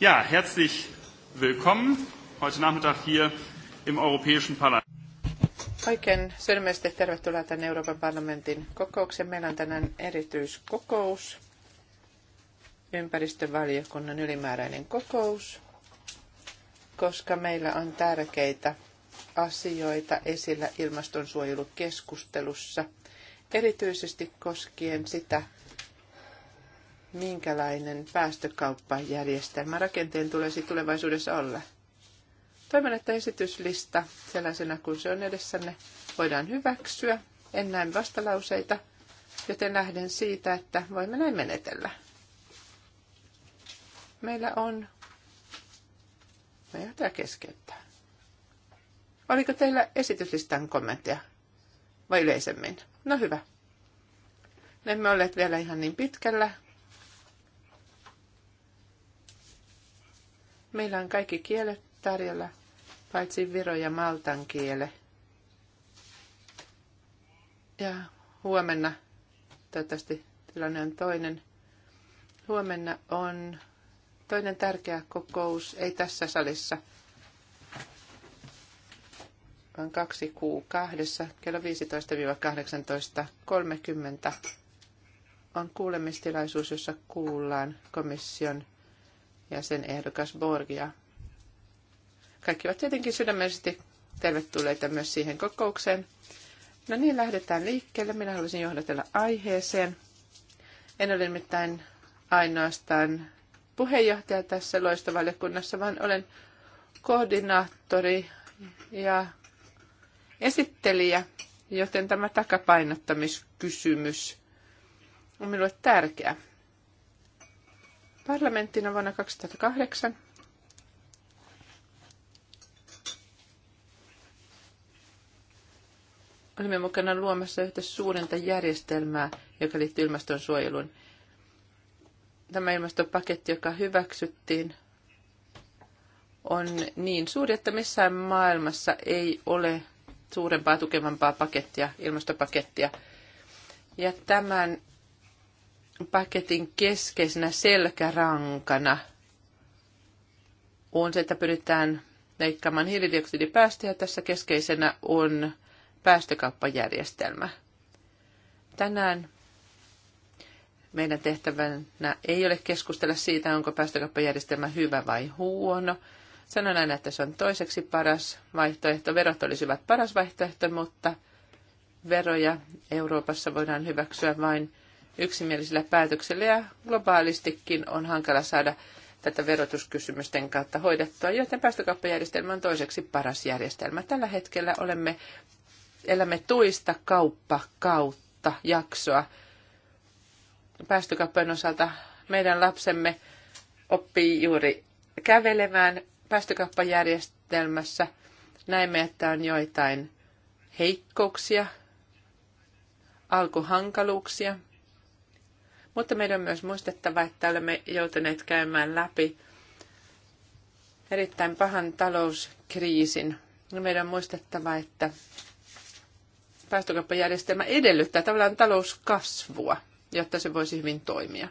Ja, herzlich willkommen heute Nachmittag hier im Europäischen Parlament. Oikein sydämestä tervetuloa tänne Euroopan parlamentin kokoukseen. Meillä on tänään erityiskokous, ympäristövaliokunnan ylimääräinen kokous, koska meillä on tärkeitä asioita esillä ilmastonsuojelukeskustelussa, erityisesti koskien sitä, minkälainen päästökauppajärjestelmä rakenteen tulisi tulevaisuudessa olla. Toivon, että esityslista sellaisena kuin se on edessänne voidaan hyväksyä. En näe vastalauseita, joten lähden siitä, että voimme näin menetellä. Meillä on... Me tämä keskeyttää. Oliko teillä esityslistan kommentteja? Vai yleisemmin? No hyvä. Me emme olleet vielä ihan niin pitkällä, Meillä on kaikki kielet tarjolla, paitsi viro ja maltan kiele. Ja huomenna, toivottavasti tilanne on toinen, huomenna on toinen tärkeä kokous, ei tässä salissa, vaan kaksi kuu kahdessa, kello 15-18.30 on kuulemistilaisuus, jossa kuullaan komission ja sen ehdokas Borgia. Kaikki ovat tietenkin sydämellisesti tervetulleita myös siihen kokoukseen. No niin, lähdetään liikkeelle. Minä haluaisin johdatella aiheeseen. En ole nimittäin ainoastaan puheenjohtaja tässä loistovaliokunnassa, vaan olen koordinaattori ja esittelijä, joten tämä takapainottamiskysymys on minulle tärkeä parlamenttina vuonna 2008. Olimme mukana luomassa yhtä suurinta järjestelmää, joka liittyy ilmastonsuojeluun. Tämä ilmastopaketti, joka hyväksyttiin, on niin suuri, että missään maailmassa ei ole suurempaa, tukevampaa pakettia, ilmastopakettia. Ja tämän paketin keskeisenä selkärankana on se, että pyritään leikkaamaan hiilidioksidipäästöjä. Tässä keskeisenä on päästökauppajärjestelmä. Tänään meidän tehtävänä ei ole keskustella siitä, onko päästökauppajärjestelmä hyvä vai huono. Sanon aina, että se on toiseksi paras vaihtoehto. Verot olisivat paras vaihtoehto, mutta veroja Euroopassa voidaan hyväksyä vain – yksimielisellä päätöksellä ja globaalistikin on hankala saada tätä verotuskysymysten kautta hoidettua, joten päästökauppajärjestelmä on toiseksi paras järjestelmä. Tällä hetkellä olemme, elämme tuista kauppa kautta jaksoa. Päästökauppojen osalta meidän lapsemme oppii juuri kävelemään päästökauppajärjestelmässä. Näemme, että on joitain heikkouksia, alkuhankaluuksia, mutta meidän on myös muistettava, että olemme joutuneet käymään läpi erittäin pahan talouskriisin. Meidän on muistettava, että päästökauppajärjestelmä edellyttää tavallaan talouskasvua, jotta se voisi hyvin toimia.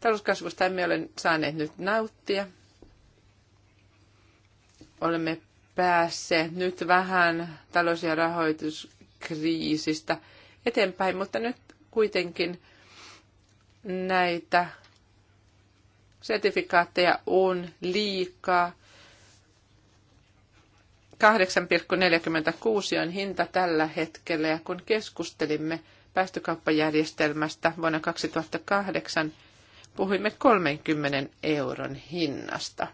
Talouskasvusta emme ole saaneet nyt nauttia. Olemme päässeet nyt vähän talous- ja rahoituskriisistä eteenpäin, mutta nyt kuitenkin – näitä sertifikaatteja on liikaa. 8,46 on hinta tällä hetkellä ja kun keskustelimme päästökauppajärjestelmästä vuonna 2008, puhuimme 30 euron hinnasta.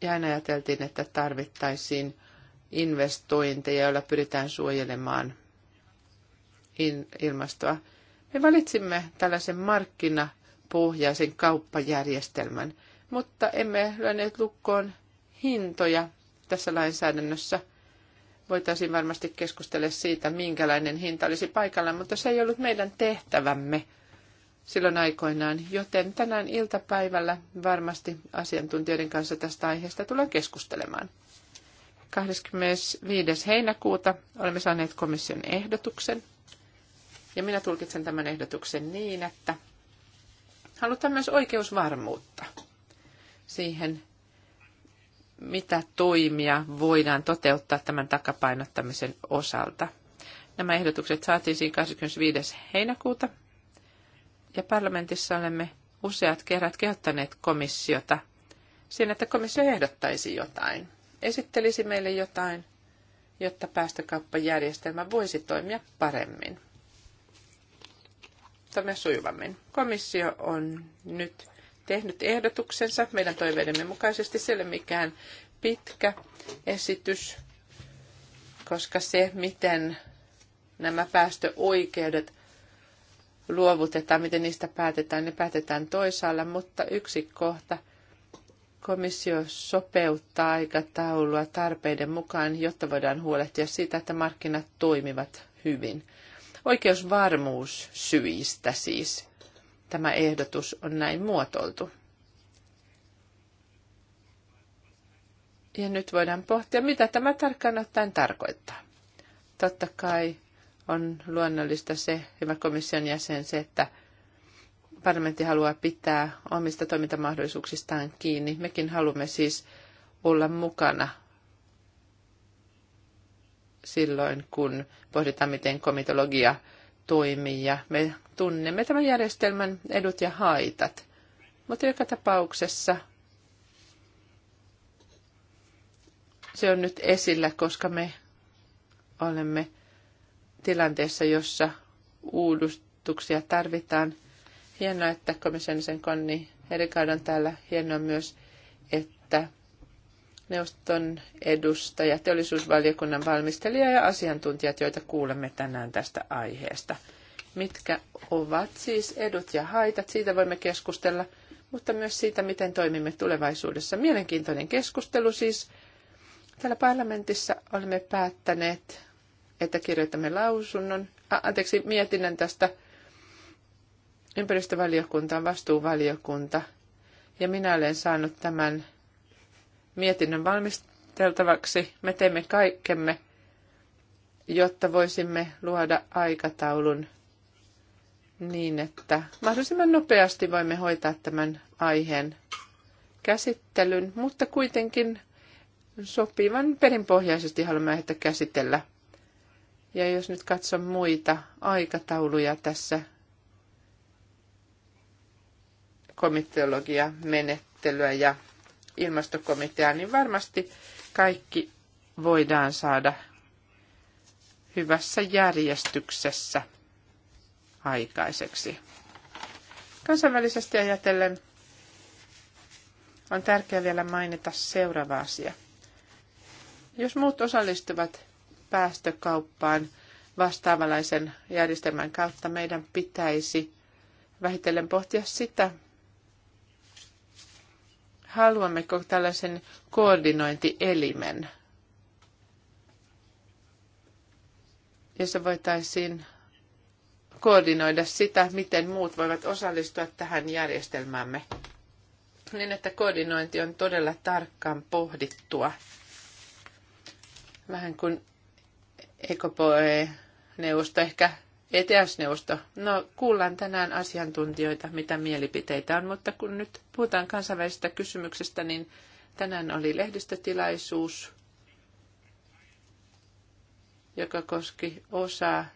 Ja aina ajateltiin, että tarvittaisiin investointeja, joilla pyritään suojelemaan ilmastoa. Me valitsimme tällaisen markkinapohjaisen kauppajärjestelmän, mutta emme lyöneet lukkoon hintoja tässä lainsäädännössä. Voitaisiin varmasti keskustella siitä, minkälainen hinta olisi paikalla, mutta se ei ollut meidän tehtävämme silloin aikoinaan, joten tänään iltapäivällä varmasti asiantuntijoiden kanssa tästä aiheesta tullaan keskustelemaan. 25. heinäkuuta olemme saaneet komission ehdotuksen – ja minä tulkitsen tämän ehdotuksen niin, että halutaan myös oikeusvarmuutta siihen, mitä toimia voidaan toteuttaa tämän takapainottamisen osalta. Nämä ehdotukset saatiin siinä 25. heinäkuuta ja parlamentissa olemme useat kerrat kehottaneet komissiota siinä, että komissio ehdottaisi jotain, esittelisi meille jotain, jotta päästökauppajärjestelmä voisi toimia paremmin toimia sujuvammin. Komissio on nyt tehnyt ehdotuksensa meidän toiveidemme mukaisesti. Se ei ole mikään pitkä esitys, koska se, miten nämä päästöoikeudet luovutetaan, miten niistä päätetään, ne päätetään toisaalla, mutta yksi kohta komissio sopeuttaa aikataulua tarpeiden mukaan, jotta voidaan huolehtia siitä, että markkinat toimivat hyvin oikeusvarmuussyistä siis tämä ehdotus on näin muotoiltu. Ja nyt voidaan pohtia, mitä tämä tarkkaan ottaen tarkoittaa. Totta kai on luonnollista se, hyvä komission jäsen, se, että parlamentti haluaa pitää omista toimintamahdollisuuksistaan kiinni. Mekin haluamme siis olla mukana silloin, kun pohditaan, miten komitologia toimii. Ja me tunnemme tämän järjestelmän edut ja haitat. Mutta joka tapauksessa se on nyt esillä, koska me olemme tilanteessa, jossa uudistuksia tarvitaan. Hienoa, että komission sen konni Erikaud on täällä. Hienoa myös, että neuvoston edustaja, teollisuusvaliokunnan valmistelija ja asiantuntijat, joita kuulemme tänään tästä aiheesta. Mitkä ovat siis edut ja haitat, siitä voimme keskustella, mutta myös siitä, miten toimimme tulevaisuudessa. Mielenkiintoinen keskustelu siis. Täällä parlamentissa olemme päättäneet, että kirjoitamme lausunnon, a, anteeksi, mietinnän tästä ympäristövaliokuntaan vastuuvaliokunta, ja minä olen saanut tämän mietinnön valmisteltavaksi. Me teemme kaikkemme, jotta voisimme luoda aikataulun niin, että mahdollisimman nopeasti voimme hoitaa tämän aiheen käsittelyn, mutta kuitenkin sopivan perinpohjaisesti haluamme että käsitellä. Ja jos nyt katson muita aikatauluja tässä komiteologia menettelyä ja ilmastokomitea, niin varmasti kaikki voidaan saada hyvässä järjestyksessä aikaiseksi. Kansainvälisesti ajatellen on tärkeää vielä mainita seuraava asia. Jos muut osallistuvat päästökauppaan vastaavanlaisen järjestelmän kautta, meidän pitäisi vähitellen pohtia sitä, haluammeko tällaisen koordinointielimen, jossa voitaisiin koordinoida sitä, miten muut voivat osallistua tähän järjestelmäämme, niin että koordinointi on todella tarkkaan pohdittua. Vähän kuin EKPE-neuvosto ehkä ETS-neuvosto. No, kuullaan tänään asiantuntijoita, mitä mielipiteitä on, mutta kun nyt puhutaan kansainvälisestä kysymyksestä, niin tänään oli lehdistötilaisuus, joka koski osaa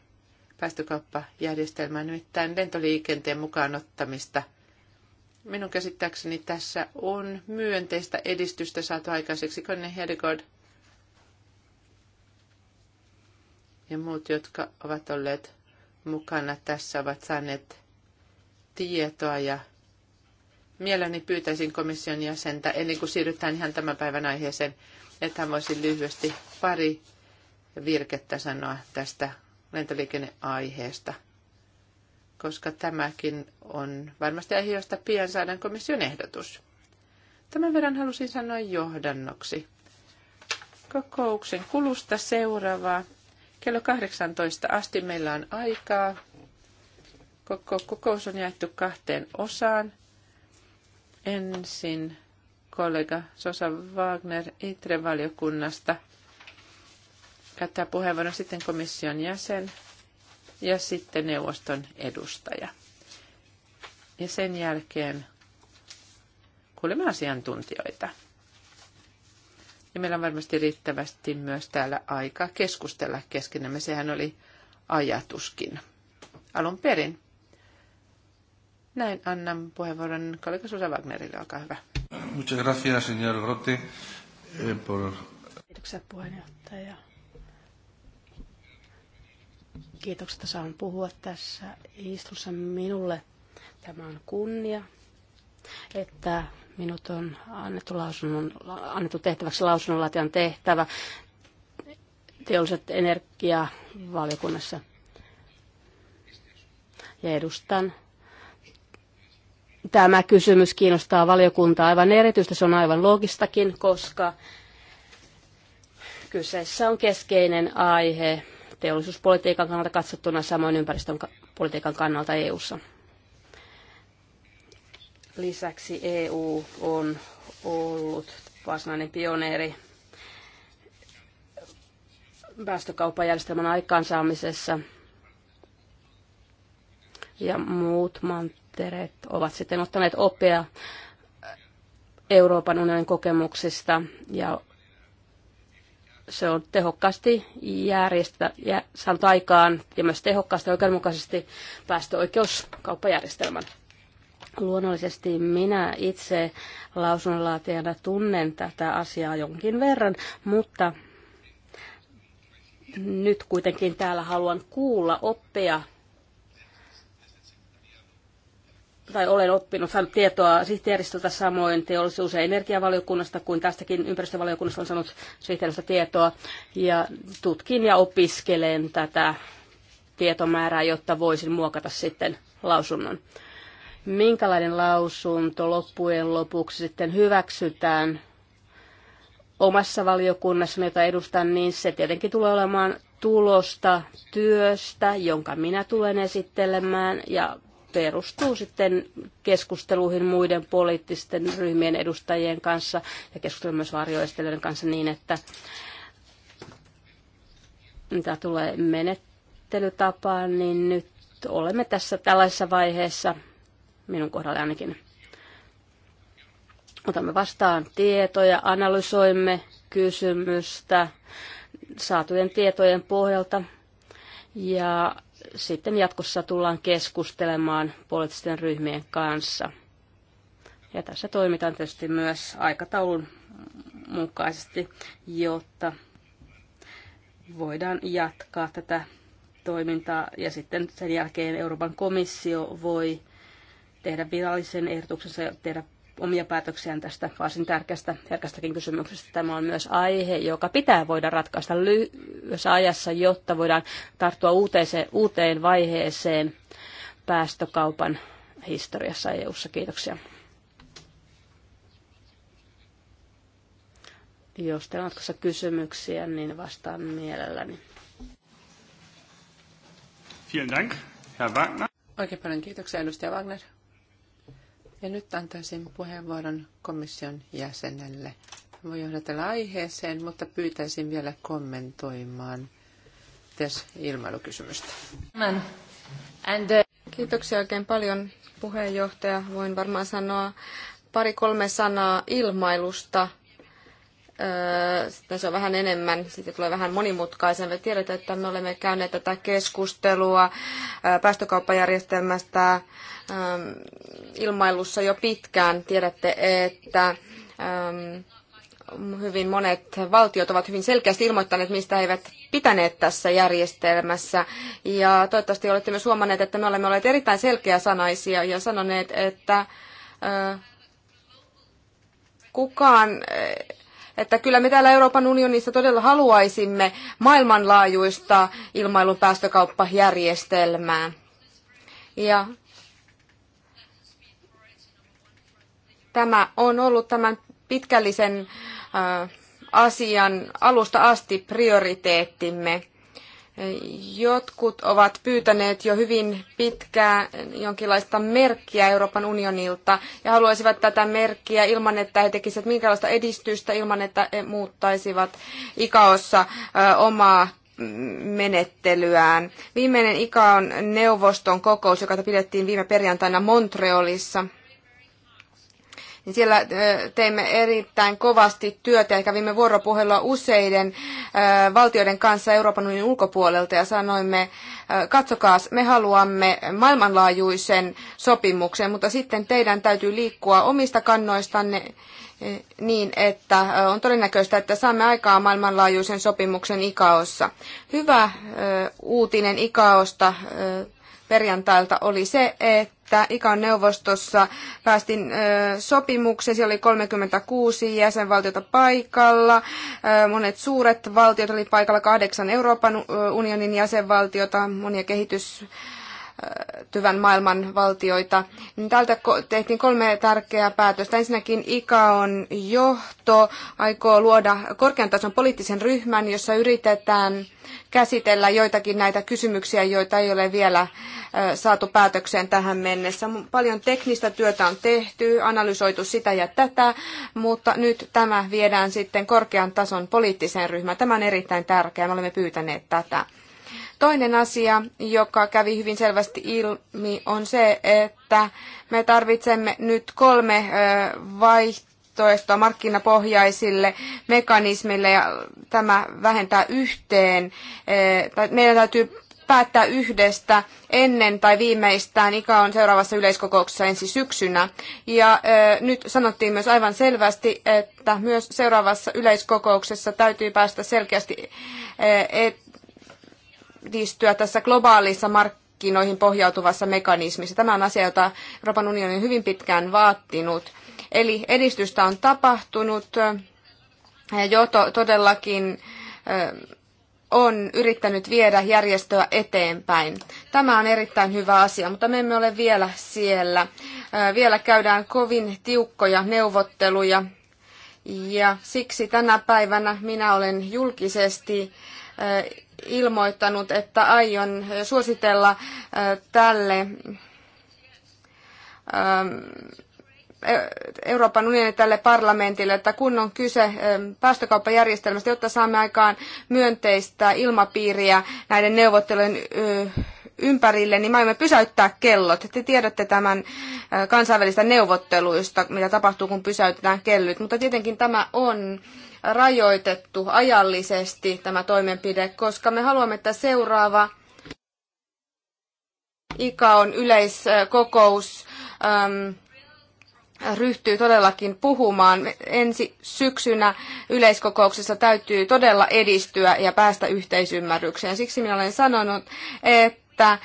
päästökauppajärjestelmää, nimittäin lentoliikenteen mukaan ottamista. Minun käsittääkseni tässä on myönteistä edistystä saatu aikaiseksi. Conny Hedegaard ja muut, jotka ovat olleet mukana tässä ovat saaneet tietoa ja mielelläni pyytäisin komission jäsentä, ennen kuin siirrytään ihan tämän päivän aiheeseen, että hän voisi lyhyesti pari virkettä sanoa tästä lentoliikenneaiheesta, koska tämäkin on varmasti aihe, josta pian saadaan komission ehdotus. Tämän verran halusin sanoa johdannoksi. Kokouksen kulusta seuraavaa. Kello 18 asti meillä on aikaa. Koko kokous on jaettu kahteen osaan. Ensin kollega Sosa Wagner ITRE-valiokunnasta käyttää puheenvuoron sitten komission jäsen ja sitten neuvoston edustaja. Ja sen jälkeen kuulemme asiantuntijoita. Ja meillä on varmasti riittävästi myös täällä aikaa keskustella keskenämme. Sehän oli ajatuskin alun perin. Näin annan puheenvuoron kollega Susa Wagnerille, olkaa hyvä. Muchas gracias, señor Grote, eh, por... Kiitoksia puheenjohtaja. Kiitokset, että saan puhua tässä istussa minulle. Tämä on kunnia, että Minut on annettu, lausunnon, annettu tehtäväksi lausunnonlaatijan tehtävä teolliset energiavaliokunnassa. Ja edustan. Tämä kysymys kiinnostaa valiokuntaa aivan erityistä. Se on aivan logistakin, koska kyseessä on keskeinen aihe teollisuuspolitiikan kannalta katsottuna samoin ympäristön politiikan kannalta EU:ssa. Lisäksi EU on ollut varsinainen pioneeri päästökauppajärjestelmän aikaansaamisessa. Ja muut mantereet ovat sitten ottaneet oppia Euroopan unionin kokemuksista ja se on tehokkaasti järjestä, ja saanut aikaan ja myös tehokkaasti ja oikeudenmukaisesti päästöoikeuskauppajärjestelmän. Luonnollisesti minä itse lausunnonlaatijana tunnen tätä asiaa jonkin verran, mutta nyt kuitenkin täällä haluan kuulla oppia tai olen oppinut, saanut tietoa sihteeristöltä samoin teollisuus- ja energiavaliokunnasta kuin tästäkin ympäristövaliokunnasta on saanut sihteeristöltä tietoa. Ja tutkin ja opiskelen tätä tietomäärää, jotta voisin muokata sitten lausunnon minkälainen lausunto loppujen lopuksi sitten hyväksytään omassa valiokunnassa, jota edustan, niin se tietenkin tulee olemaan tulosta työstä, jonka minä tulen esittelemään ja perustuu sitten keskusteluihin muiden poliittisten ryhmien edustajien kanssa ja keskustelun myös varjoistelijoiden kanssa niin, että mitä tulee menettelytapaan, niin nyt olemme tässä tällaisessa vaiheessa, minun kohdalla ainakin. Otamme vastaan tietoja, analysoimme kysymystä saatujen tietojen pohjalta ja sitten jatkossa tullaan keskustelemaan poliittisten ryhmien kanssa. Ja tässä toimitaan tietysti myös aikataulun mukaisesti, jotta voidaan jatkaa tätä toimintaa ja sitten sen jälkeen Euroopan komissio voi tehdä virallisen ehdotuksensa ja tehdä omia päätöksiään tästä varsin tärkeästä, herkästäkin kysymyksestä. Tämä on myös aihe, joka pitää voida ratkaista lyhyessä ajassa, jotta voidaan tarttua uuteeseen, uuteen vaiheeseen päästökaupan historiassa EU-ssa. Kiitoksia. Jos teillä on kysymyksiä, niin vastaan mielelläni. Vielen Dank, Herr Wagner. Oikein paljon kiitoksia, edustaja Wagner. Ja nyt antaisin puheenvuoron komission jäsenelle. Voi johdatella aiheeseen, mutta pyytäisin vielä kommentoimaan tässä ilmailukysymystä. Uh, Kiitoksia oikein paljon puheenjohtaja. Voin varmaan sanoa pari-kolme sanaa ilmailusta tässä on vähän enemmän, sitten tulee vähän monimutkaisempi. Tiedät, että me olemme käyneet tätä keskustelua päästökauppajärjestelmästä ilmailussa jo pitkään. Tiedätte, että hyvin monet valtiot ovat hyvin selkeästi ilmoittaneet, mistä he eivät pitäneet tässä järjestelmässä. Ja toivottavasti olette myös huomanneet, että me olemme olleet erittäin selkeäsanaisia ja sanoneet, että kukaan että kyllä me täällä Euroopan unionissa todella haluaisimme maailmanlaajuista ilmailun päästökauppajärjestelmää. Ja tämä on ollut tämän pitkällisen äh, asian alusta asti prioriteettimme. Jotkut ovat pyytäneet jo hyvin pitkää jonkinlaista merkkiä Euroopan unionilta ja haluaisivat tätä merkkiä ilman, että he tekisivät minkälaista edistystä, ilman, että he muuttaisivat ikaossa omaa menettelyään. Viimeinen ICAON neuvoston kokous, joka pidettiin viime perjantaina Montrealissa, niin siellä teimme erittäin kovasti työtä ja kävimme vuoropuhelua useiden valtioiden kanssa Euroopan unionin ulkopuolelta ja sanoimme, katsokaa, me haluamme maailmanlaajuisen sopimuksen, mutta sitten teidän täytyy liikkua omista kannoistanne niin, että on todennäköistä, että saamme aikaa maailmanlaajuisen sopimuksen ikaossa. Hyvä uutinen ikaosta perjantailta oli se, että että ikan neuvostossa päästiin sopimukseen. Siellä oli 36 jäsenvaltiota paikalla. Monet suuret valtiot oli paikalla, kahdeksan Euroopan unionin jäsenvaltiota, monia kehitys tyvän maailman valtioita. Niin täältä tehtiin kolme tärkeää päätöstä. Ensinnäkin ICAON johto aikoo luoda korkean tason poliittisen ryhmän, jossa yritetään käsitellä joitakin näitä kysymyksiä, joita ei ole vielä saatu päätökseen tähän mennessä. Paljon teknistä työtä on tehty, analysoitu sitä ja tätä, mutta nyt tämä viedään sitten korkean tason poliittiseen ryhmään. Tämä on erittäin tärkeää, me olemme pyytäneet tätä. Toinen asia, joka kävi hyvin selvästi ilmi, on se, että me tarvitsemme nyt kolme vaihtoehtoa markkinapohjaisille mekanismille ja tämä vähentää yhteen. Meidän täytyy päättää yhdestä ennen tai viimeistään. Ikä on seuraavassa yleiskokouksessa ensi syksynä. Ja nyt sanottiin myös aivan selvästi, että myös seuraavassa yleiskokouksessa täytyy päästä selkeästi et, edistyä tässä globaalissa markkinoihin pohjautuvassa mekanismissa. Tämä on asia, jota Euroopan unioni on hyvin pitkään vaattinut. Eli edistystä on tapahtunut jo to, todellakin on yrittänyt viedä järjestöä eteenpäin. Tämä on erittäin hyvä asia, mutta me emme ole vielä siellä. Vielä käydään kovin tiukkoja neuvotteluja ja siksi tänä päivänä minä olen julkisesti Eh, ilmoittanut, että aion suositella eh, tälle eh, Euroopan unionin tälle parlamentille, että kun on kyse päästökauppajärjestelmästä, jotta saamme aikaan myönteistä ilmapiiriä näiden neuvottelujen ympärille, niin me aiomme pysäyttää kellot. Te tiedätte tämän kansainvälistä neuvotteluista, mitä tapahtuu, kun pysäytetään kellyt, mutta tietenkin tämä on rajoitettu ajallisesti tämä toimenpide, koska me haluamme, että seuraava on yleiskokous äm, ryhtyy todellakin puhumaan. Ensi syksynä yleiskokouksessa täytyy todella edistyä ja päästä yhteisymmärrykseen. Siksi minä olen sanonut, että äh,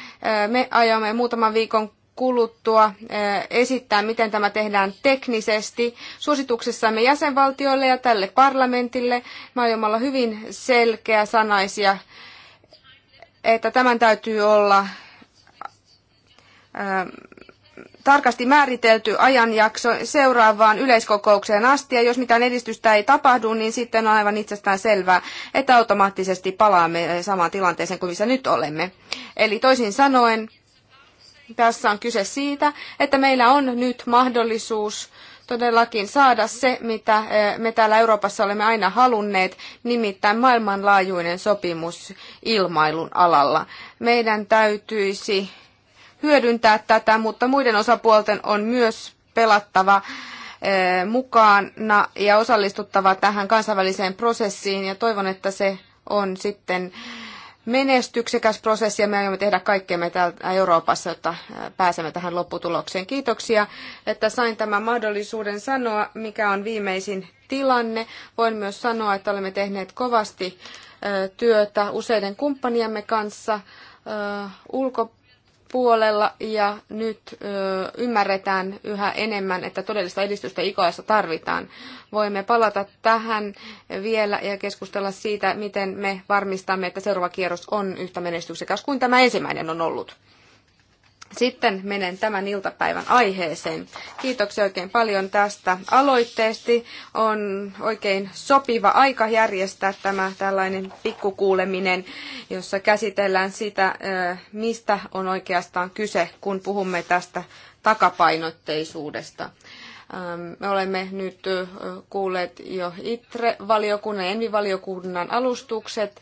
me aiomme muutaman viikon kuluttua eh, esittää, miten tämä tehdään teknisesti. Suosituksessamme jäsenvaltioille ja tälle parlamentille me aiomme olla hyvin selkeä sanaisia, että tämän täytyy olla eh, tarkasti määritelty ajanjakso seuraavaan yleiskokoukseen asti, ja jos mitään edistystä ei tapahdu, niin sitten on aivan itsestään selvää, että automaattisesti palaamme samaan tilanteeseen kuin missä nyt olemme. Eli toisin sanoen, tässä on kyse siitä, että meillä on nyt mahdollisuus todellakin saada se, mitä eh, me täällä Euroopassa olemme aina halunneet, nimittäin maailmanlaajuinen sopimus ilmailun alalla. Meidän täytyisi hyödyntää tätä, mutta muiden osapuolten on myös pelattava eh, mukana ja osallistuttava tähän kansainväliseen prosessiin ja toivon, että se on sitten äh, menestyksekäs prosessi ja me aiomme tehdä kaikkemme täällä Euroopassa, jotta pääsemme tähän lopputulokseen. Kiitoksia, että sain tämän mahdollisuuden sanoa, mikä on viimeisin tilanne. Voin myös sanoa, että olemme tehneet kovasti työtä useiden kumppaniemme kanssa ulkopuolella puolella ja nyt ö, ymmärretään yhä enemmän, että todellista edistystä ikoessa tarvitaan. Voimme palata tähän vielä ja keskustella siitä, miten me varmistamme, että seuraava kierros on yhtä menestyksekäs kuin tämä ensimmäinen on ollut. Sitten menen tämän iltapäivän aiheeseen. Kiitoksia oikein paljon tästä aloitteesti. On oikein sopiva aika järjestää tämä tällainen pikkukuuleminen, jossa käsitellään sitä, mistä on oikeastaan kyse, kun puhumme tästä takapainotteisuudesta. Ähm, me olemme nyt kuulleet jo ITRE-valiokunnan ja ENVI-valiokunnan alustukset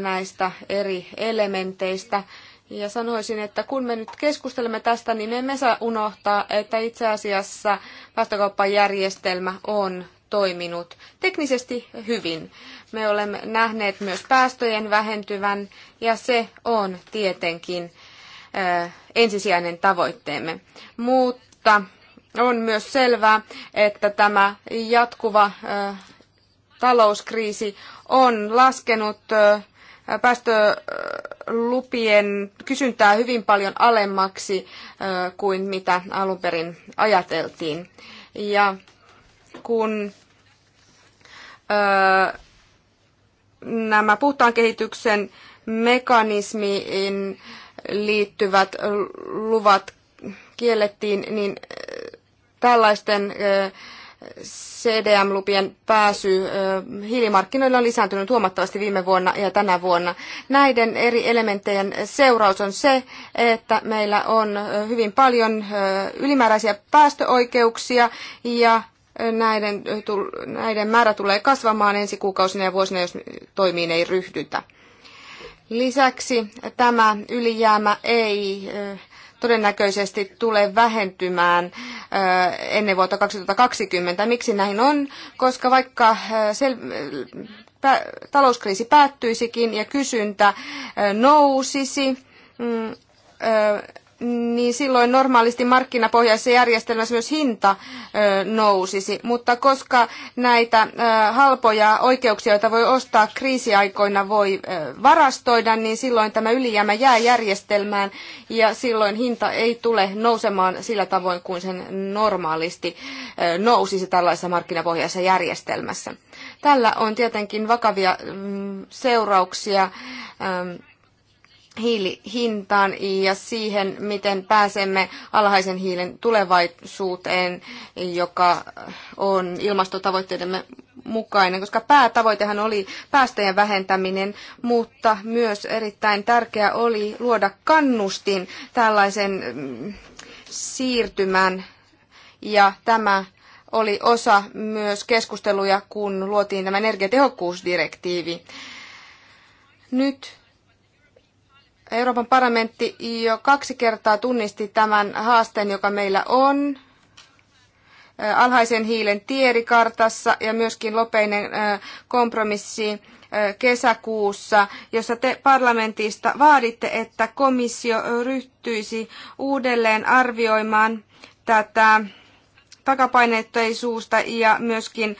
näistä eri elementeistä ja sanoisin, että kun me nyt keskustelemme tästä, niin me emme saa unohtaa, että itse asiassa päästökauppajärjestelmä on toiminut teknisesti hyvin. Me olemme nähneet myös päästöjen vähentyvän ja se on tietenkin ensisijainen tavoitteemme. Mutta on myös selvää, että tämä jatkuva talouskriisi on laskenut päästö lupien kysyntää hyvin paljon alemmaksi kuin mitä alun perin ajateltiin. Ja kun nämä puhtaan kehityksen mekanismiin liittyvät luvat kiellettiin, niin tällaisten CDM-lupien pääsy hiilimarkkinoilla on lisääntynyt huomattavasti viime vuonna ja tänä vuonna. Näiden eri elementtien seuraus on se, että meillä on hyvin paljon ylimääräisiä päästöoikeuksia ja näiden, näiden määrä tulee kasvamaan ensi kuukausina ja vuosina, jos toimiin ei ryhdytä. Lisäksi tämä ylijäämä ei todennäköisesti tule vähentymään ennen vuotta 2020. Miksi näin on? Koska vaikka sel- talouskriisi päättyisikin ja kysyntä nousisi, mm, niin silloin normaalisti markkinapohjaisessa järjestelmässä myös hinta nousisi. Mutta koska näitä halpoja oikeuksia, joita voi ostaa kriisiaikoina, voi varastoida, niin silloin tämä ylijäämä jää järjestelmään ja silloin hinta ei tule nousemaan sillä tavoin kuin sen normaalisti nousisi tällaisessa markkinapohjaisessa järjestelmässä. Tällä on tietenkin vakavia mm, seurauksia hiilihintaan ja siihen, miten pääsemme alhaisen hiilen tulevaisuuteen, joka on ilmastotavoitteidemme mukainen, koska päätavoitehan oli päästöjen vähentäminen, mutta myös erittäin tärkeää oli luoda kannustin tällaisen mm, siirtymän ja tämä oli osa myös keskusteluja, kun luotiin tämä energiatehokkuusdirektiivi. Nyt Euroopan parlamentti jo kaksi kertaa tunnisti tämän haasteen, joka meillä on alhaisen hiilen tierikartassa ja myöskin lopeinen kompromissi kesäkuussa, jossa te parlamentista vaaditte, että komissio ryhtyisi uudelleen arvioimaan tätä suusta ja myöskin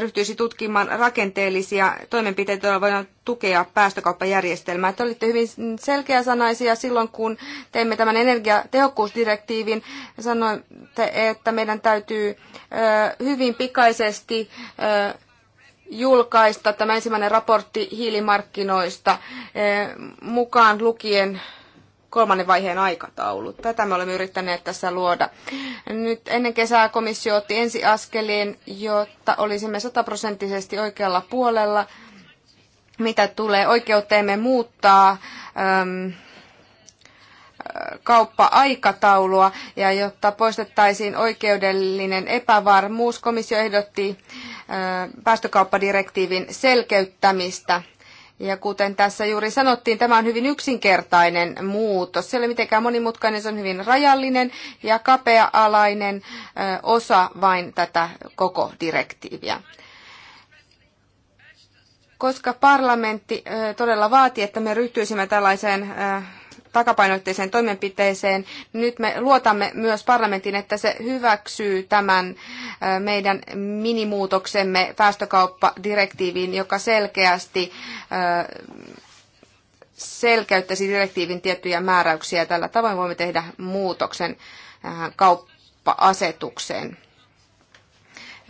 ryhtyisi tutkimaan rakenteellisia toimenpiteitä, joilla voidaan tukea päästökauppajärjestelmää. Te olitte hyvin selkeäsanaisia silloin, kun teimme tämän energiatehokkuusdirektiivin. Sanoitte, että meidän täytyy hyvin pikaisesti julkaista tämä ensimmäinen raportti hiilimarkkinoista mukaan lukien kolmannen vaiheen aikataulu. Tätä me olemme yrittäneet tässä luoda. Nyt ennen kesää komissio otti ensiaskeleen, jotta olisimme sataprosenttisesti oikealla puolella, mitä tulee oikeuteemme muuttaa äm, äh, kauppa-aikataulua ja jotta poistettaisiin oikeudellinen epävarmuus, komissio ehdotti äh, päästökauppadirektiivin selkeyttämistä – ja kuten tässä juuri sanottiin, tämä on hyvin yksinkertainen muutos. Se ei ole mitenkään monimutkainen, se on hyvin rajallinen ja kapea-alainen osa vain tätä koko direktiiviä koska parlamentti todella vaati, että me ryhtyisimme tällaiseen takapainotteiseen toimenpiteeseen. Nyt me luotamme myös parlamentin, että se hyväksyy tämän meidän minimuutoksemme päästökauppadirektiiviin, joka selkeästi selkeyttäisi direktiivin tiettyjä määräyksiä. Tällä tavoin voimme tehdä muutoksen kauppa-asetukseen.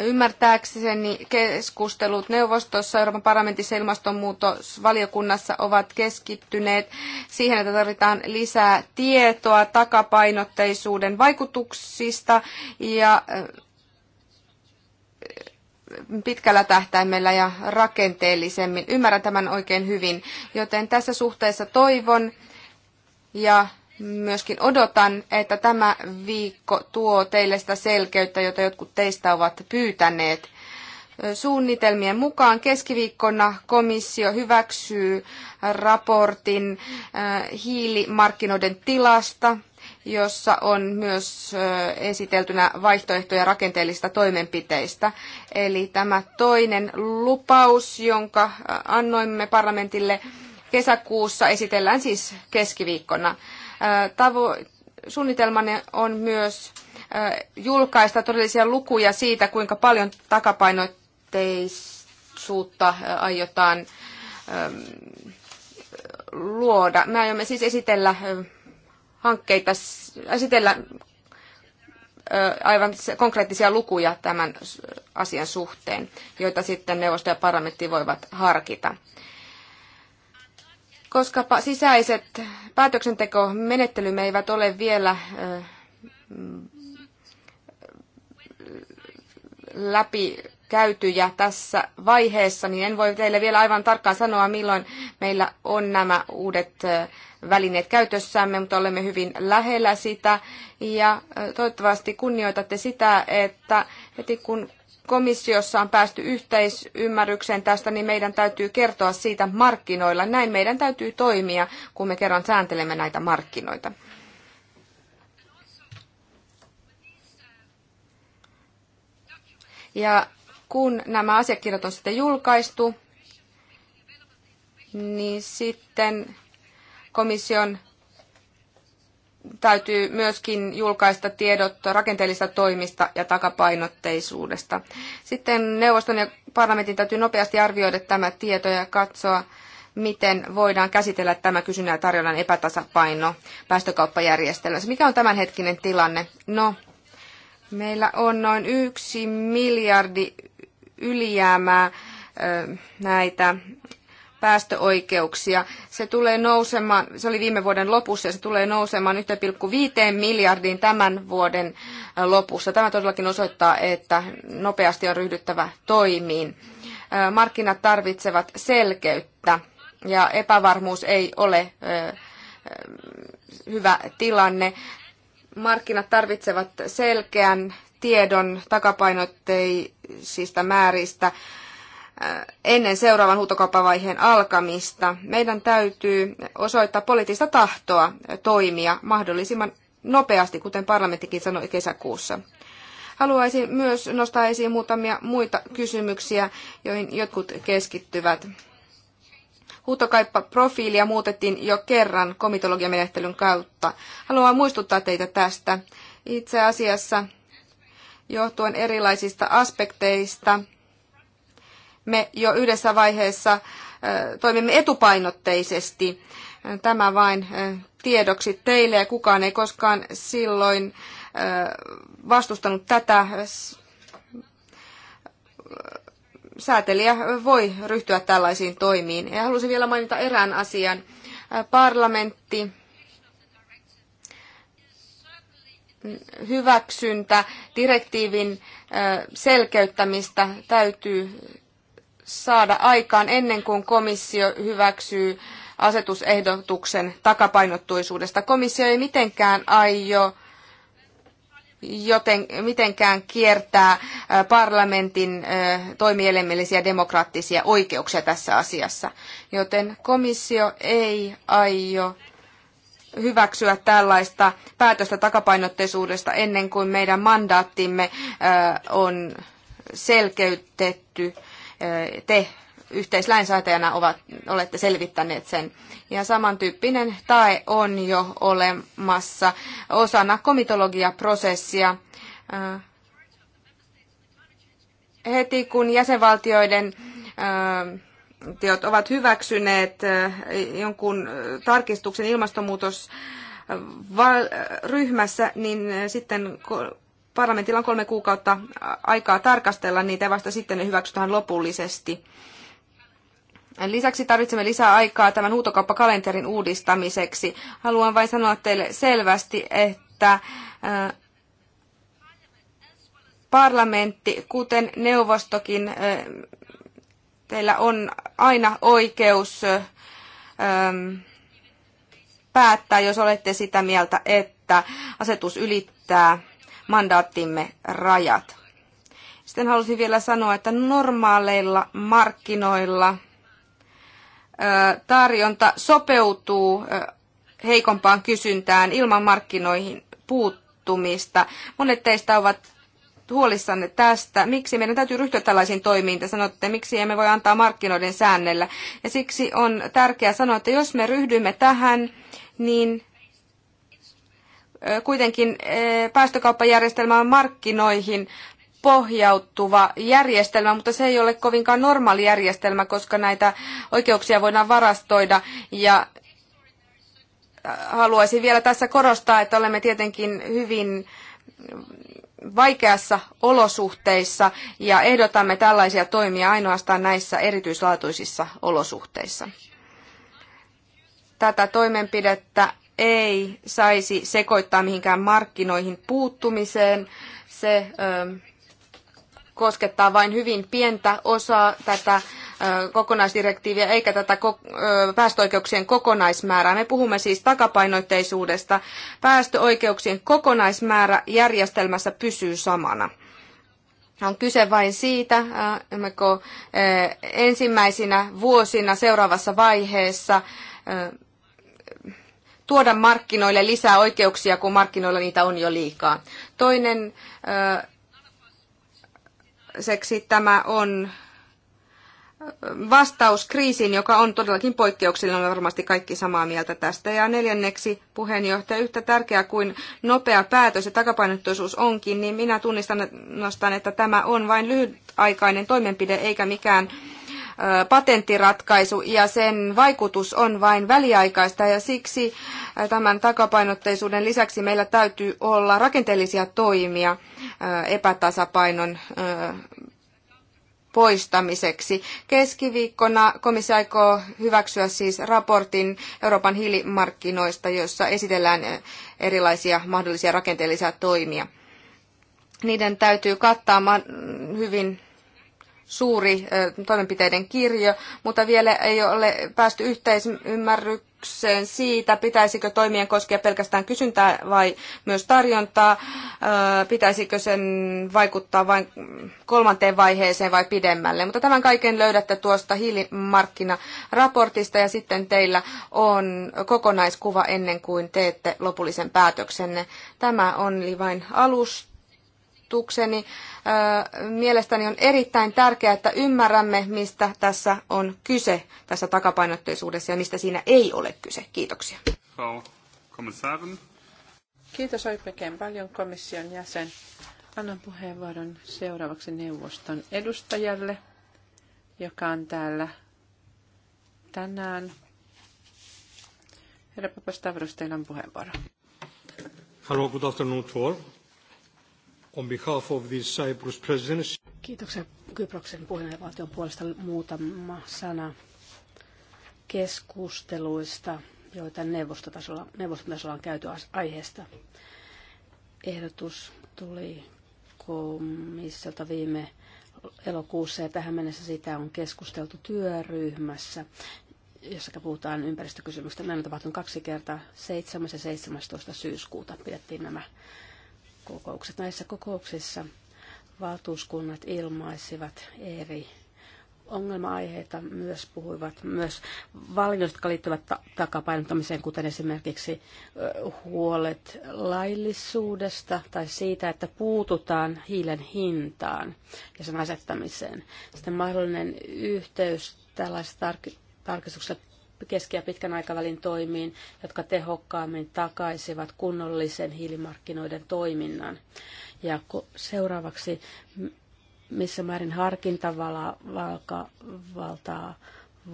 Ymmärtääkseni keskustelut neuvostossa, Euroopan parlamentissa ja ilmastonmuutosvaliokunnassa ovat keskittyneet siihen, että tarvitaan lisää tietoa takapainotteisuuden vaikutuksista ja äh, pitkällä tähtäimellä ja rakenteellisemmin. Ymmärrän tämän oikein hyvin, joten tässä suhteessa toivon ja myöskin odotan, että tämä viikko tuo teille sitä selkeyttä, jota jotkut teistä ovat pyytäneet. Suunnitelmien mukaan keskiviikkona komissio hyväksyy raportin äh, hiilimarkkinoiden tilasta, jossa on myös äh, esiteltynä vaihtoehtoja rakenteellista toimenpiteistä. Eli tämä toinen lupaus, jonka äh, annoimme parlamentille kesäkuussa, esitellään siis keskiviikkona. Tavo- suunnitelmanne on myös julkaista todellisia lukuja siitä, kuinka paljon takapainotteisuutta aiotaan luoda. Me aiomme siis esitellä hankkeita, esitellä aivan konkreettisia lukuja tämän asian suhteen, joita sitten neuvosto ja parlamentti voivat harkita koska sisäiset päätöksentekomenettelymme eivät ole vielä mm, läpi käytyjä tässä vaiheessa, niin en voi teille vielä aivan tarkkaan sanoa, milloin meillä on nämä uudet välineet käytössämme, mutta olemme hyvin lähellä sitä. Ja toivottavasti kunnioitatte sitä, että heti kun komissiossa on päästy yhteisymmärrykseen tästä, niin meidän täytyy kertoa siitä markkinoilla. Näin meidän täytyy toimia, kun me kerran sääntelemme näitä markkinoita. Ja kun nämä asiakirjat on sitten julkaistu, niin sitten komission täytyy myöskin julkaista tiedot rakenteellisista toimista ja takapainotteisuudesta. Sitten neuvoston ja parlamentin täytyy nopeasti arvioida tämä tieto ja katsoa, miten voidaan käsitellä tämä kysynnän ja tarjonnan epätasapaino päästökauppajärjestelmässä. Mikä on tämänhetkinen tilanne? No, meillä on noin yksi miljardi ylijäämää näitä päästöoikeuksia. Se tulee nousemaan, se oli viime vuoden lopussa ja se tulee nousemaan 1,5 miljardiin tämän vuoden äh, lopussa. Tämä todellakin osoittaa, että nopeasti on ryhdyttävä toimiin. Äh, markkinat tarvitsevat selkeyttä ja epävarmuus ei ole äh, hyvä tilanne. Markkinat tarvitsevat selkeän tiedon takapainotteisista määristä Äh, ennen seuraavan huutokauppavaiheen alkamista. Meidän täytyy osoittaa poliittista tahtoa toimia mahdollisimman nopeasti, kuten parlamenttikin sanoi kesäkuussa. Haluaisin myös nostaa esiin muutamia muita kysymyksiä, joihin jotkut keskittyvät. Huutokauppaprofiilia profiilia muutettiin jo kerran komitologiamenettelyn kautta. Haluan muistuttaa teitä tästä. Itse asiassa johtuen erilaisista aspekteista – me jo yhdessä vaiheessa toimimme etupainotteisesti. Tämä vain tiedoksi teille ja kukaan ei koskaan silloin vastustanut tätä. Säätelijä voi ryhtyä tällaisiin toimiin. Ja halusin vielä mainita erään asian. Parlamentti hyväksyntä, direktiivin selkeyttämistä täytyy saada aikaan ennen kuin komissio hyväksyy asetusehdotuksen takapainottuisuudesta. Komissio ei mitenkään aio joten mitenkään kiertää parlamentin toimielimellisiä demokraattisia oikeuksia tässä asiassa. Joten komissio ei aio hyväksyä tällaista päätöstä takapainotteisuudesta ennen kuin meidän mandaattimme on selkeytetty te yhteislainsäätäjänä ovat, olette selvittäneet sen. Ja samantyyppinen tae on jo olemassa osana komitologiaprosessia. Heti kun jäsenvaltioiden teot ovat hyväksyneet jonkun tarkistuksen ilmastonmuutos ryhmässä, niin sitten Parlamentilla on kolme kuukautta aikaa tarkastella niitä ja vasta sitten ne hyväksytään lopullisesti. Lisäksi tarvitsemme lisää aikaa tämän huutokauppakalenterin uudistamiseksi. Haluan vain sanoa teille selvästi, että parlamentti, kuten neuvostokin, teillä on aina oikeus päättää, jos olette sitä mieltä, että asetus ylittää mandaattimme rajat. Sitten halusin vielä sanoa, että normaaleilla markkinoilla tarjonta sopeutuu heikompaan kysyntään ilman markkinoihin puuttumista. Monet teistä ovat huolissanne tästä. Miksi meidän täytyy ryhtyä tällaisiin toimiin? Te sanotte, miksi emme voi antaa markkinoiden säännellä. Ja siksi on tärkeää sanoa, että jos me ryhdymme tähän, niin Kuitenkin päästökauppajärjestelmä on markkinoihin pohjautuva järjestelmä, mutta se ei ole kovinkaan normaali järjestelmä, koska näitä oikeuksia voidaan varastoida ja haluaisin vielä tässä korostaa, että olemme tietenkin hyvin vaikeassa olosuhteissa ja ehdotamme tällaisia toimia ainoastaan näissä erityislaatuisissa olosuhteissa. Tätä toimenpidettä ei saisi sekoittaa mihinkään markkinoihin puuttumiseen. Se koskettaa vain hyvin pientä osaa tätä kokonaisdirektiiviä eikä tätä päästöoikeuksien kokonaismäärää. Me puhumme siis takapainoitteisuudesta. Päästöoikeuksien kokonaismäärä järjestelmässä pysyy samana. On kyse vain siitä, ensimmäisinä vuosina seuraavassa vaiheessa tuoda markkinoille lisää oikeuksia, kun markkinoilla niitä on jo liikaa. Toinen seksi tämä on vastaus kriisiin, joka on todellakin poikkeuksellinen, on varmasti kaikki samaa mieltä tästä. Ja neljänneksi puheenjohtaja, yhtä tärkeää kuin nopea päätös ja takapainottuisuus onkin, niin minä tunnistan, nostan, että tämä on vain lyhytaikainen toimenpide eikä mikään patenttiratkaisu ja sen vaikutus on vain väliaikaista ja siksi tämän takapainotteisuuden lisäksi meillä täytyy olla rakenteellisia toimia epätasapainon poistamiseksi. Keskiviikkona komissio aikoo hyväksyä siis raportin Euroopan hiilimarkkinoista, jossa esitellään erilaisia mahdollisia rakenteellisia toimia. Niiden täytyy kattaa hyvin suuri toimenpiteiden kirjo, mutta vielä ei ole päästy yhteisymmärrykseen siitä, pitäisikö toimien koskea pelkästään kysyntää vai myös tarjontaa, pitäisikö sen vaikuttaa vain kolmanteen vaiheeseen vai pidemmälle. Mutta tämän kaiken löydätte tuosta hiilimarkkinaraportista ja sitten teillä on kokonaiskuva ennen kuin teette lopullisen päätöksenne. Tämä on vain alusta ehdotukseni. Mielestäni on erittäin tärkeää, että ymmärrämme, mistä tässä on kyse tässä takapainotteisuudessa ja mistä siinä ei ole kyse. Kiitoksia. Kiitos oikein paljon komission jäsen. Annan puheenvuoron seuraavaksi neuvoston edustajalle, joka on täällä tänään. Herra Papastavros, teillä on puheenvuoro. Hello, good on behalf of the Cyprus presidency. Kiitoksia Kyproksen puheenjohtajan puolesta muutama sana keskusteluista, joita neuvostotasolla, neuvostotasolla on käyty aiheesta. Ehdotus tuli komissiolta viime elokuussa ja tähän mennessä sitä on keskusteltu työryhmässä, jossa puhutaan ympäristökysymyksistä. Näin on tapahtunut kaksi kertaa, 7. ja 17. syyskuuta pidettiin nämä kokoukset. Näissä kokouksissa valtuuskunnat ilmaisivat eri ongelma-aiheita myös puhuivat myös valinnoista, jotka liittyvät ta- takapainottamiseen, kuten esimerkiksi huolet laillisuudesta tai siitä, että puututaan hiilen hintaan ja sen asettamiseen. Sitten mahdollinen yhteys tällaisessa tar- tarkistuksessa keski- ja pitkän aikavälin toimiin, jotka tehokkaammin takaisivat kunnollisen hiilimarkkinoiden toiminnan. Ja seuraavaksi, missä määrin harkintavaltaa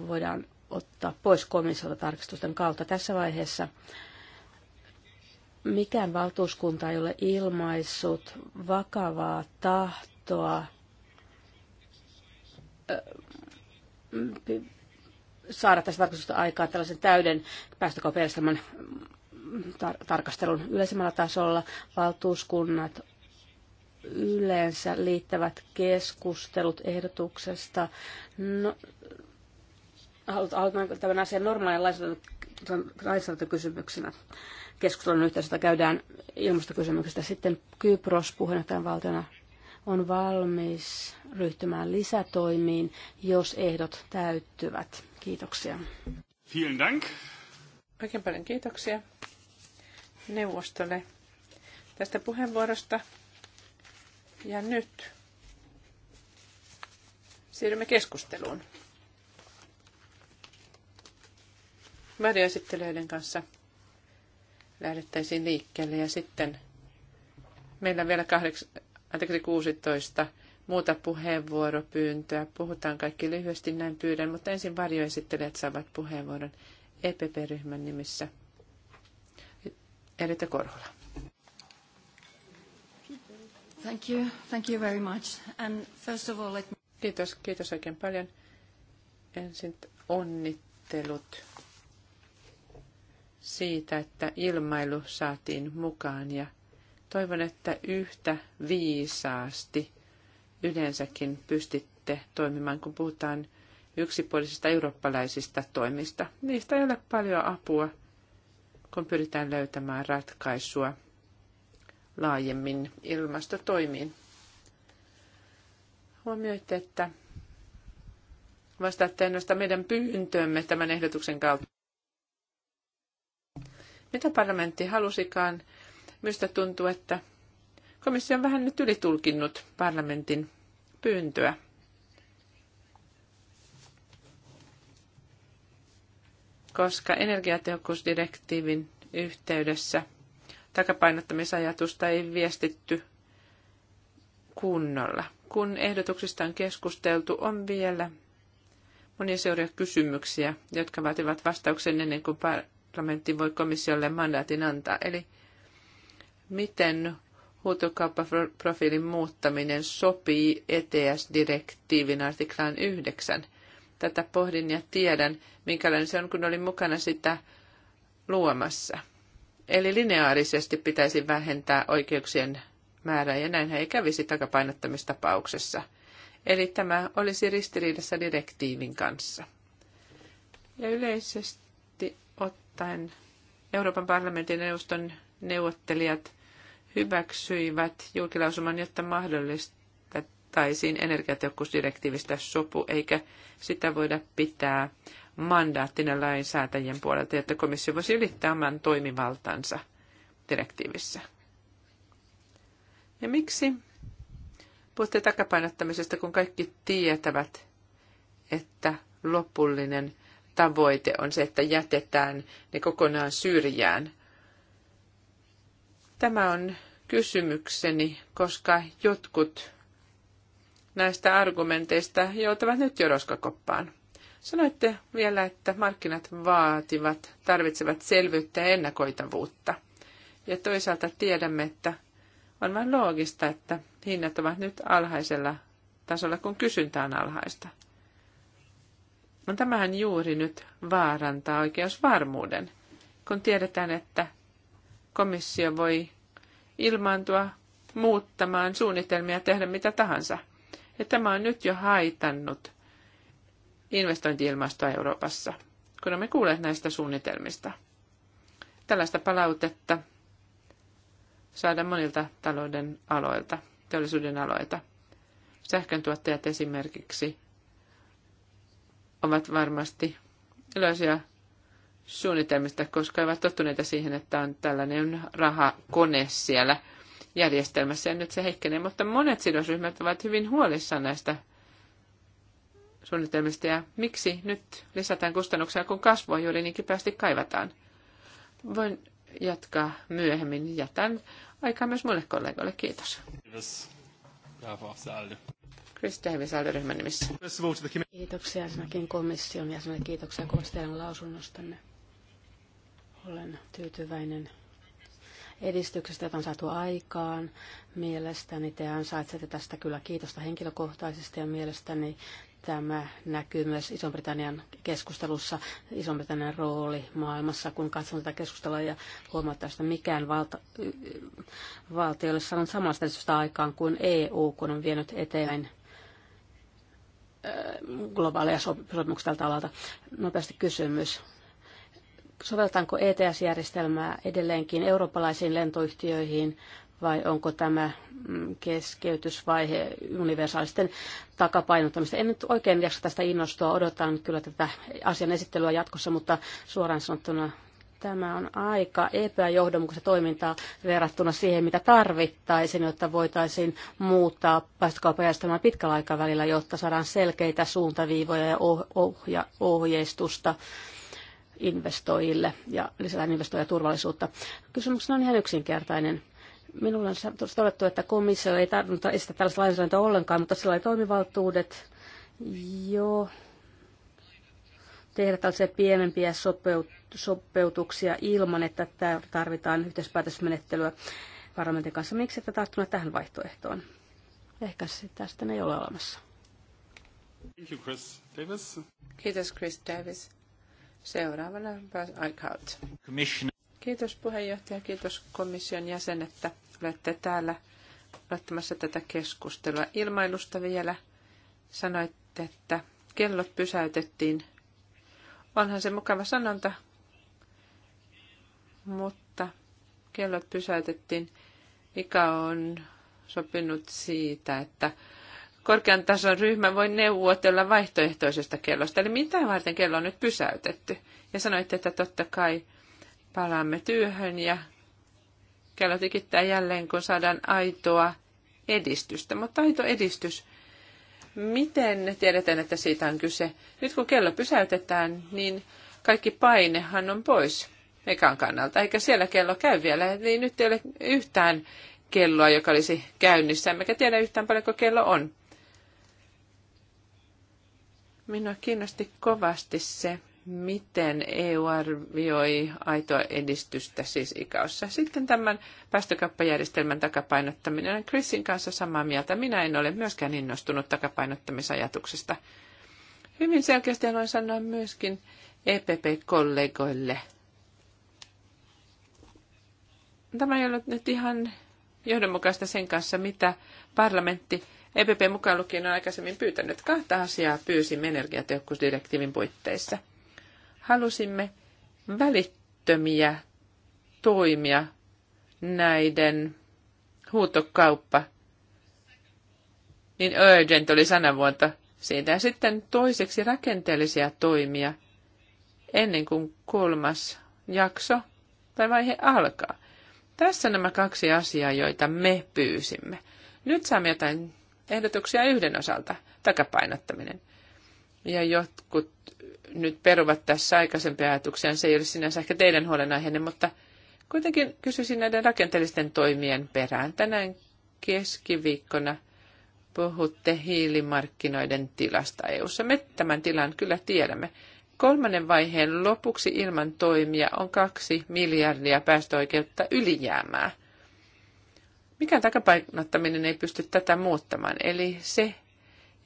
voidaan ottaa pois komissiolta tarkistusten kautta tässä vaiheessa. Mikään valtuuskunta ei ole ilmaissut vakavaa tahtoa saada tästä tarkastusta aikaa tällaisen täyden päästökauppajärjestelmän tar- tarkastelun yleisemmällä tasolla. Valtuuskunnat yleensä liittävät keskustelut ehdotuksesta. No, halutaanko tämän asian normaalin lainsäädäntökysymyksenä? Keskustelun yhteydessä käydään ilmastokysymyksestä. Sitten Kypros puheenjohtajan valtiona on valmis ryhtymään lisätoimiin, jos ehdot täyttyvät. Kiitoksia. Vielen dank. Oikein paljon kiitoksia neuvostolle tästä puheenvuorosta. Ja nyt siirrymme keskusteluun. Väliesittelijöiden kanssa lähdettäisiin liikkeelle ja sitten meillä on vielä kahdeksan, anteeksi 16 muuta puheenvuoropyyntöä. Puhutaan kaikki lyhyesti, näin pyydän, mutta ensin varjoesittelijät saavat puheenvuoron EPP-ryhmän nimissä. Erita Korhola. Thank you. Thank you very much. And first of all, let... Kiitos, kiitos oikein paljon. Ensin onnittelut siitä, että ilmailu saatiin mukaan ja – Toivon, että yhtä viisaasti yleensäkin pystytte toimimaan, kun puhutaan yksipuolisista eurooppalaisista toimista. Niistä ei ole paljon apua, kun pyritään löytämään ratkaisua laajemmin ilmastotoimiin. Huomioitte, että vastaatte ainoastaan meidän pyyntöömme tämän ehdotuksen kautta. Mitä parlamentti halusikaan Minusta tuntuu, että komissio on vähän nyt ylitulkinnut parlamentin pyyntöä. Koska energiatehokkuusdirektiivin yhteydessä takapainottamisajatusta ei viestitty kunnolla. Kun ehdotuksista on keskusteltu, on vielä monia seuraavia kysymyksiä, jotka vaativat vastauksen ennen kuin parlamentti voi komissiolle mandaatin antaa. Eli miten huutokauppaprofiilin muuttaminen sopii ETS-direktiivin artiklaan 9. Tätä pohdin ja tiedän, minkälainen se on, kun olin mukana sitä luomassa. Eli lineaarisesti pitäisi vähentää oikeuksien määrää, ja näinhän ei kävisi takapainottamistapauksessa. Eli tämä olisi ristiriidassa direktiivin kanssa. Ja yleisesti ottaen Euroopan parlamentin neuvoston neuvottelijat – hyväksyivät julkilausuman, jotta mahdollistettaisiin energiatehokkuusdirektiivistä sopu, eikä sitä voida pitää mandaattina lainsäätäjien puolelta, että komissio voisi ylittää oman toimivaltansa direktiivissä. Ja miksi puhutte takapainottamisesta, kun kaikki tietävät, että lopullinen tavoite on se, että jätetään ne kokonaan syrjään. Tämä on kysymykseni, koska jotkut näistä argumenteista joutuvat nyt jo roskakoppaan. Sanoitte vielä, että markkinat vaativat, tarvitsevat selvyyttä ja ennakoitavuutta. Ja toisaalta tiedämme, että on vain loogista, että hinnat ovat nyt alhaisella tasolla, kun kysyntä on alhaista. No tämähän juuri nyt vaarantaa oikeusvarmuuden, kun tiedetään, että komissio voi ilmaantua muuttamaan suunnitelmia, tehdä mitä tahansa. Ja tämä on nyt jo haitannut investointiilmastoa Euroopassa, kun olemme kuulleet näistä suunnitelmista. Tällaista palautetta saada monilta talouden aloilta, teollisuuden aloilta. tuottajat esimerkiksi ovat varmasti iloisia suunnitelmista, koska ovat tottuneita siihen, että on tällainen rahakone siellä järjestelmässä ja nyt se heikkenee, mutta monet sidosryhmät ovat hyvin huolissaan näistä suunnitelmista ja miksi nyt lisätään kustannuksia, kun kasvua juuri niin kipeästi kaivataan. Voin jatkaa myöhemmin. Jätän aikaa myös muille kollegoille. Kiitos. Kiitos. Chris Davis, ryhmän nimissä. Kiitoksia ensinnäkin komission ja Kiitoksia kovasti teidän lausunnostanne. Olen tyytyväinen edistyksestä, jota on saatu aikaan. Mielestäni te ansaitsette tästä kyllä kiitosta henkilökohtaisesti ja mielestäni tämä näkyy myös Iso-Britannian keskustelussa, Iso-Britannian rooli maailmassa, kun katson tätä keskustelua ja huomataan, että mikään valta, valtio ei ole saanut samanlaista edistystä aikaan kuin EU, kun on vienyt eteenpäin globaaleja sopimuksia tältä alalta. Nopeasti kysymys sovelletaanko ETS-järjestelmää edelleenkin eurooppalaisiin lentoyhtiöihin vai onko tämä mm, keskeytysvaihe universaalisten takapainottamista. En nyt oikein jaksa tästä innostua, odotan kyllä tätä asian esittelyä jatkossa, mutta suoraan sanottuna tämä on aika epäjohdonmukaista toimintaa verrattuna siihen, mitä tarvittaisiin, jotta voitaisiin muuttaa päästökauppajärjestelmää pitkällä aikavälillä, jotta saadaan selkeitä suuntaviivoja ja ohja- ohjeistusta investoijille ja lisätään investoijaturvallisuutta. Kysymys on ihan yksinkertainen. Minulla on todettu, että komissio ei tarvitse estää tällaista lainsäädäntöä ollenkaan, mutta sillä ei toimivaltuudet jo tehdä tällaisia pienempiä sopeutuksia ilman, että tarvitaan yhteispäätösmenettelyä parlamentin kanssa. Miksi ette tarttuneet tähän vaihtoehtoon? Ehkä sitä sitten ei ole olemassa. Kiitos Chris Davis. Seuraavana aikaut. Kiitos puheenjohtaja, kiitos komission jäsen, että olette täällä laittamassa tätä keskustelua. Ilmailusta vielä sanoitte, että kellot pysäytettiin. Onhan se mukava sanonta, mutta kellot pysäytettiin. Ika on sopinut siitä, että korkean tason ryhmä voi neuvotella vaihtoehtoisesta kellosta. Eli mitä varten kello on nyt pysäytetty? Ja sanoitte, että totta kai palaamme työhön ja kello tikittää jälleen, kun saadaan aitoa edistystä. Mutta aito edistys, miten tiedetään, että siitä on kyse? Nyt kun kello pysäytetään, niin kaikki painehan on pois ekan kannalta, eikä siellä kello käy vielä. Eli nyt ei ole yhtään kelloa, joka olisi käynnissä, emmekä tiedä yhtään paljonko kello on. Minua kiinnosti kovasti se, miten EU arvioi aitoa edistystä siis ikaossa. Sitten tämän päästökauppajärjestelmän takapainottaminen. Olen Chrisin kanssa samaa mieltä. Minä en ole myöskään innostunut takapainottamisajatuksesta. Hyvin selkeästi haluan sanoa myöskin EPP-kollegoille. Tämä ei ollut nyt ihan johdonmukaista sen kanssa, mitä parlamentti EPP mukaan lukien on aikaisemmin pyytänyt. Kahta asiaa pyysimme energiatehokkuusdirektiivin puitteissa. Halusimme välittömiä toimia näiden huutokauppa, niin urgent oli sanavuonta siitä. Ja sitten toiseksi rakenteellisia toimia ennen kuin kolmas jakso tai vaihe alkaa. Tässä nämä kaksi asiaa, joita me pyysimme. Nyt saamme jotain ehdotuksia yhden osalta, takapainottaminen. Ja jotkut nyt peruvat tässä aikaisempia ajatuksia, se ei ole sinänsä ehkä teidän huolenaiheenne, mutta kuitenkin kysyisin näiden rakenteellisten toimien perään. Tänään keskiviikkona puhutte hiilimarkkinoiden tilasta eu Me tämän tilan kyllä tiedämme. Kolmannen vaiheen lopuksi ilman toimia on kaksi miljardia päästöoikeutta ylijäämää – Mikään takapainottaminen ei pysty tätä muuttamaan. Eli se,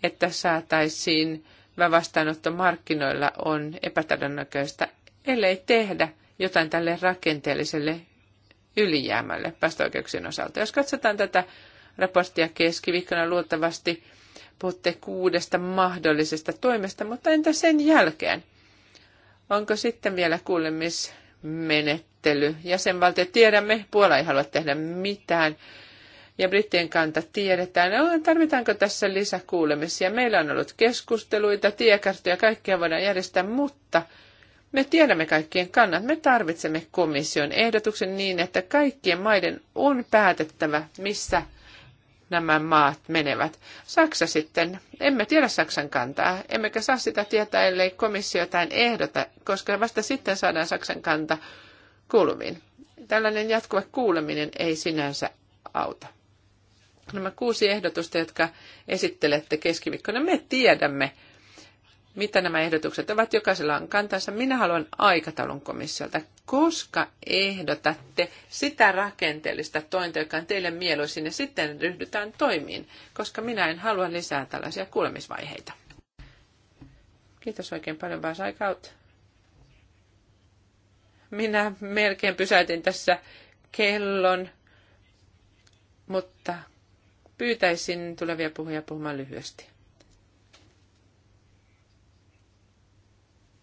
että saataisiin vastaanottomarkkinoilla on epätodennäköistä, ellei tehdä jotain tälle rakenteelliselle ylijäämälle päästöoikeuksien osalta. Jos katsotaan tätä raporttia keskiviikkona, luultavasti puhutte kuudesta mahdollisesta toimesta, mutta entä sen jälkeen? Onko sitten vielä kuulemismenettely? Jäsenvaltio tiedämme, Puola ei halua tehdä mitään ja brittien kanta tiedetään. No, tarvitaanko tässä lisäkuulemisia? Meillä on ollut keskusteluita, tiekarttoja, kaikkea voidaan järjestää, mutta me tiedämme kaikkien kannat. Me tarvitsemme komission ehdotuksen niin, että kaikkien maiden on päätettävä, missä nämä maat menevät. Saksa sitten, emme tiedä Saksan kantaa, emmekä saa sitä tietää, ellei komissio jotain ehdota, koska vasta sitten saadaan Saksan kanta kuuluviin. Tällainen jatkuva kuuleminen ei sinänsä auta. Nämä kuusi ehdotusta, jotka esittelette keskiviikkona, me tiedämme, mitä nämä ehdotukset ovat. Jokaisella on kantansa. Minä haluan aikataulun komissiolta, koska ehdotatte sitä rakenteellista tointa, joka on teille mieluisin, ja sitten ryhdytään toimiin, koska minä en halua lisää tällaisia kuulemisvaiheita. Kiitos oikein paljon, Bas Aikaut. Minä melkein pysäytin tässä kellon, mutta Pyytäisin tulevia puhuja puhumaan lyhyesti.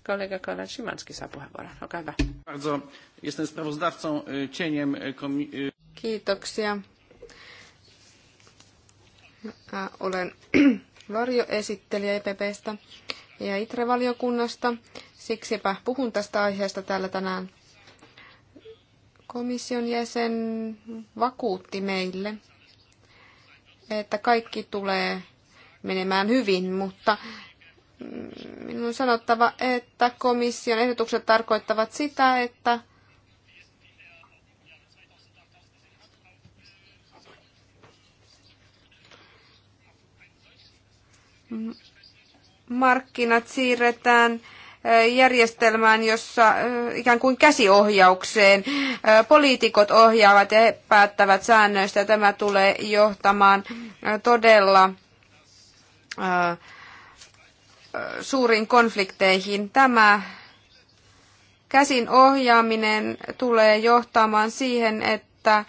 Kollega Kalan Szymanski saa puheenvuoron. Olkaa hyvä. Bardzo. Jestem sprawozdawcą cieniem komi- Kiitoksia. olen varjoesittelijä EPPstä ja ITRE-valiokunnasta. Siksipä puhun tästä aiheesta täällä tänään. Komission jäsen vakuutti meille, että kaikki tulee menemään hyvin, mutta minun on sanottava, että komission ehdotukset tarkoittavat sitä, että markkinat siirretään järjestelmään, jossa ikään kuin käsiohjaukseen poliitikot ohjaavat ja he päättävät säännöistä. Tämä tulee johtamaan todella suuriin konflikteihin. Tämä käsin ohjaaminen tulee johtamaan siihen, että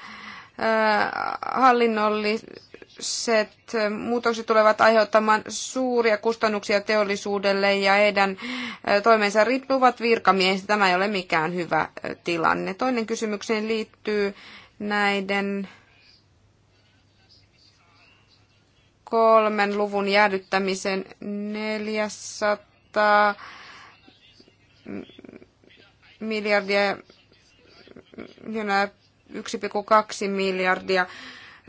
hallinnollinen set muutokset tulevat aiheuttamaan suuria kustannuksia teollisuudelle ja heidän toimensa riippuvat virkamiehistä. Tämä ei ole mikään hyvä tilanne. Toinen kysymykseen liittyy näiden kolmen luvun jäädyttämisen 400 miljardia, 1,2 miljardia.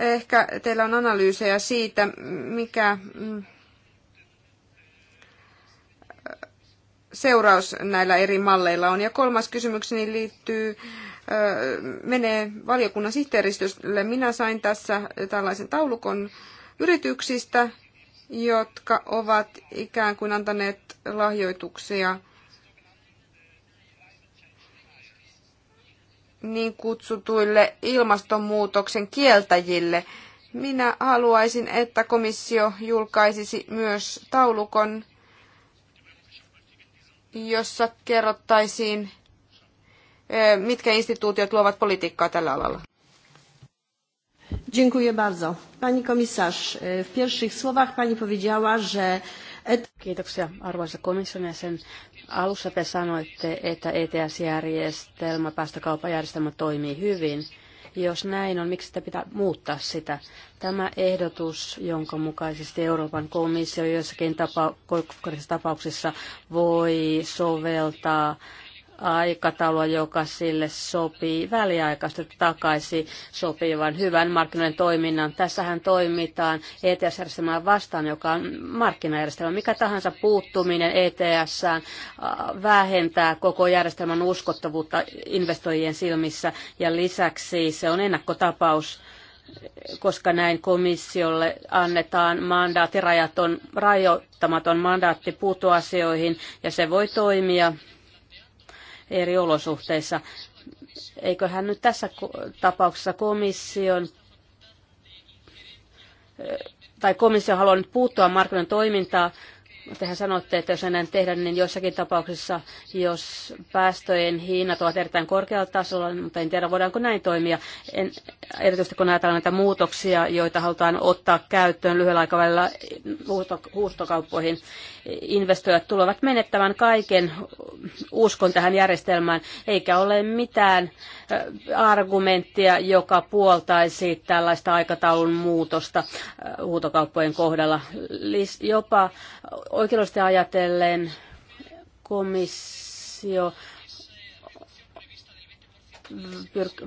Ehkä teillä on analyysejä siitä, mikä mm, seuraus näillä eri malleilla on. Ja kolmas kysymykseni liittyy menee valiokunnan sihteeristölle. Minä sain tässä tällaisen taulukon yrityksistä, jotka ovat ikään kuin antaneet lahjoituksia niin kutsutuille ilmastonmuutoksen kieltäjille. Minä haluaisin, että komissio julkaisisi myös taulukon, jossa kerrottaisiin, mitkä instituutiot luovat politiikkaa tällä alalla. Dziękuję bardzo. Pani komisarz, e, w pierwszych słowach pani powiedziała, że et... Kiitoksia arvoisa komission jäsen. Alussa te sanoitte, että ETS-järjestelmä, päästökaupajärjestelmä toimii hyvin. Jos näin on, miksi sitä pitää muuttaa sitä? Tämä ehdotus, jonka mukaisesti Euroopan komissio joissakin tapauksissa voi soveltaa aikataulua, joka sille sopii väliaikaisesti takaisin sopivan hyvän markkinoiden toiminnan. Tässähän toimitaan ETS-järjestelmää vastaan, joka on markkinajärjestelmä. Mikä tahansa puuttuminen ets vähentää koko järjestelmän uskottavuutta investoijien silmissä ja lisäksi se on ennakkotapaus koska näin komissiolle annetaan mandaatti, rajaton, rajoittamaton mandaatti puuttua asioihin ja se voi toimia eri olosuhteissa. Eiköhän nyt tässä tapauksessa komission tai komissio haluaa nyt puuttua markkinoiden toimintaan? tehän sanotte, että jos enää tehdä, niin joissakin tapauksissa, jos päästöjen hinnat ovat erittäin korkealla tasolla, mutta en tiedä, voidaanko näin toimia. En, erityisesti kun ajatellaan näitä muutoksia, joita halutaan ottaa käyttöön lyhyellä aikavälillä huustokauppoihin, investoijat tulevat menettämään kaiken uskon tähän järjestelmään, eikä ole mitään äh, argumenttia, joka puoltaisi tällaista aikataulun muutosta huutokauppojen kohdalla. Jopa oikeudellisesti ajatellen komissio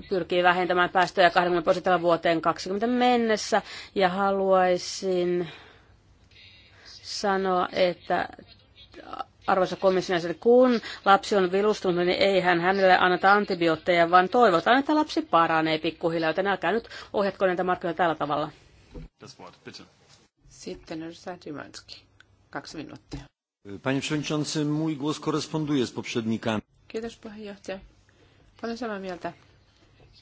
pyrkii vähentämään päästöjä 20 prosentilla vuoteen 20 mennessä ja haluaisin sanoa, että arvoisa komission jäsen, kun lapsi on vilustunut, niin ei hän hänelle anneta antibiootteja, vaan toivotaan, että lapsi paranee pikkuhiljaa, joten älkää nyt ohjatko näitä markkinoita tällä tavalla. Sitten edustaja Dymanski. Kaksi minuuttia. Panie przewodniczący, mój głos koresponduje z poprzednikami. Kiitos puheenjohtaja. Olen samaa mieltä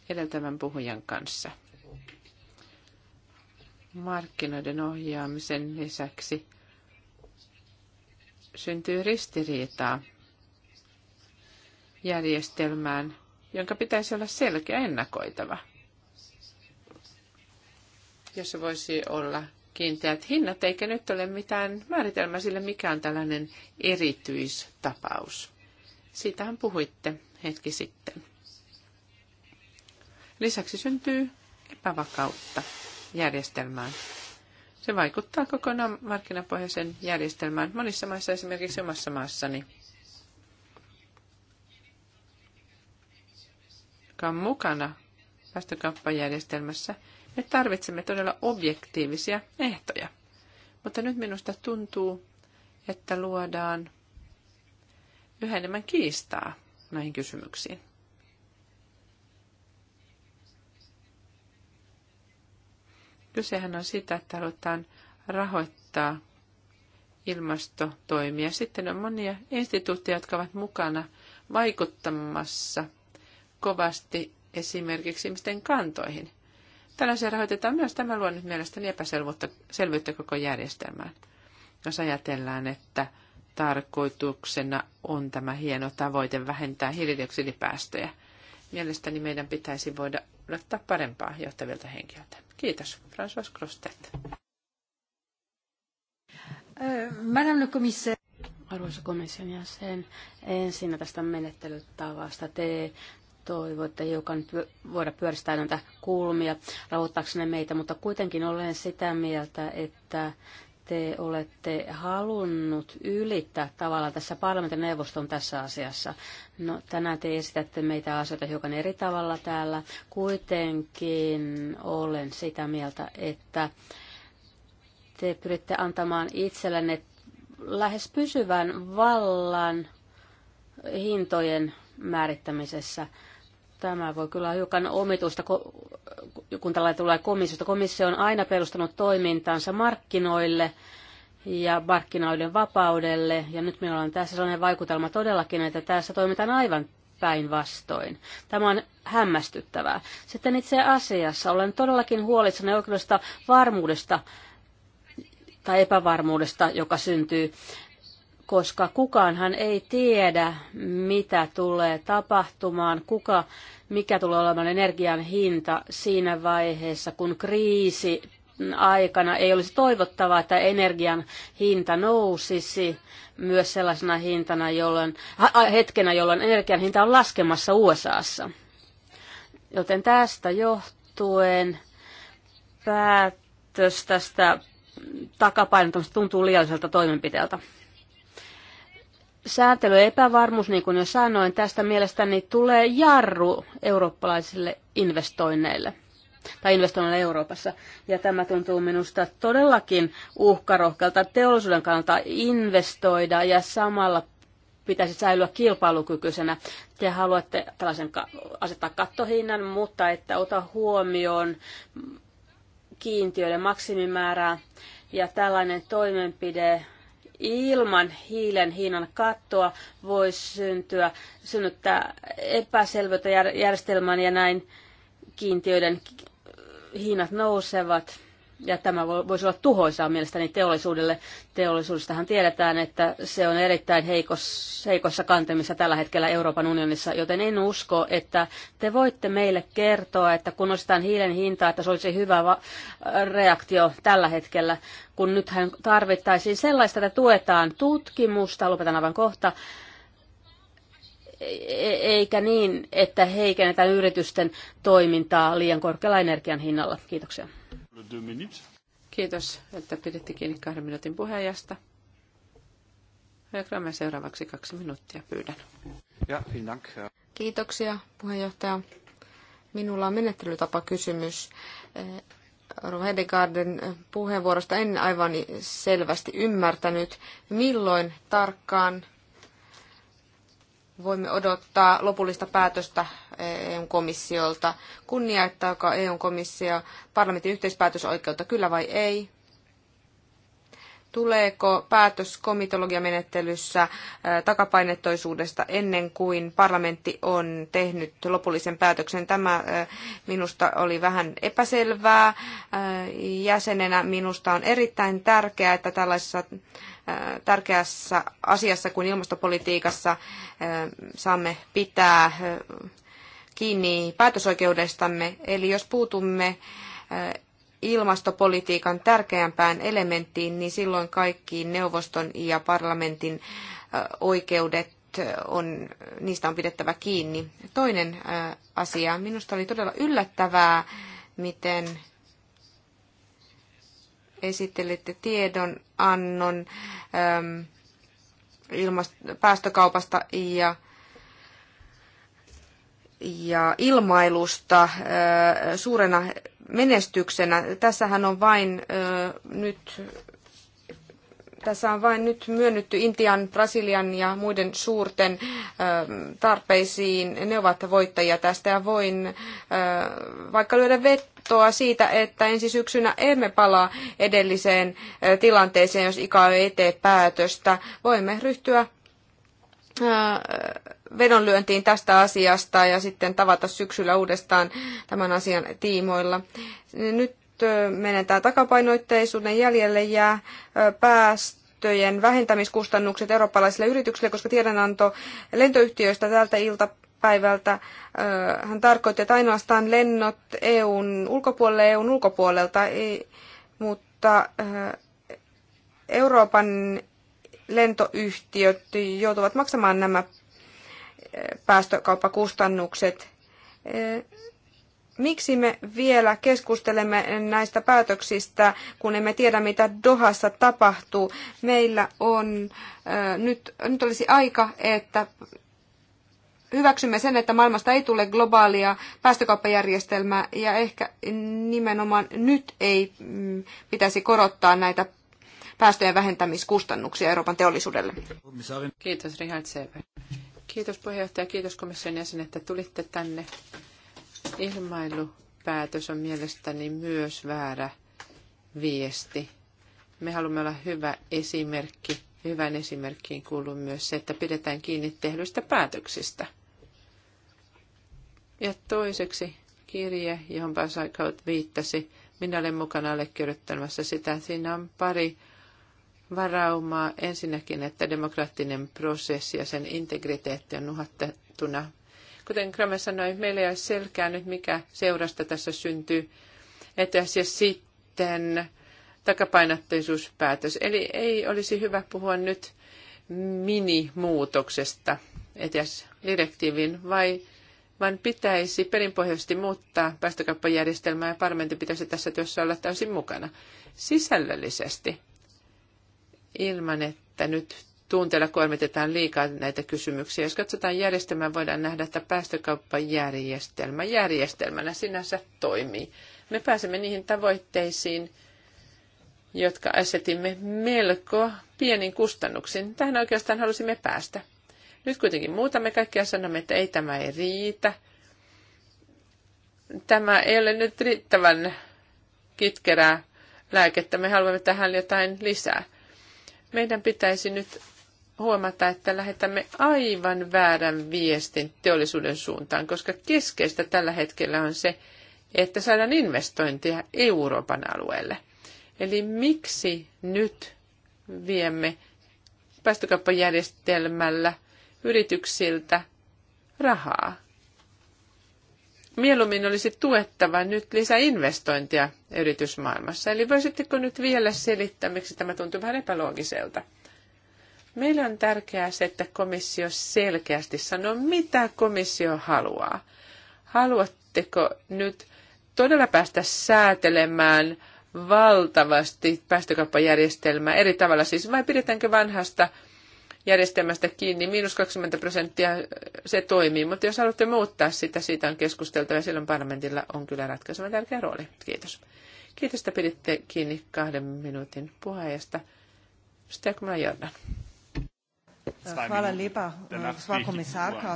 edeltävän puhujan kanssa. Markkinoiden ohjaamisen lisäksi syntyy ristiriitaa järjestelmään, jonka pitäisi olla selkeä ennakoitava. Jos se voisi olla kiinteät hinnat, eikä nyt ole mitään määritelmää sille, mikä on tällainen erityistapaus. Siitähän puhuitte hetki sitten. Lisäksi syntyy epävakautta järjestelmään, se vaikuttaa kokonaan markkinapohjaisen järjestelmään. Monissa maissa, esimerkiksi omassa maassani, joka on mukana päästökauppajärjestelmässä, me tarvitsemme todella objektiivisia ehtoja. Mutta nyt minusta tuntuu, että luodaan yhä enemmän kiistaa näihin kysymyksiin. Kysehän on sitä, että halutaan rahoittaa ilmastotoimia. Sitten on monia instituutteja, jotka ovat mukana vaikuttamassa kovasti esimerkiksi ihmisten kantoihin. Tällaisia rahoitetaan myös. Tämä luo nyt mielestäni epäselvyyttä koko järjestelmään. Jos ajatellaan, että tarkoituksena on tämä hieno tavoite vähentää hiilidioksidipäästöjä, mielestäni meidän pitäisi voida odottaa parempaa johtavilta henkilöiltä. Kiitos, François Crostet. Madame le commissaire. Arvoisa komission jäsen, ensin tästä menettelytavasta. Te toivoitte hiukan voida pyöristää näitä kulmia rauhoittaakseni meitä, mutta kuitenkin olen sitä mieltä, että te olette halunnut ylittää tavallaan tässä parlamentin neuvoston tässä asiassa. No, tänään te esitätte meitä asioita hiukan eri tavalla täällä. Kuitenkin olen sitä mieltä, että te pyritte antamaan itsellenne lähes pysyvän vallan hintojen määrittämisessä – Tämä voi kyllä olla hiukan omituista, kun tällä tulee komissiosta. Komissio on aina perustanut toimintansa markkinoille ja markkinoiden vapaudelle. Ja nyt meillä on tässä sellainen vaikutelma todellakin, että tässä toimitaan aivan päinvastoin. Tämä on hämmästyttävää. Sitten itse asiassa olen todellakin huolissani oikeudesta varmuudesta tai epävarmuudesta, joka syntyy koska kukaanhan ei tiedä, mitä tulee tapahtumaan, kuka, mikä tulee olemaan energian hinta siinä vaiheessa, kun kriisi aikana ei olisi toivottavaa, että energian hinta nousisi myös sellaisena hintana, jolloin, hetkenä, jolloin energian hinta on laskemassa USAssa. Joten tästä johtuen päätös tästä takapainottamista tuntuu liialliselta toimenpiteeltä sääntelyepävarmuus, niin kuin jo sanoin, tästä mielestäni tulee jarru eurooppalaisille investoinneille tai investoinneille Euroopassa. Ja tämä tuntuu minusta todellakin uhkarohkelta teollisuuden kannalta investoida ja samalla pitäisi säilyä kilpailukykyisenä. Te haluatte tällaisen asettaa kattohinnan, mutta että ota huomioon kiintiöiden maksimimäärää ja tällainen toimenpide ilman hiilen hinnan kattoa voisi syntyä, synnyttää epäselvyyttä järjestelmään ja näin kiintiöiden hinnat nousevat ja tämä voisi olla tuhoisaa mielestäni teollisuudelle. Teollisuudestahan tiedetään, että se on erittäin heikossa, heikossa kantemissa tällä hetkellä Euroopan unionissa, joten en usko, että te voitte meille kertoa, että kun nostetaan hiilen hintaa, että se olisi hyvä reaktio tällä hetkellä, kun nythän tarvittaisiin sellaista, että tuetaan tutkimusta, lopetan aivan kohta, e-, e-, eikä niin, että heikennetään yritysten toimintaa liian korkealla energian hinnalla. Kiitoksia. Kiitos, että piditte kiinni kahden minuutin puheenjasta. seuraavaksi kaksi minuuttia pyydän. Ja, dank. Kiitoksia puheenjohtaja. Minulla on kysymys Rova Hedegaarden puheenvuorosta en aivan selvästi ymmärtänyt, milloin tarkkaan voimme odottaa lopullista päätöstä EU-komissiolta. Kunnioittaako EU-komissio parlamentin yhteispäätösoikeutta, kyllä vai ei? tuleeko päätös komitologiamenettelyssä takapainettoisuudesta ennen kuin parlamentti on tehnyt lopullisen päätöksen. Tämä minusta oli vähän epäselvää. Jäsenenä minusta on erittäin tärkeää, että tällaisessa tärkeässä asiassa kuin ilmastopolitiikassa saamme pitää kiinni päätösoikeudestamme. Eli jos puutumme ilmastopolitiikan tärkeämpään elementtiin, niin silloin kaikkiin neuvoston ja parlamentin oikeudet on, niistä on pidettävä kiinni. Toinen asia, minusta oli todella yllättävää, miten esittelitte tiedonannon ähm, ilmast- päästökaupasta ja ja ilmailusta suurena menestyksenä. Tässähän on vain nyt tässä on vain nyt myönnytty Intian, Brasilian ja muiden suurten tarpeisiin. Ne ovat voittajia tästä ja voin vaikka lyödä vettoa siitä, että ensi syksynä emme palaa edelliseen tilanteeseen, jos ikä ei tee päätöstä. Voimme ryhtyä vedonlyöntiin tästä asiasta ja sitten tavata syksyllä uudestaan tämän asian tiimoilla. Nyt menetään takapainoitteisuuden jäljelle ja päästä päästöjen vähentämiskustannukset eurooppalaisille yrityksille, koska tiedonanto lentoyhtiöistä tältä iltapäivältä hän tarkoitti, että ainoastaan lennot EUn ulkopuolelle EUn ulkopuolelta, ei, mutta Euroopan lentoyhtiöt joutuvat maksamaan nämä päästökauppakustannukset. Miksi me vielä keskustelemme näistä päätöksistä, kun emme tiedä, mitä Dohassa tapahtuu? Meillä on nyt, nyt olisi aika, että hyväksymme sen, että maailmasta ei tule globaalia päästökauppajärjestelmää ja ehkä nimenomaan nyt ei mm, pitäisi korottaa näitä päästöjen vähentämiskustannuksia Euroopan teollisuudelle. Kiitos Richard Seber. Kiitos puheenjohtaja, kiitos komission jäsen, että tulitte tänne. Ilmailupäätös on mielestäni myös väärä viesti. Me haluamme olla hyvä esimerkki. Hyvän esimerkkiin kuuluu myös se, että pidetään kiinni tehdyistä päätöksistä. Ja toiseksi kirje, johon Basakaut viittasi. Minä olen mukana allekirjoittamassa sitä. Siinä on pari varaumaa ensinnäkin, että demokraattinen prosessi ja sen integriteetti on uhattuna. Kuten Krame sanoi, meillä ei ole selkää nyt, mikä seurasta tässä syntyy. Etäs ja sitten takapainotteisuuspäätös. Eli ei olisi hyvä puhua nyt minimuutoksesta etäs direktiivin, vai vaan pitäisi perinpohjaisesti muuttaa päästökauppajärjestelmää ja parlamentti pitäisi tässä työssä olla täysin mukana sisällöllisesti ilman, että nyt tunteella kuormitetaan liikaa näitä kysymyksiä. Jos katsotaan järjestelmää, voidaan nähdä, että päästökauppajärjestelmä järjestelmänä sinänsä toimii. Me pääsemme niihin tavoitteisiin, jotka asetimme melko pienin kustannuksin. Tähän oikeastaan halusimme päästä. Nyt kuitenkin muutamme kaikkia sanomme, että ei tämä ei riitä. Tämä ei ole nyt riittävän kitkerää lääkettä. Me haluamme tähän jotain lisää meidän pitäisi nyt huomata, että lähetämme aivan väärän viestin teollisuuden suuntaan, koska keskeistä tällä hetkellä on se, että saadaan investointia Euroopan alueelle. Eli miksi nyt viemme päästökauppajärjestelmällä yrityksiltä rahaa mieluummin olisi tuettava nyt lisäinvestointia yritysmaailmassa. Eli voisitteko nyt vielä selittää, miksi tämä tuntuu vähän epäloogiselta? Meillä on tärkeää se, että komissio selkeästi sanoo, mitä komissio haluaa. Haluatteko nyt todella päästä säätelemään valtavasti päästökauppajärjestelmää eri tavalla siis, vai pidetäänkö vanhasta järjestelmästä kiinni, miinus 20 prosenttia se toimii, mutta jos haluatte muuttaa sitä, siitä on keskusteltava ja silloin parlamentilla on kyllä ratkaisevan tärkeä rooli. Kiitos. Kiitos, että piditte kiinni kahden minuutin puheesta. Stekma Jordan. Eh, hvala lepa, eh, sva komisarka.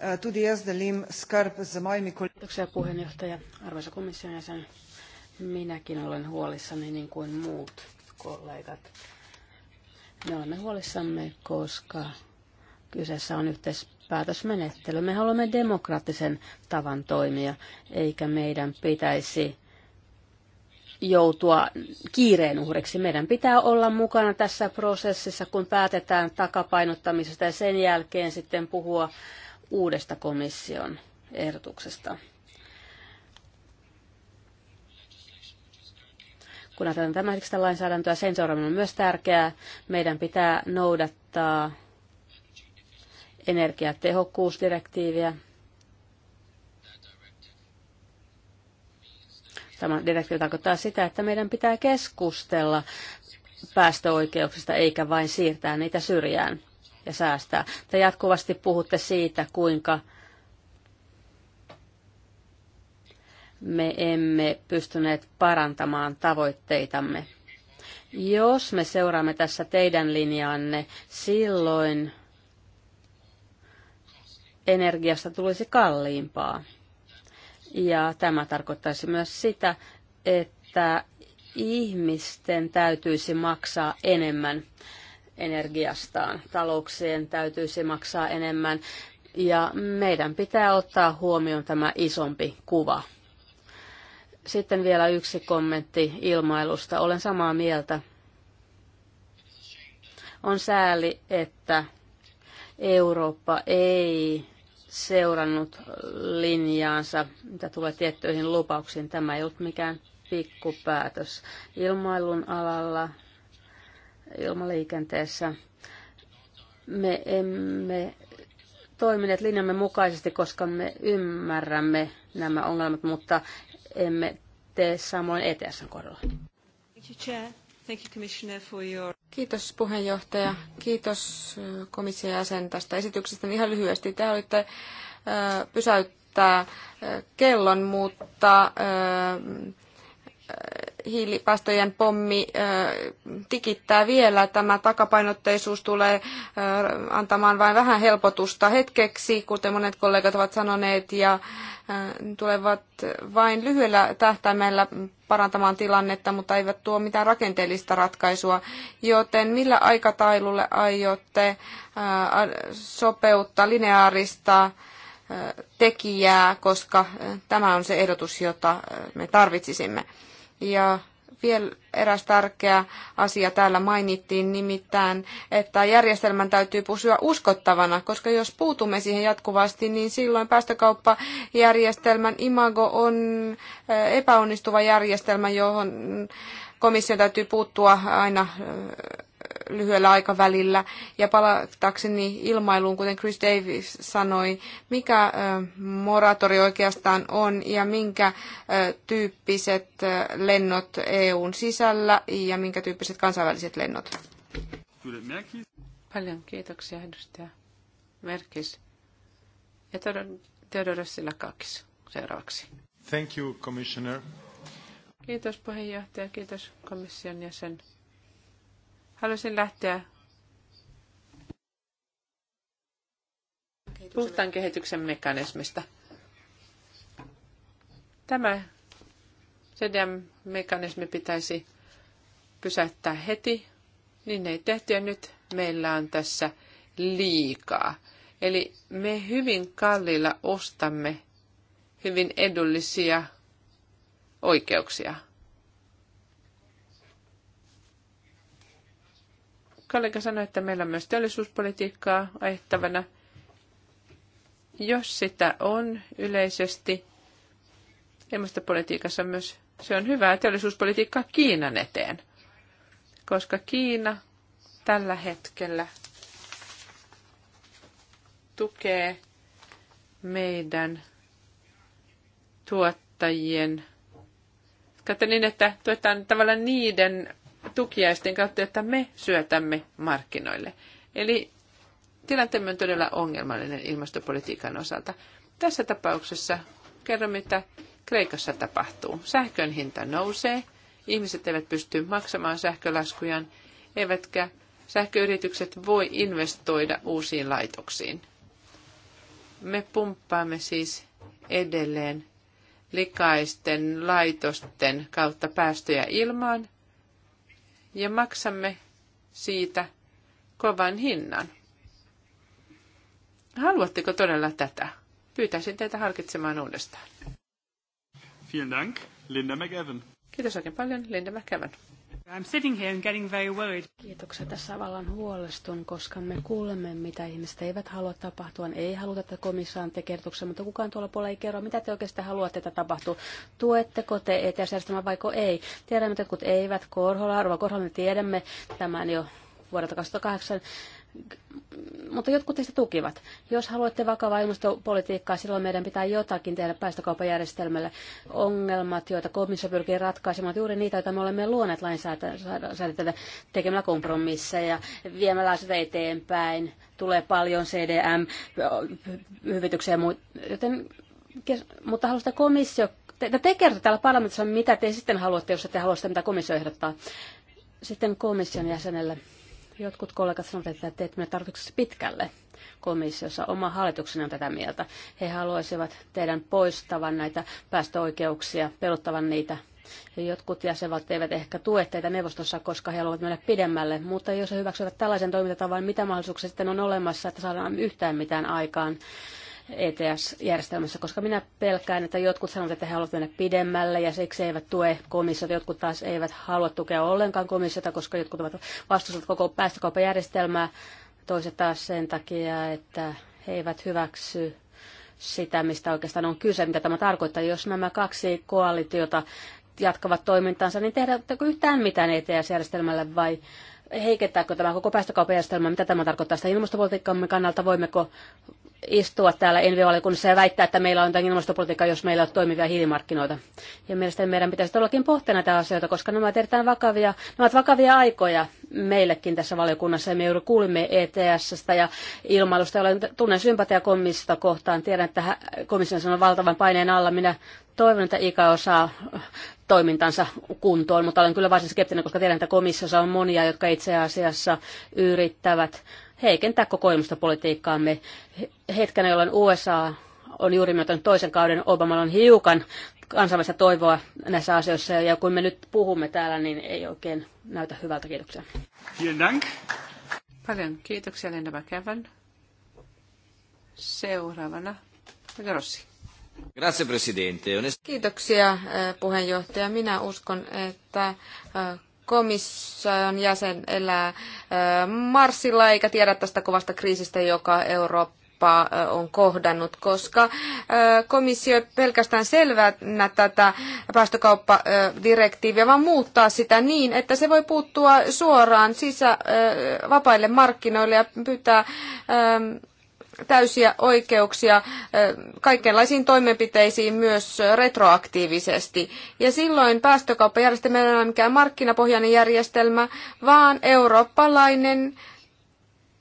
Eh, tudi jaz delim skrb z mojimi kolegami. Kiitoksia puheenjohtaja, arvoisa komission jäsen. Minäkin olen huolissani niin kuin muut kollegat me olemme huolissamme, koska kyseessä on yhteispäätösmenettely. Me haluamme demokraattisen tavan toimia, eikä meidän pitäisi joutua kiireen uhreksi. Meidän pitää olla mukana tässä prosessissa, kun päätetään takapainottamisesta ja sen jälkeen sitten puhua uudesta komission ehdotuksesta. Kun ajatellaan tämänhetkistä lainsäädäntöä, sen seuraaminen on myös tärkeää. Meidän pitää noudattaa energiatehokkuusdirektiiviä. Tämä direktiivi tarkoittaa sitä, että meidän pitää keskustella päästöoikeuksista eikä vain siirtää niitä syrjään ja säästää. Te jatkuvasti puhutte siitä, kuinka me emme pystyneet parantamaan tavoitteitamme. Jos me seuraamme tässä teidän linjaanne, silloin energiasta tulisi kalliimpaa. Ja tämä tarkoittaisi myös sitä, että ihmisten täytyisi maksaa enemmän energiastaan. Talouksien täytyisi maksaa enemmän ja meidän pitää ottaa huomioon tämä isompi kuva. Sitten vielä yksi kommentti ilmailusta. Olen samaa mieltä. On sääli, että Eurooppa ei seurannut linjaansa, mitä tulee tiettyihin lupauksiin. Tämä ei ollut mikään pikkupäätös. Ilmailun alalla, ilmaliikenteessä me emme toimineet linjamme mukaisesti, koska me ymmärrämme nämä ongelmat, mutta emme tee samoin ETSn kohdalla. Kiitos puheenjohtaja. Kiitos äh, komission jäsen tästä esityksestä. Ihan lyhyesti, te olitte äh, pysäyttää äh, kellon, mutta hiilipäästöjen pommi tikittää vielä. Tämä takapainotteisuus tulee antamaan vain vähän helpotusta hetkeksi, kuten monet kollegat ovat sanoneet, ja tulevat vain lyhyellä tähtäimellä parantamaan tilannetta, mutta eivät tuo mitään rakenteellista ratkaisua. Joten millä aikataululle aiotte sopeuttaa lineaarista tekijää, koska tämä on se ehdotus, jota me tarvitsisimme. Ja vielä eräs tärkeä asia täällä mainittiin, nimittäin, että järjestelmän täytyy pysyä uskottavana, koska jos puutumme siihen jatkuvasti, niin silloin päästökauppajärjestelmän imago on eh, epäonnistuva järjestelmä, johon komissio täytyy puuttua aina eh, lyhyellä aikavälillä. Ja palatakseni ilmailuun, kuten Chris Davis sanoi, mikä moratori oikeastaan on ja minkä tyyppiset lennot EUn sisällä ja minkä tyyppiset kansainväliset lennot? Paljon kiitoksia edustaja Merkis. Ja Theodoros Silakakis seuraavaksi. Thank you, Commissioner. Kiitos puheenjohtaja, kiitos komission jäsen. Haluaisin lähteä puhtaan kehityksen mekanismista. Tämä CDM-mekanismi pitäisi pysäyttää heti. Niin ei tehty ja nyt meillä on tässä liikaa. Eli me hyvin kalliilla ostamme hyvin edullisia oikeuksia. Kollega sanoi, että meillä on myös teollisuuspolitiikkaa aihettavana. Jos sitä on yleisesti, ilmastopolitiikassa myös se on hyvää teollisuuspolitiikkaa Kiinan eteen, koska Kiina tällä hetkellä tukee meidän tuottajien, Katsotaan niin, että tuetaan tavallaan niiden tukiaisten kautta, että me syötämme markkinoille. Eli tilanteemme on todella ongelmallinen ilmastopolitiikan osalta. Tässä tapauksessa kerron mitä Kreikassa tapahtuu. Sähkön hinta nousee, ihmiset eivät pysty maksamaan sähkölaskujaan, eivätkä sähköyritykset voi investoida uusiin laitoksiin. Me pumppaamme siis edelleen likaisten laitosten kautta päästöjä ilmaan, ja maksamme siitä kovan hinnan. Haluatteko todella tätä? Pyytäisin teitä harkitsemaan uudestaan. Vielen Dank, Linda McEwan. Kiitos oikein paljon, Linda McEvan. I'm sitting here and getting very worried. Kiitoksia. Tässä vallan huolestun, koska me kuulemme, mitä ihmiset eivät halua tapahtua. Ei haluta, että komissaan te kertoksen, mutta kukaan tuolla puolella ei kerro, mitä te oikeastaan haluatte, että tapahtuu. Tuetteko te ETS-järjestelmää vaiko ei? Tiedämme, että kun eivät. Korhola, Arva Korhola, me tiedämme tämän jo vuodelta 2008 mutta jotkut teistä tukivat. Jos haluatte vakavaa ilmastopolitiikkaa, silloin meidän pitää jotakin tehdä päästökauppajärjestelmälle. Ongelmat, joita komissio pyrkii ratkaisemaan, ovat juuri niitä, joita me olemme luoneet lainsäädäntöön tekemällä kompromisseja, viemällä asioita eteenpäin. Tulee paljon CDM, hyvityksiä ja muuta. Joten, mutta haluaisin, komissio, te, te kerrotte täällä parlamentissa, mitä te sitten haluatte, jos te haluatte, mitä komissio ehdottaa. Sitten komission jäsenelle. Jotkut kollegat sanovat, että te ette mene tarkoituksessa pitkälle komissiossa. Oma hallituksen on tätä mieltä. He haluaisivat teidän poistavan näitä päästöoikeuksia, pelottavan niitä. Ja jotkut jäsenvaltiot eivät ehkä tue teitä neuvostossa, koska he haluavat mennä pidemmälle. Mutta jos he hyväksyvät tällaisen toimintatavan, mitä mahdollisuuksia sitten on olemassa, että saadaan yhtään mitään aikaan? ETS-järjestelmässä, koska minä pelkään, että jotkut sanovat, että he haluavat mennä pidemmälle ja siksi eivät tue komissiota. Jotkut taas eivät halua tukea ollenkaan komissiota, koska jotkut ovat vastustaneet koko päästökauppajärjestelmää. Toiset taas sen takia, että he eivät hyväksy sitä, mistä oikeastaan on kyse, mitä tämä tarkoittaa. Jos nämä kaksi koalitiota jatkavat toimintaansa, niin tehdäänkö yhtään mitään ETS-järjestelmälle vai heikentääkö tämä koko päästökauppajärjestelmä, mitä tämä tarkoittaa sitä ilmastopolitiikkamme kannalta, voimmeko istua täällä Envi-valiokunnassa ja väittää, että meillä on jotain ilmastopolitiikkaa, jos meillä on toimivia hiilimarkkinoita. Ja mielestäni meidän pitäisi todellakin pohtia näitä asioita, koska nämä ovat erittäin vakavia, nämä ovat vakavia aikoja meillekin tässä valiokunnassa. Ja me juuri kuulimme ETSstä ja ilmailusta, olen tunnen sympatia komissiota kohtaan. Tiedän, että komission on valtavan paineen alla. Minä toivon, että IKA osaa toimintansa kuntoon, mutta olen kyllä varsin skeptinen, koska tiedän, että komissiossa on monia, jotka itse asiassa yrittävät heikentää koko ilmastopolitiikkaamme hetkenä, jolloin USA on juuri myötän toisen kauden. Obamalla on hiukan kansainvälistä toivoa näissä asioissa, ja kun me nyt puhumme täällä, niin ei oikein näytä hyvältä. Kiitoksia. Dank. Paljon kiitoksia, Linda McEwan. Seuraavana Grossi. Grazie, Presidente. Kiitoksia eh, puheenjohtaja. Minä uskon, että eh, komission jäsen elää Marsilla eikä tiedä tästä kovasta kriisistä, joka Eurooppa on kohdannut, koska komissio pelkästään selvänä tätä päästökauppadirektiiviä, vaan muuttaa sitä niin, että se voi puuttua suoraan sisä, vapaille markkinoille ja pyytää täysiä oikeuksia kaikenlaisiin toimenpiteisiin myös retroaktiivisesti. Ja silloin päästökauppajärjestelmä ei ole mikään markkinapohjainen järjestelmä, vaan eurooppalainen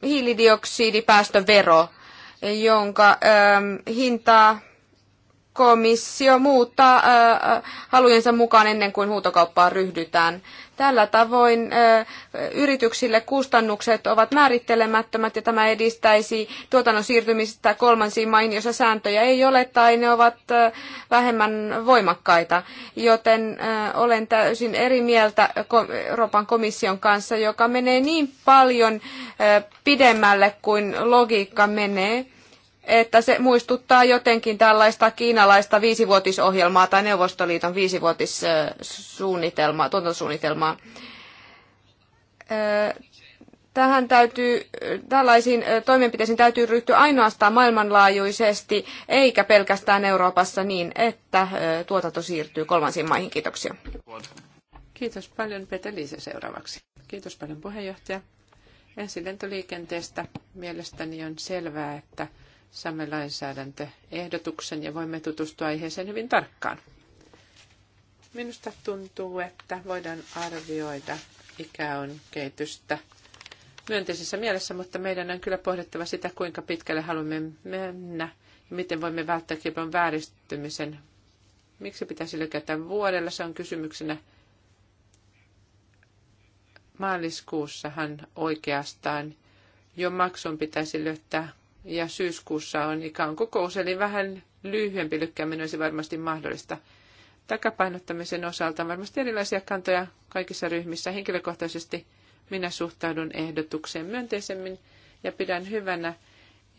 hiilidioksidipäästövero, jonka hintaa komissio muuttaa halujensa mukaan ennen kuin huutokauppaan ryhdytään. Tällä tavoin yrityksille kustannukset ovat määrittelemättömät ja tämä edistäisi tuotannon siirtymistä kolmansiin maihin, joissa sääntöjä ei ole tai ne ovat vähemmän voimakkaita. Joten olen täysin eri mieltä Euroopan komission kanssa, joka menee niin paljon pidemmälle kuin logiikka menee että se muistuttaa jotenkin tällaista kiinalaista viisivuotisohjelmaa tai Neuvostoliiton viisivuotissuunnitelmaa, tuotantosuunnitelmaa. Tähän täytyy, tällaisiin toimenpiteisiin täytyy ryhtyä ainoastaan maailmanlaajuisesti, eikä pelkästään Euroopassa niin, että tuotanto siirtyy kolmansiin maihin. Kiitoksia. Kiitos paljon Peter Liise seuraavaksi. Kiitos paljon puheenjohtaja. Ensin lentoliikenteestä mielestäni on selvää, että saamme lainsäädäntöehdotuksen ja voimme tutustua aiheeseen hyvin tarkkaan. Minusta tuntuu, että voidaan arvioida on kehitystä myönteisessä mielessä, mutta meidän on kyllä pohdittava sitä, kuinka pitkälle haluamme mennä ja miten voimme välttää kilpailun vääristymisen. Miksi pitäisi lykätä vuodella? Se on kysymyksenä. Maaliskuussahan oikeastaan jo maksun pitäisi löytää ja syyskuussa on ikään kokous, eli vähän lyhyempi lykkääminen olisi varmasti mahdollista. Takapainottamisen osalta on varmasti erilaisia kantoja kaikissa ryhmissä. Henkilökohtaisesti minä suhtaudun ehdotukseen myönteisemmin ja pidän hyvänä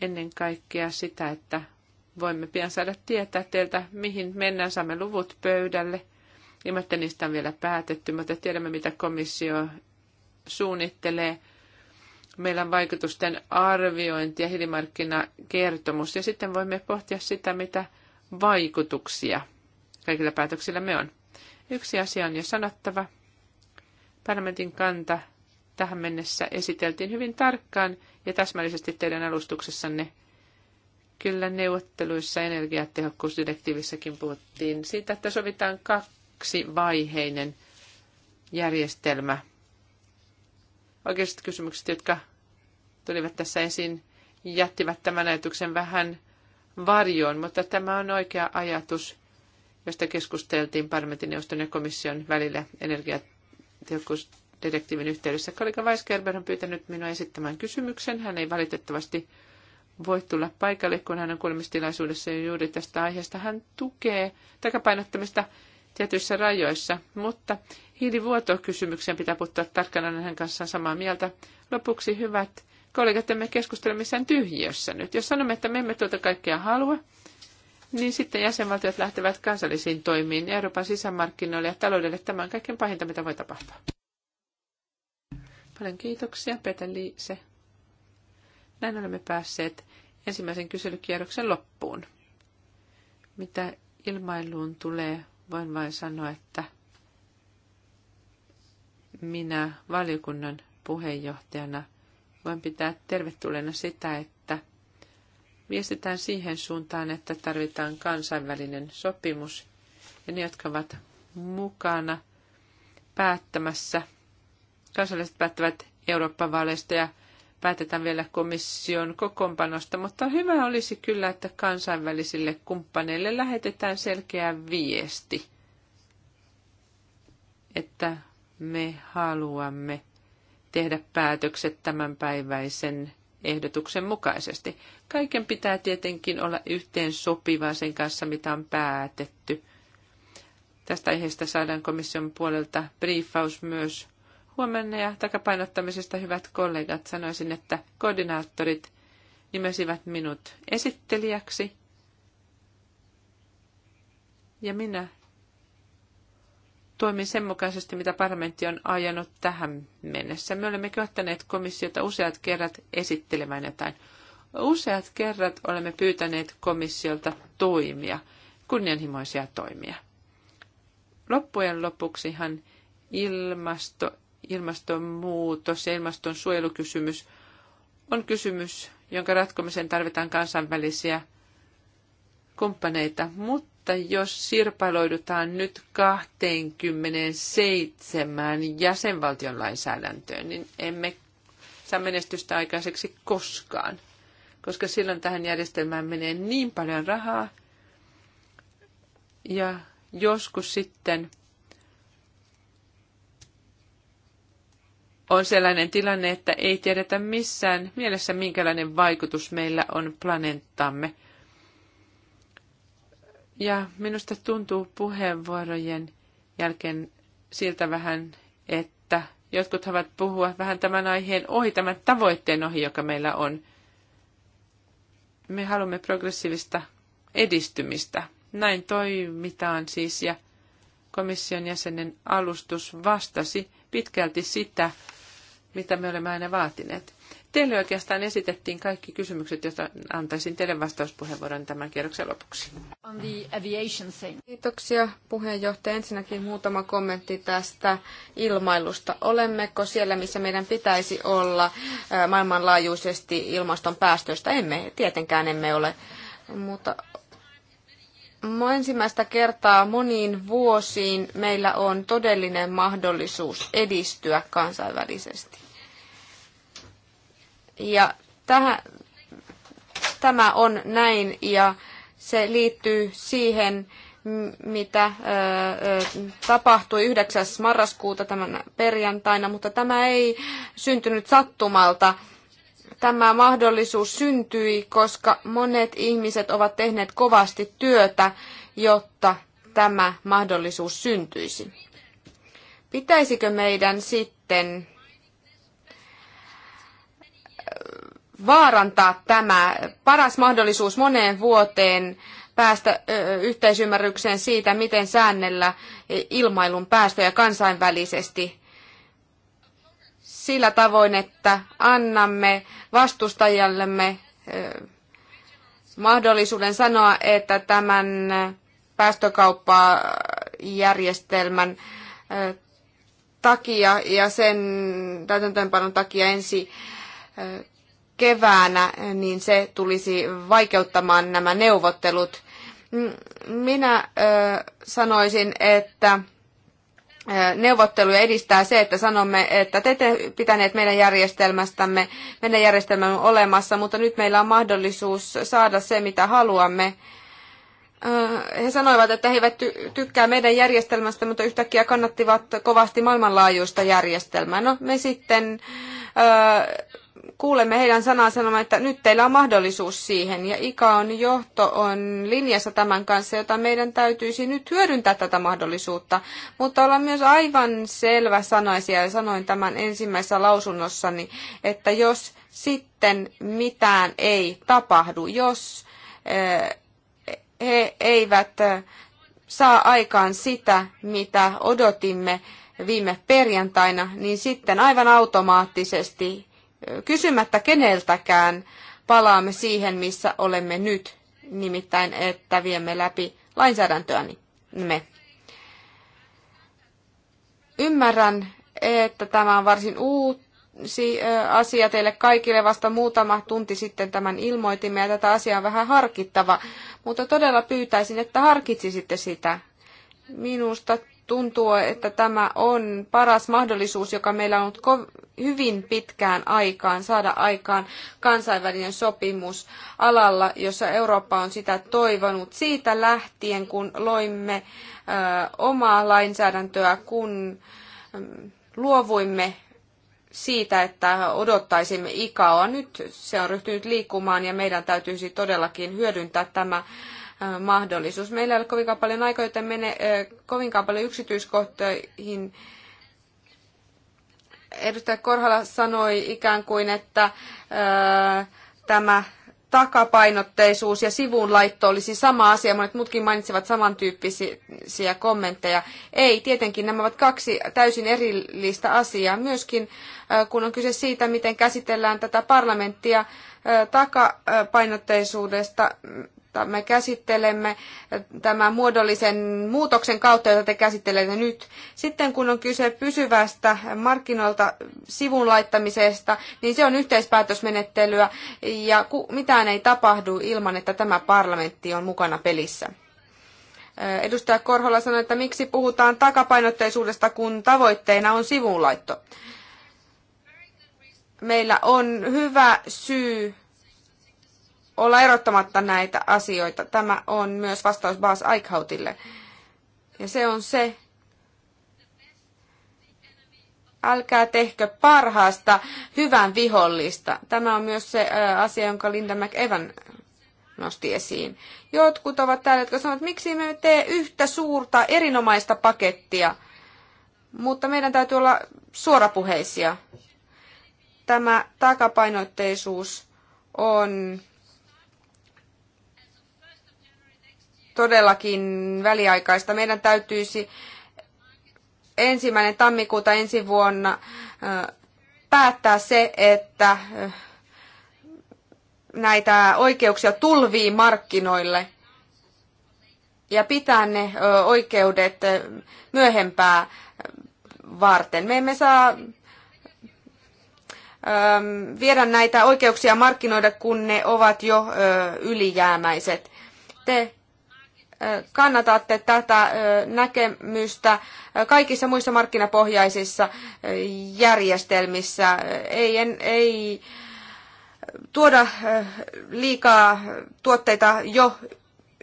ennen kaikkea sitä, että voimme pian saada tietää teiltä, mihin mennään, saamme luvut pöydälle. Ilman, että niistä on vielä päätetty, mutta tiedämme, mitä komissio suunnittelee – meillä on vaikutusten arviointi ja hiilimarkkinakertomus. Ja sitten voimme pohtia sitä, mitä vaikutuksia kaikilla päätöksillä me on. Yksi asia on jo sanottava. Parlamentin kanta tähän mennessä esiteltiin hyvin tarkkaan ja täsmällisesti teidän alustuksessanne. Kyllä neuvotteluissa energiatehokkuusdirektiivissäkin puhuttiin siitä, että sovitaan kaksivaiheinen järjestelmä – Oikeiset kysymykset, jotka tulivat tässä esiin, jättivät tämän ajatuksen vähän varjoon, mutta tämä on oikea ajatus, josta keskusteltiin parlamentin neuvoston ja komission välillä energiatehokkuusdirektiivin yhteydessä. Kollega Weisgerber on pyytänyt minua esittämään kysymyksen. Hän ei valitettavasti voi tulla paikalle, kun hän on kuulemistilaisuudessa juuri tästä aiheesta. Hän tukee takapainottamista tietyissä rajoissa, mutta hiilivuotokysymykseen pitää puuttua tarkkana hänen kanssaan samaa mieltä. Lopuksi hyvät kollegat, me keskustelemme sen tyhjiössä nyt. Jos sanomme, että me emme tuota kaikkea halua, niin sitten jäsenvaltiot lähtevät kansallisiin toimiin Euroopan sisämarkkinoille ja taloudelle. Tämä on kaikkein pahinta, mitä voi tapahtua. Paljon kiitoksia, Peter Liise. Näin olemme päässeet ensimmäisen kyselykierroksen loppuun. Mitä ilmailuun tulee, Voin vain sanoa, että minä valiokunnan puheenjohtajana voin pitää tervetulleena sitä, että viestitään siihen suuntaan, että tarvitaan kansainvälinen sopimus ja ne, jotka ovat mukana päättämässä, kansalaiset päättävät Eurooppa-vaaleista ja päätetään vielä komission kokoonpanosta, mutta hyvä olisi kyllä, että kansainvälisille kumppaneille lähetetään selkeä viesti, että me haluamme tehdä päätökset tämänpäiväisen ehdotuksen mukaisesti. Kaiken pitää tietenkin olla yhteen sopivaa sen kanssa, mitä on päätetty. Tästä aiheesta saadaan komission puolelta briefaus myös huomenna ja takapainottamisesta hyvät kollegat sanoisin, että koordinaattorit nimesivät minut esittelijäksi ja minä toimin sen mukaisesti, mitä parlamentti on ajanut tähän mennessä. Me olemme kohtaneet komissiota useat kerrat esittelemään jotain. Useat kerrat olemme pyytäneet komissiolta toimia, kunnianhimoisia toimia. Loppujen lopuksihan ilmasto ilmastonmuutos ja ilmastonsuojelukysymys on kysymys, jonka ratkomiseen tarvitaan kansainvälisiä kumppaneita, mutta jos sirpaloidutaan nyt 27 jäsenvaltion lainsäädäntöön, niin emme saa menestystä aikaiseksi koskaan, koska silloin tähän järjestelmään menee niin paljon rahaa ja joskus sitten – on sellainen tilanne, että ei tiedetä missään mielessä, minkälainen vaikutus meillä on planeettamme. Ja minusta tuntuu puheenvuorojen jälkeen siltä vähän, että jotkut haluavat puhua vähän tämän aiheen ohi, tämän tavoitteen ohi, joka meillä on. Me haluamme progressiivista edistymistä. Näin toimitaan siis ja komission jäsenen alustus vastasi pitkälti sitä, mitä me olemme aina vaatineet. Teille oikeastaan esitettiin kaikki kysymykset, joita antaisin teille vastauspuheenvuoron tämän kierroksen lopuksi. On the aviation thing. Kiitoksia puheenjohtaja. Ensinnäkin muutama kommentti tästä ilmailusta. Olemmeko siellä, missä meidän pitäisi olla maailmanlaajuisesti ilmaston päästöistä? Emme, tietenkään emme ole. Mutta ensimmäistä kertaa moniin vuosiin meillä on todellinen mahdollisuus edistyä kansainvälisesti. Ja täh, tämä on näin ja se liittyy siihen, mitä tapahtui 9. marraskuuta tämän perjantaina, mutta tämä ei syntynyt sattumalta. Tämä mahdollisuus syntyi, koska monet ihmiset ovat tehneet kovasti työtä, jotta tämä mahdollisuus syntyisi. Pitäisikö meidän sitten vaarantaa tämä paras mahdollisuus moneen vuoteen päästä yhteisymmärrykseen siitä, miten säännellä ilmailun päästöjä kansainvälisesti sillä tavoin, että annamme vastustajallemme mahdollisuuden sanoa, että tämän päästökauppajärjestelmän takia ja sen täytäntöönpanon takia ensi keväänä, niin se tulisi vaikeuttamaan nämä neuvottelut. Minä sanoisin, että neuvotteluja edistää se, että sanomme, että te ette pitäneet meidän järjestelmästämme, meidän järjestelmämme olemassa, mutta nyt meillä on mahdollisuus saada se, mitä haluamme. He sanoivat, että he eivät tykkää meidän järjestelmästä, mutta yhtäkkiä kannattivat kovasti maailmanlaajuista järjestelmää. No me sitten kuulemme heidän sanaa sanomaan, että nyt teillä on mahdollisuus siihen. Ja ICAON johto on linjassa tämän kanssa, jota meidän täytyisi nyt hyödyntää tätä mahdollisuutta. Mutta olla myös aivan selvä sanaisia, ja sanoin tämän ensimmäisessä lausunnossani, että jos sitten mitään ei tapahdu, jos eh, he eivät eh, saa aikaan sitä, mitä odotimme viime perjantaina, niin sitten aivan automaattisesti kysymättä keneltäkään palaamme siihen, missä olemme nyt, nimittäin että viemme läpi lainsäädäntöämme. Ymmärrän, että tämä on varsin uusi asia teille kaikille. Vasta muutama tunti sitten tämän ilmoitimme ja tätä asiaa on vähän harkittava, mutta todella pyytäisin, että harkitsisitte sitä. Minusta tuntuu, että tämä on paras mahdollisuus, joka meillä on ollut hyvin pitkään aikaan saada aikaan kansainvälinen sopimus alalla, jossa Eurooppa on sitä toivonut siitä lähtien, kun loimme omaa lainsäädäntöä, kun luovuimme siitä, että odottaisimme ikaoa. Nyt se on ryhtynyt liikkumaan ja meidän täytyisi todellakin hyödyntää tämä Äh, mahdollisuus. Meillä ei ole kovinkaan paljon aikaa, joten mene äh, kovinkaan paljon yksityiskohtoihin. Edustaja Korhala sanoi ikään kuin, että äh, tämä takapainotteisuus ja sivuun laitto olisi sama asia. Monet muutkin mainitsivat samantyyppisiä kommentteja. Ei, tietenkin nämä ovat kaksi täysin erillistä asiaa. Myöskin kun on kyse siitä, miten käsitellään tätä parlamenttia takapainotteisuudesta, jota me käsittelemme tämän muodollisen muutoksen kautta, jota te käsittelette nyt. Sitten kun on kyse pysyvästä markkinoilta sivun laittamisesta, niin se on yhteispäätösmenettelyä ja mitään ei tapahdu ilman, että tämä parlamentti on mukana pelissä. Edustaja Korhola sanoi, että miksi puhutaan takapainotteisuudesta, kun tavoitteena on sivunlaitto. Meillä on hyvä syy olla erottamatta näitä asioita. Tämä on myös vastaus Baas Aikhautille. Ja se on se, älkää tehkö parhaasta hyvän vihollista. Tämä on myös se asia, jonka Linda McEvan nosti esiin. Jotkut ovat täällä, jotka sanovat, että miksi me tee yhtä suurta erinomaista pakettia, mutta meidän täytyy olla suorapuheisia. Tämä takapainotteisuus on todellakin väliaikaista. Meidän täytyisi ensimmäinen tammikuuta ensi vuonna päättää se, että näitä oikeuksia tulvii markkinoille ja pitää ne oikeudet myöhempää varten. Me emme saa viedä näitä oikeuksia markkinoida, kun ne ovat jo ylijäämäiset. Te kannatatte tätä näkemystä kaikissa muissa markkinapohjaisissa järjestelmissä. Ei, en, ei tuoda liikaa tuotteita jo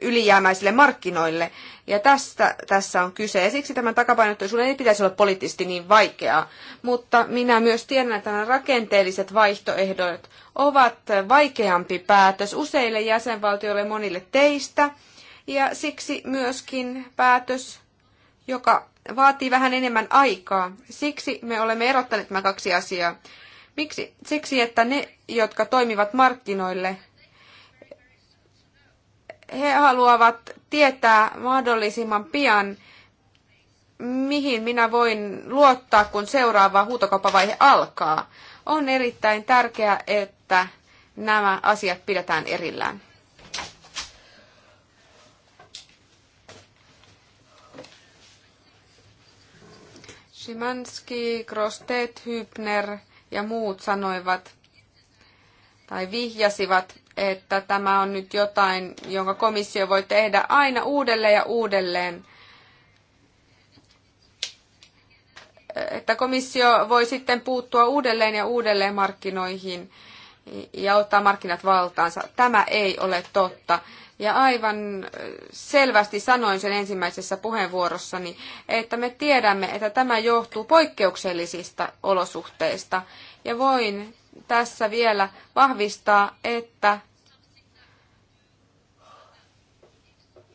ylijäämäisille markkinoille. Ja tästä tässä on kyse. Ja siksi tämän takapainotteisuuden ei pitäisi olla poliittisesti niin vaikeaa. Mutta minä myös tiedän, että nämä rakenteelliset vaihtoehdot ovat vaikeampi päätös useille jäsenvaltioille, monille teistä – ja siksi myöskin päätös, joka vaatii vähän enemmän aikaa. Siksi me olemme erottaneet nämä kaksi asiaa. Miksi? Siksi, että ne, jotka toimivat markkinoille, he haluavat tietää mahdollisimman pian, mihin minä voin luottaa, kun seuraava huutokauppavaihe alkaa. On erittäin tärkeää, että nämä asiat pidetään erillään. Szymanski, Grostet, Hübner ja muut sanoivat tai vihjasivat, että tämä on nyt jotain, jonka komissio voi tehdä aina uudelleen ja uudelleen. Että komissio voi sitten puuttua uudelleen ja uudelleen markkinoihin ja ottaa markkinat valtaansa. Tämä ei ole totta. Ja aivan äh, selvästi sanoin sen ensimmäisessä puheenvuorossani, että me tiedämme, että tämä johtuu poikkeuksellisista olosuhteista. Ja voin tässä vielä vahvistaa, että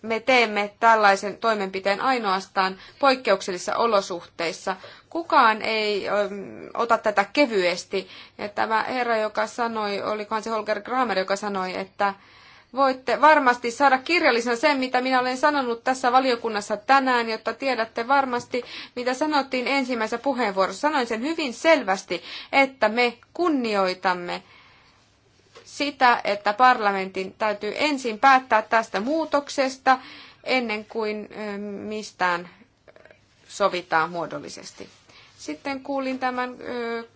me teemme tällaisen toimenpiteen ainoastaan poikkeuksellisissa olosuhteissa. Kukaan ei ö, ähm, ota tätä kevyesti. Ja tämä herra, joka sanoi, olikohan se Holger Kramer, joka sanoi, että voitte varmasti saada kirjallisena sen, mitä minä olen sanonut tässä valiokunnassa tänään, jotta tiedätte varmasti, mitä sanottiin ensimmäisessä puheenvuorossa. Sanoin sen hyvin selvästi, että me kunnioitamme sitä, että parlamentin täytyy ensin päättää tästä muutoksesta ennen kuin mistään sovitaan muodollisesti. Sitten kuulin tämän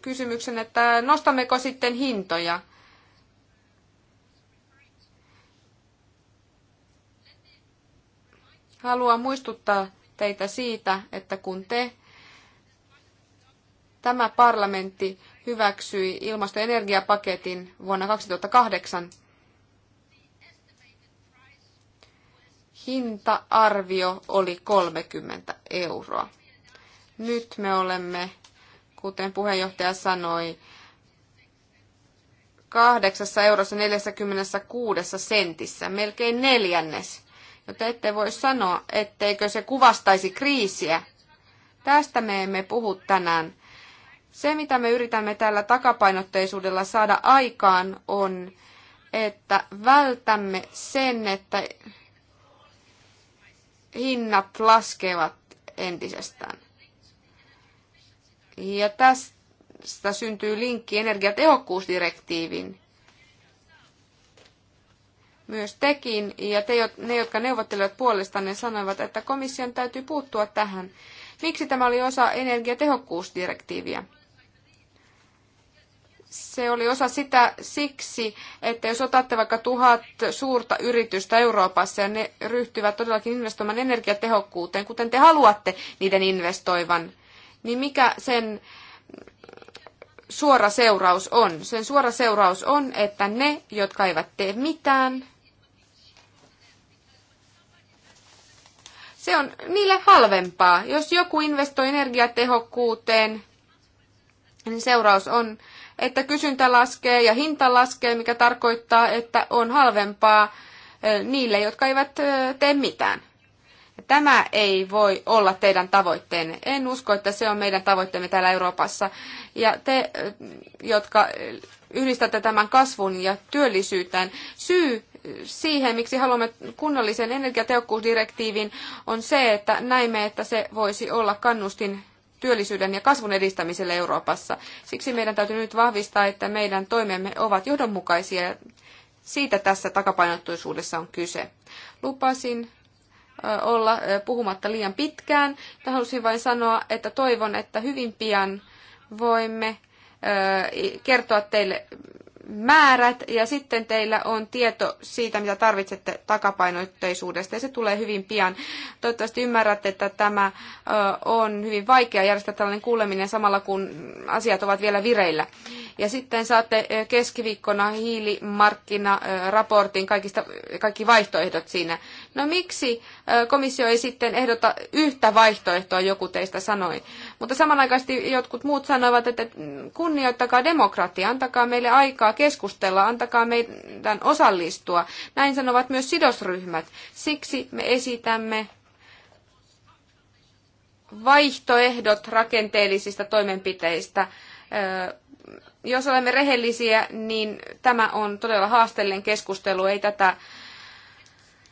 kysymyksen, että nostammeko sitten hintoja. Haluan muistuttaa teitä siitä, että kun te, tämä parlamentti, hyväksyi ilmasto- ja energiapaketin vuonna 2008, hinta-arvio oli 30 euroa. Nyt me olemme, kuten puheenjohtaja sanoi, 8 eurossa 46 sentissä, melkein neljännes te ette voi sanoa, etteikö se kuvastaisi kriisiä. Tästä me emme puhu tänään. Se, mitä me yritämme tällä takapainotteisuudella saada aikaan, on, että vältämme sen, että hinnat laskevat entisestään. Ja tästä syntyy linkki energiatehokkuusdirektiivin myös tekin, ja te, ne, jotka neuvottelivat puolestanne, sanoivat, että komission täytyy puuttua tähän. Miksi tämä oli osa energiatehokkuusdirektiiviä? Se oli osa sitä siksi, että jos otatte vaikka tuhat suurta yritystä Euroopassa ja ne ryhtyvät todellakin investoimaan energiatehokkuuteen, kuten te haluatte niiden investoivan, niin mikä sen suora seuraus on? Sen suora seuraus on, että ne, jotka eivät tee mitään, se on niille halvempaa. Jos joku investoi energiatehokkuuteen, niin seuraus on, että kysyntä laskee ja hinta laskee, mikä tarkoittaa, että on halvempaa niille, jotka eivät tee mitään. Tämä ei voi olla teidän tavoitteenne. En usko, että se on meidän tavoitteemme täällä Euroopassa. Ja te, jotka yhdistätte tämän kasvun ja työllisyyteen, syy siihen, miksi haluamme kunnallisen energiatehokkuusdirektiivin, on se, että näimme, että se voisi olla kannustin työllisyyden ja kasvun edistämiselle Euroopassa. Siksi meidän täytyy nyt vahvistaa, että meidän toimemme ovat johdonmukaisia. Ja siitä tässä takapainottuisuudessa on kyse. Lupasin olla puhumatta liian pitkään. Ja halusin vain sanoa, että toivon, että hyvin pian voimme kertoa teille määrät ja sitten teillä on tieto siitä, mitä tarvitsette takapainotteisuudesta ja se tulee hyvin pian. Toivottavasti ymmärrätte, että tämä on hyvin vaikea järjestää tällainen kuuleminen samalla kun asiat ovat vielä vireillä. Ja sitten saatte keskiviikkona hiilimarkkinaraportin, kaikista, kaikki vaihtoehdot siinä. No miksi komissio ei sitten ehdota yhtä vaihtoehtoa, joku teistä sanoi. Mutta samanaikaisesti jotkut muut sanoivat, että kunnioittakaa demokratia, antakaa meille aikaa keskustella, antakaa meidän osallistua. Näin sanovat myös sidosryhmät. Siksi me esitämme vaihtoehdot rakenteellisista toimenpiteistä. Jos olemme rehellisiä, niin tämä on todella haasteellinen keskustelu. Ei tätä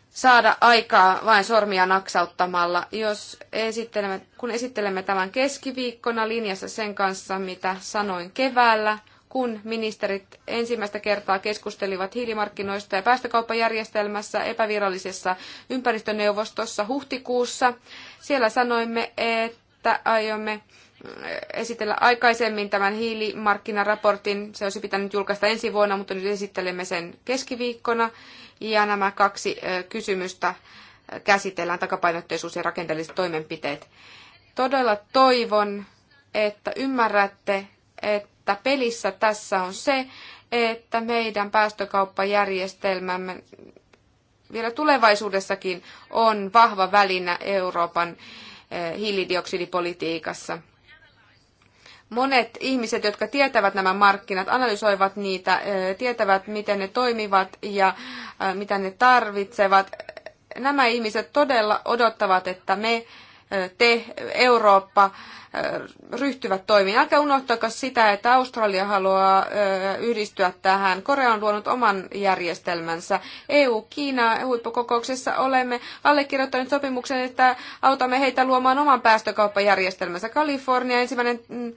saada aikaa vain sormia naksauttamalla. Jos esittelemme, kun esittelemme tämän keskiviikkona linjassa sen kanssa, mitä sanoin keväällä, kun ministerit ensimmäistä kertaa keskustelivat hiilimarkkinoista ja päästökauppajärjestelmässä epävirallisessa ympäristöneuvostossa huhtikuussa. Siellä sanoimme, että aiomme äh, esitellä aikaisemmin tämän hiilimarkkinaraportin. Se olisi pitänyt julkaista ensi vuonna, mutta nyt esittelemme sen keskiviikkona. Ja nämä kaksi kysymystä käsitellään, takapainotteisuus ja rakenteelliset toimenpiteet. Todella toivon, että ymmärrätte, että pelissä tässä on se, että meidän päästökauppajärjestelmämme vielä tulevaisuudessakin on vahva välinä Euroopan hiilidioksidipolitiikassa – Monet ihmiset, jotka tietävät nämä markkinat, analysoivat niitä, tietävät miten ne toimivat ja mitä ne tarvitsevat. Nämä ihmiset todella odottavat, että me te, Eurooppa, ryhtyvät toimiin. Älkää unohtako sitä, että Australia haluaa yhdistyä tähän. Korea on luonut oman järjestelmänsä. EU-Kiina huippukokouksessa olemme allekirjoittaneet sopimuksen, että autamme heitä luomaan oman päästökauppajärjestelmänsä. Kalifornia ensimmäinen mm,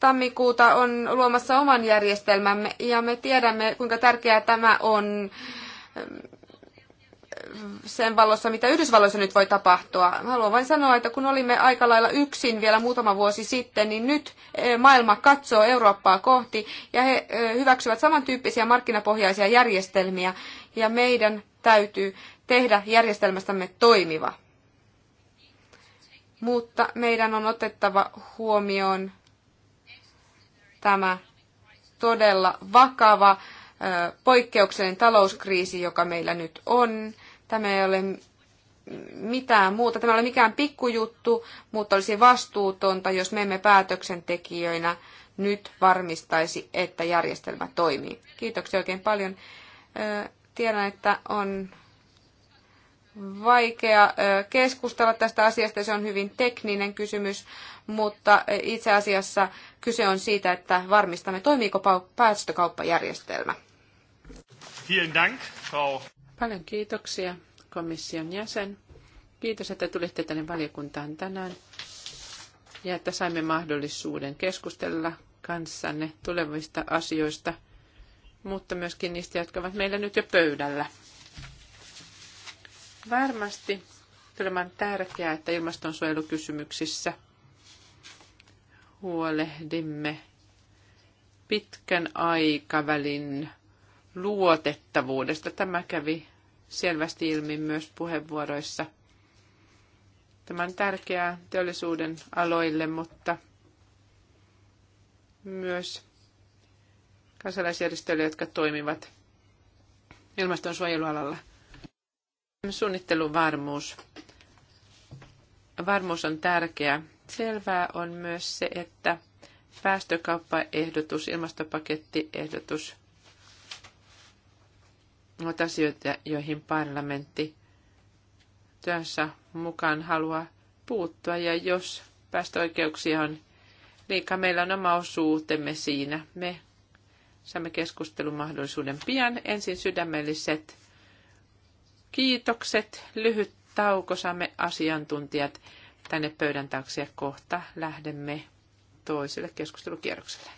tammikuuta on luomassa oman järjestelmämme ja me tiedämme, kuinka tärkeää tämä on ehm, sen valossa, mitä Yhdysvalloissa nyt voi tapahtua. Haluan vain sanoa, että kun olimme aika lailla yksin vielä muutama vuosi sitten, niin nyt e, maailma katsoo Eurooppaa kohti ja he e, hyväksyvät samantyyppisiä markkinapohjaisia järjestelmiä ja meidän täytyy tehdä järjestelmästämme toimiva mutta meidän on otettava huomioon tämä todella vakava poikkeuksellinen talouskriisi, joka meillä nyt on. Tämä ei ole mitään muuta. Tämä ei ole mikään pikkujuttu, mutta olisi vastuutonta, jos me emme päätöksentekijöinä nyt varmistaisi, että järjestelmä toimii. Kiitoksia oikein paljon. Tiedän, että on vaikea keskustella tästä asiasta, se on hyvin tekninen kysymys, mutta itse asiassa kyse on siitä, että varmistamme, toimiiko päästökauppajärjestelmä. Dank, Frau. Paljon kiitoksia, komission jäsen. Kiitos, että tulitte tänne valiokuntaan tänään ja että saimme mahdollisuuden keskustella kanssanne tulevista asioista, mutta myöskin niistä, jotka ovat meillä nyt jo pöydällä varmasti tulemaan tärkeää, että ilmastonsuojelukysymyksissä huolehdimme pitkän aikavälin luotettavuudesta. Tämä kävi selvästi ilmi myös puheenvuoroissa. Tämä on tärkeää teollisuuden aloille, mutta myös kansalaisjärjestöille, jotka toimivat ilmastonsuojelualalla – Suunnitteluvarmuus. Varmuus on tärkeä. Selvää on myös se, että päästökauppaehdotus, ilmastopakettiehdotus ovat asioita, joihin parlamentti työnsä mukaan haluaa puuttua. Ja jos päästöoikeuksia on liikaa, meillä on oma osuutemme siinä. Me saamme keskustelumahdollisuuden pian. Ensin sydämelliset Kiitokset. Lyhyt tauko. Saamme asiantuntijat tänne pöydän taakse ja kohta lähdemme toiselle keskustelukierrokselle.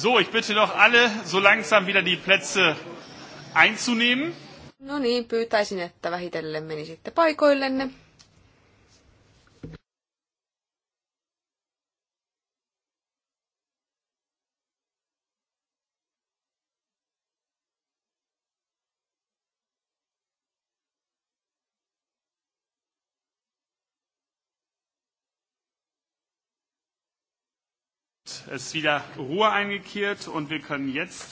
So, ich bitte doch alle so langsam wieder die Plätze einzunehmen. No niin, pyytäisin, että vähitellen menisitte paikoillenne. Es ist wieder Ruhe eingekehrt und wir können jetzt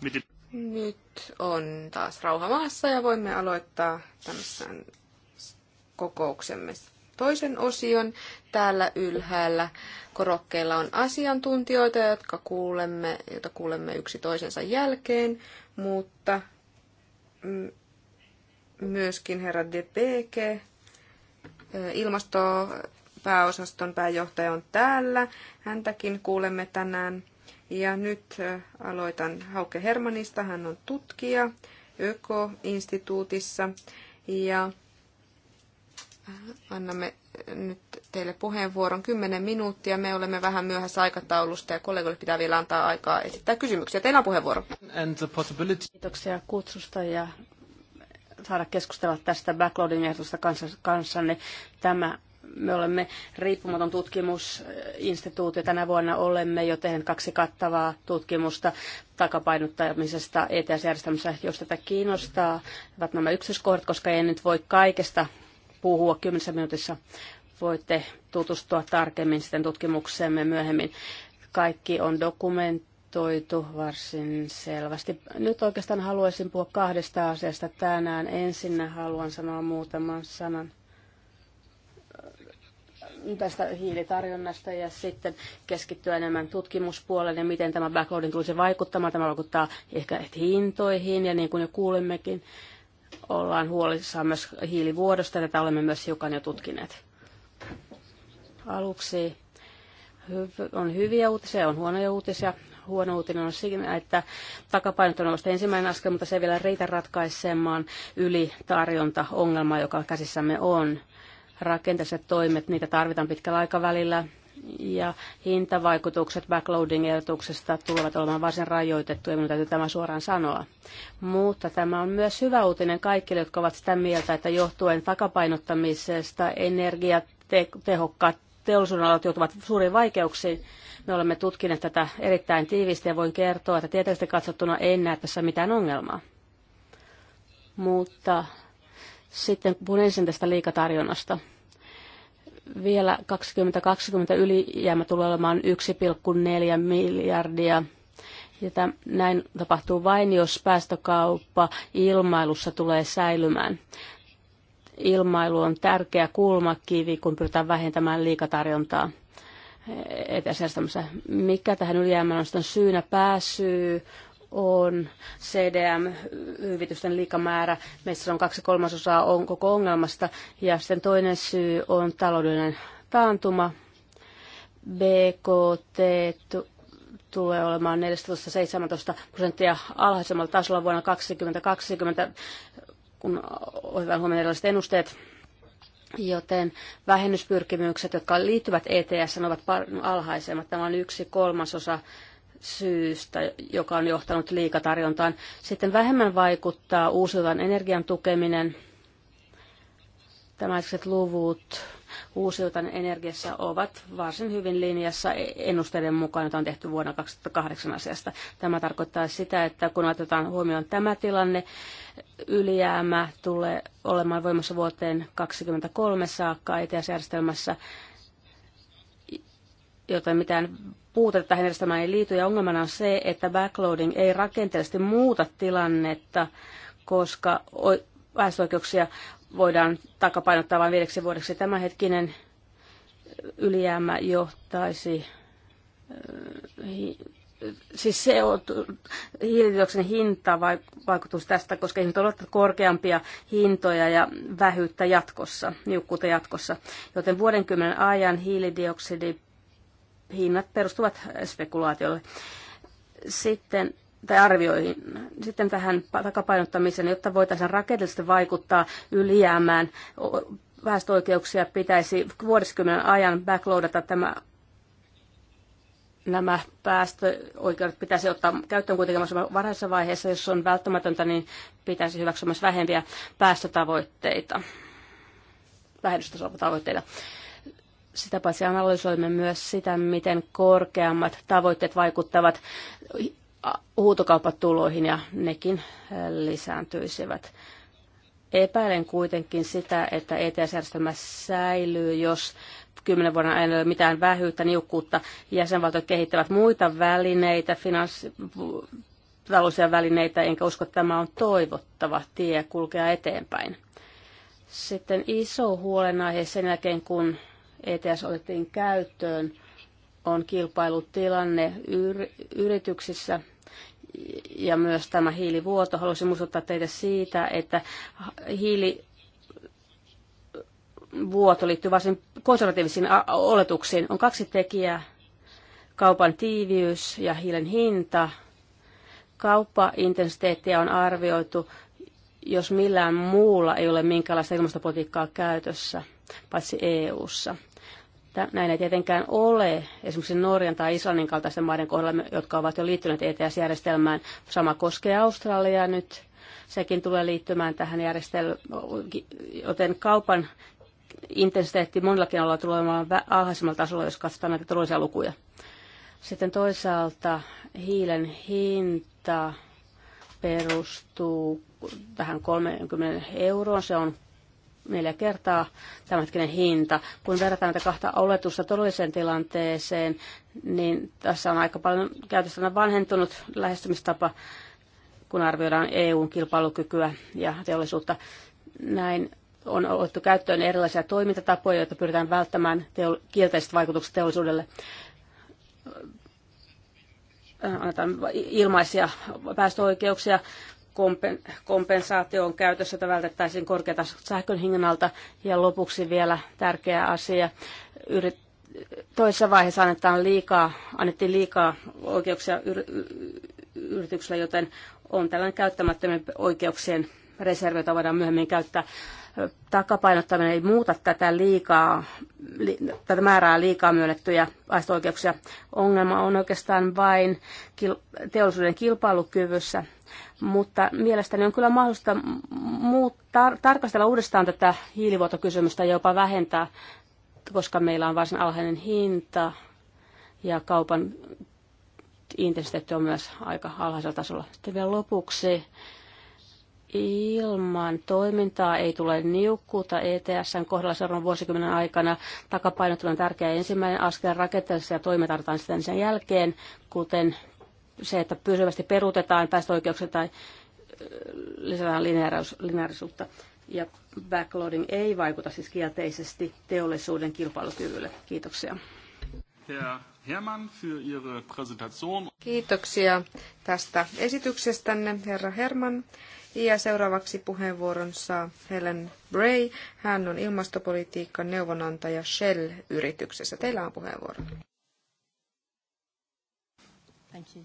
mit dem nyt on taas rauha maassa ja voimme aloittaa tämmöisen kokouksemme toisen osion. Täällä ylhäällä korokkeilla on asiantuntijoita, jotka kuulemme, joita kuulemme yksi toisensa jälkeen, mutta myöskin herra De Beke, ilmasto- pääosaston pääjohtaja on täällä. Häntäkin kuulemme tänään. Ja nyt aloitan Hauke Hermanista. Hän on tutkija Öko-instituutissa. Ja äh, annamme äh, nyt teille puheenvuoron 10 minuuttia. Me olemme vähän myöhässä aikataulusta ja kollegoille pitää vielä antaa aikaa esittää kysymyksiä. Teillä on puheenvuoro. And the possibility... Kiitoksia kutsusta ja saada keskustella tästä backloading ehdotusta kanssanne. Tämä me olemme riippumaton tutkimusinstituutio. Tänä vuonna olemme jo tehneet kaksi kattavaa tutkimusta takapainottamisesta ETS-järjestelmässä, jos tätä kiinnostaa. Ovat nämä yksityiskohdat, koska en nyt voi kaikesta puhua kymmenessä minuutissa. Voitte tutustua tarkemmin sitten tutkimukseemme myöhemmin. Kaikki on dokumentoitu varsin selvästi. Nyt oikeastaan haluaisin puhua kahdesta asiasta tänään. Ensinnä haluan sanoa muutaman sanan tästä hiilitarjonnasta ja sitten keskittyä enemmän tutkimuspuolelle ja miten tämä backloading tulisi vaikuttamaan. Tämä vaikuttaa ehkä hintoihin ja niin kuin jo kuulimmekin, ollaan huolissaan myös hiilivuodosta. Tätä olemme myös hiukan jo tutkineet. Aluksi on hyviä uutisia, on huonoja uutisia. Huono uutinen on siinä, että takapainot on vasta ensimmäinen askel, mutta se ei vielä riitä ratkaisemaan tarjonta ongelmaa joka käsissämme on rakenteiset toimet, niitä tarvitaan pitkällä aikavälillä ja hintavaikutukset backloading-ehdotuksesta tulevat olemaan varsin rajoitettuja, minun täytyy tämä suoraan sanoa. Mutta tämä on myös hyvä uutinen kaikille, jotka ovat sitä mieltä, että johtuen takapainottamisesta energiatehokkaat teollisuuden alat joutuvat suuriin vaikeuksiin. Me olemme tutkineet tätä erittäin tiivisti ja voin kertoa, että tieteellisesti katsottuna en näe tässä mitään ongelmaa. Mutta sitten puhun ensin tästä liikatarjonnasta. Vielä 2020 ylijäämä tulee olemaan 1,4 miljardia. Ja tämän, näin tapahtuu vain, jos päästökauppa ilmailussa tulee säilymään. Ilmailu on tärkeä kulmakivi, kun pyritään vähentämään liikatarjontaa e, e, e, Mikä tähän ylijäämään on syynä pääsyy, on CDM-hyvitysten liikamäärä. Meissä on kaksi kolmasosaa on koko ongelmasta. Ja sitten toinen syy on taloudellinen taantuma. BKT tulee olemaan 14-17 prosenttia alhaisemmalla tasolla vuonna 2020, kun otetaan huomioon erilaiset ennusteet. Joten vähennyspyrkimykset, jotka liittyvät ETS, ovat alhaisemmat. Tämä on yksi kolmasosa syystä, joka on johtanut liikatarjontaan. Sitten vähemmän vaikuttaa uusiutuvan energian tukeminen. Tämäiset luvut uusiutuvan energiassa ovat varsin hyvin linjassa ennusteiden mukaan, jota on tehty vuonna 2008 asiasta. Tämä tarkoittaa sitä, että kun otetaan huomioon tämä tilanne, ylijäämä tulee olemaan voimassa vuoteen 2023 saakka ETS-järjestelmässä joten mitään puutetta tähän järjestelmään ei liity. Ja ongelmana on se, että backloading ei rakenteellisesti muuta tilannetta, koska väestöoikeuksia voidaan takapainottaa vain viideksi vuodeksi. Tämänhetkinen ylijäämä johtaisi äh, siis se on hiilidioksidin hinta vaikutus tästä, koska ihmiset ovat korkeampia hintoja ja vähyyttä jatkossa, niukkuutta jatkossa. Joten vuodenkymmenen ajan hiilidioksidi hinnat perustuvat spekulaatiolle. Sitten tai arvioihin. Sitten tähän takapainottamiseen, jotta voitaisiin rakenteellisesti vaikuttaa ylijäämään, väestöoikeuksia pitäisi vuosikymmenen ajan backloadata tämä nämä päästöoikeudet pitäisi ottaa käyttöön kuitenkin varhaisessa vaiheessa, jos on välttämätöntä, niin pitäisi hyväksyä myös vähempiä päästötavoitteita, vähennystavoitteita sitä paitsi analysoimme myös sitä, miten korkeammat tavoitteet vaikuttavat huutokauppatuloihin ja nekin eh, lisääntyisivät. Epäilen kuitenkin sitä, että ETS-järjestelmä säilyy, jos kymmenen vuoden ajan ei ole mitään vähyyttä, niukkuutta. Jäsenvaltiot kehittävät muita välineitä, finanssi, taloudellisia välineitä, enkä usko, että tämä on toivottava tie kulkea eteenpäin. Sitten iso huolenaihe sen jälkeen, kun ETS otettiin käyttöön, on kilpailutilanne yrityksissä ja myös tämä hiilivuoto. Haluaisin muistuttaa teitä siitä, että hiili vuoto liittyy varsin konservatiivisiin oletuksiin. On kaksi tekijää, kaupan tiiviys ja hiilen hinta. Kauppaintensiteettiä on arvioitu, jos millään muulla ei ole minkäänlaista ilmastopolitiikkaa käytössä, paitsi EU:ssa. ssa näin ei tietenkään ole esimerkiksi Norjan tai Islannin kaltaisten maiden kohdalla, jotka ovat jo liittyneet ETS-järjestelmään. Sama koskee Australiaa nyt. Sekin tulee liittymään tähän järjestelmään, joten kaupan intensiteetti monillakin alueilla tulee olemaan alhaisemmalla tasolla, jos katsotaan näitä todellisia lukuja. Sitten toisaalta hiilen hinta perustuu tähän 30 euroon. Se on neljä kertaa tämänhetkinen hinta. Kun verrataan näitä kahta oletusta todelliseen tilanteeseen, niin tässä on aika paljon käytössä vanhentunut lähestymistapa, kun arvioidaan EUn kilpailukykyä ja teollisuutta. Näin on otettu käyttöön erilaisia toimintatapoja, joita pyritään välttämään teo- kielteiset vaikutukset teollisuudelle. Annetaan ilmaisia päästöoikeuksia, kompensaatio on käytössä, että vältettäisiin korkeata sähkön hinnalta. Ja lopuksi vielä tärkeä asia. Yrit- toisessa vaiheessa annetaan liikaa, annettiin liikaa oikeuksia yr- yrityksille, joten on tällainen käyttämättömien oikeuksien reservi, jota voidaan myöhemmin käyttää. Takapainottaminen ei muuta tätä, liikaa, li, tätä määrää liikaa myönnettyjä päästöoikeuksia. Ongelma on oikeastaan vain kil, teollisuuden kilpailukyvyssä mutta mielestäni on kyllä mahdollista muut, tar- tarkastella uudestaan tätä hiilivuotokysymystä ja jopa vähentää, koska meillä on varsin alhainen hinta ja kaupan intensiteetti on myös aika alhaisella tasolla. Sitten vielä lopuksi ilman toimintaa ei tule niukkuutta ETSn kohdalla seuraavan vuosikymmenen aikana. Takapainottelu on tärkeä ensimmäinen askel rakenteellisessa ja toimintaan sitten sen jälkeen, kuten se, että pysyvästi peruutetaan päästöoikeuksia tai lisätään lineaarisuutta. Ja backloading ei vaikuta siis kielteisesti teollisuuden kilpailukyvylle. Kiitoksia. Kiitoksia tästä esityksestänne, herra Herman. Ja seuraavaksi puheenvuoron saa Helen Bray. Hän on ilmastopolitiikan neuvonantaja Shell-yrityksessä. Teillä on puheenvuoro. Thank you.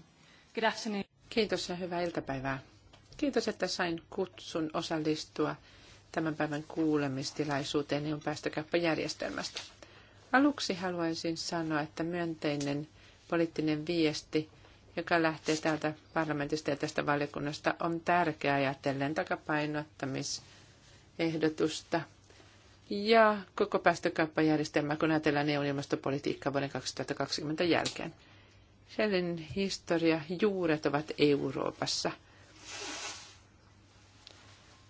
Good afternoon. Kiitos ja hyvää iltapäivää. Kiitos, että sain kutsun osallistua tämän päivän kuulemistilaisuuteen EUn päästökauppajärjestelmästä. Aluksi haluaisin sanoa, että myönteinen poliittinen viesti, joka lähtee täältä parlamentista ja tästä valiokunnasta, on tärkeä ajatellen takapainottamisehdotusta ja koko päästökauppajärjestelmää, kun ajatellaan EUn ilmastopolitiikkaa vuoden 2020 jälkeen. Shellin historia, juuret ovat Euroopassa.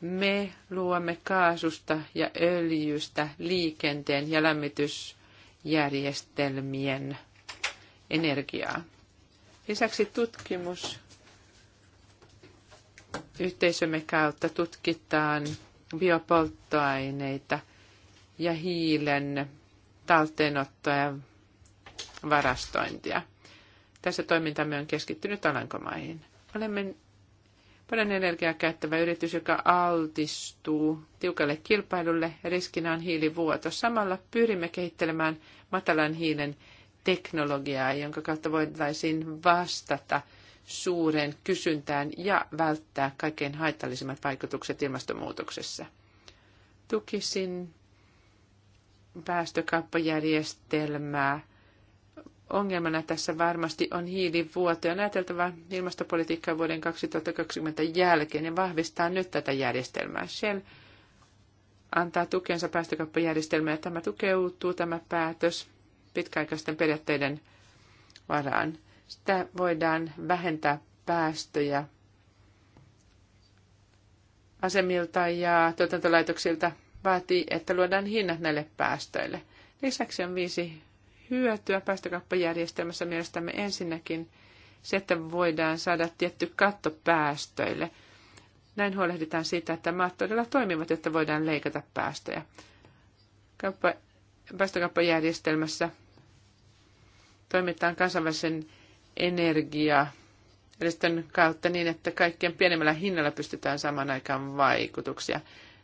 Me luomme kaasusta ja öljystä liikenteen ja lämmitysjärjestelmien energiaa. Lisäksi tutkimus yhteisömme kautta tutkitaan biopolttoaineita ja hiilen talteenottoa ja varastointia. Tässä toimintamme on keskittynyt Alankomaihin. Olemme paljon energiaa käyttävä yritys, joka altistuu tiukalle kilpailulle. Riskinä on hiilivuoto. Samalla pyrimme kehittelemään matalan hiilen teknologiaa, jonka kautta voitaisiin vastata suureen kysyntään ja välttää kaikkein haitallisimmat vaikutukset ilmastonmuutoksessa. Tukisin päästökauppajärjestelmää ongelmana tässä varmasti on hiilivuoto. On ajateltava ilmastopolitiikkaa vuoden 2020 jälkeen ja vahvistaa nyt tätä järjestelmää. Shell antaa tukensa päästökauppajärjestelmään ja tämä tukeutuu tämä päätös pitkäaikaisten periaatteiden varaan. Sitä voidaan vähentää päästöjä asemilta ja tuotantolaitoksilta vaatii, että luodaan hinnat näille päästöille. Lisäksi on viisi hyötyä päästökauppajärjestelmässä mielestämme ensinnäkin se, että voidaan saada tietty katto päästöille. Näin huolehditaan siitä, että maat todella toimivat, jotta voidaan leikata päästöjä. Kauppa, päästökauppajärjestelmässä toimitaan kansainvälisen energiaa kautta niin, että kaikkien pienemmällä hinnalla pystytään samaan aikaan vaikutuksia.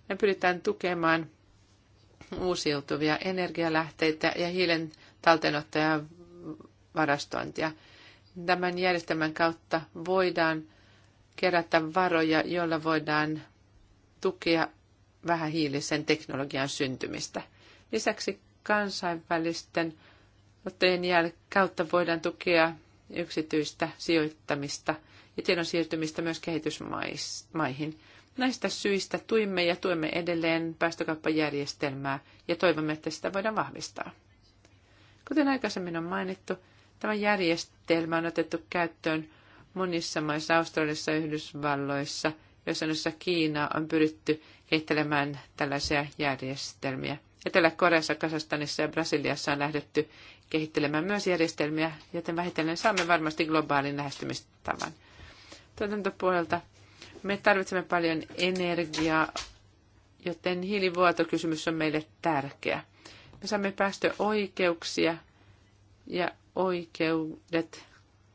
Me pyritään tukemaan uusiutuvia energialähteitä ja hiilen talteenotto ja varastointia. Tämän järjestelmän kautta voidaan kerätä varoja, joilla voidaan tukea vähähiilisen teknologian syntymistä. Lisäksi kansainvälisten otteen kautta voidaan tukea yksityistä sijoittamista ja tiedon siirtymistä myös kehitysmaihin. Näistä syistä tuimme ja tuemme edelleen päästökauppajärjestelmää ja toivomme, että sitä voidaan vahvistaa. Kuten aikaisemmin on mainittu, tämä järjestelmä on otettu käyttöön monissa maissa, Australiassa ja Yhdysvalloissa, joissa Kiina on pyritty kehittelemään tällaisia järjestelmiä. Etelä-Koreassa, Kasastanissa ja Brasiliassa on lähdetty kehittelemään myös järjestelmiä, joten vähitellen saamme varmasti globaalin lähestymistavan. Tuotantopuolelta me tarvitsemme paljon energiaa, joten hiilivuotokysymys on meille tärkeä. Me saamme päästöoikeuksia ja oikeudet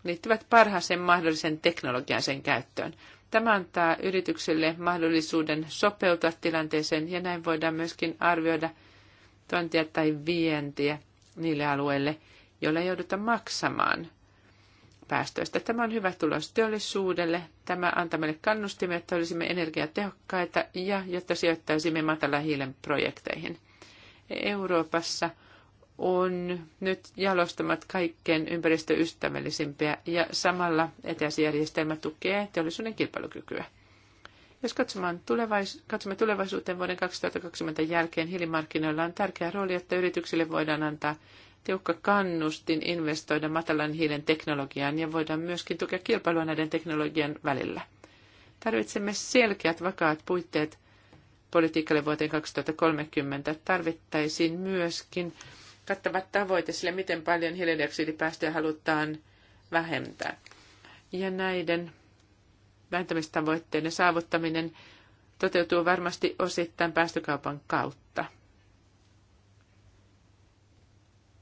liittyvät parhaaseen mahdollisen teknologian sen käyttöön. Tämä antaa yrityksille mahdollisuuden sopeutua tilanteeseen ja näin voidaan myöskin arvioida tuontia tai vientiä niille alueille, joille jouduta maksamaan päästöistä. Tämä on hyvä tulos teollisuudelle. Tämä antaa meille kannustimia, että olisimme energiatehokkaita ja jotta sijoittaisimme matala hiilen projekteihin. Euroopassa on nyt jalostamat kaikkein ympäristöystävällisimpiä ja samalla ets tukee teollisuuden kilpailukykyä. Jos katsomme tulevaisuuteen vuoden 2020 jälkeen, hiilimarkkinoilla on tärkeä rooli, että yrityksille voidaan antaa tiukka kannustin investoida matalan hiilen teknologiaan ja voidaan myöskin tukea kilpailua näiden teknologian välillä. Tarvitsemme selkeät, vakaat puitteet politiikalle vuoteen 2030 tarvittaisiin myöskin kattavat tavoite sille, miten paljon hiilidioksidipäästöjä halutaan vähentää. Ja näiden vähentämistavoitteiden saavuttaminen toteutuu varmasti osittain päästökaupan kautta.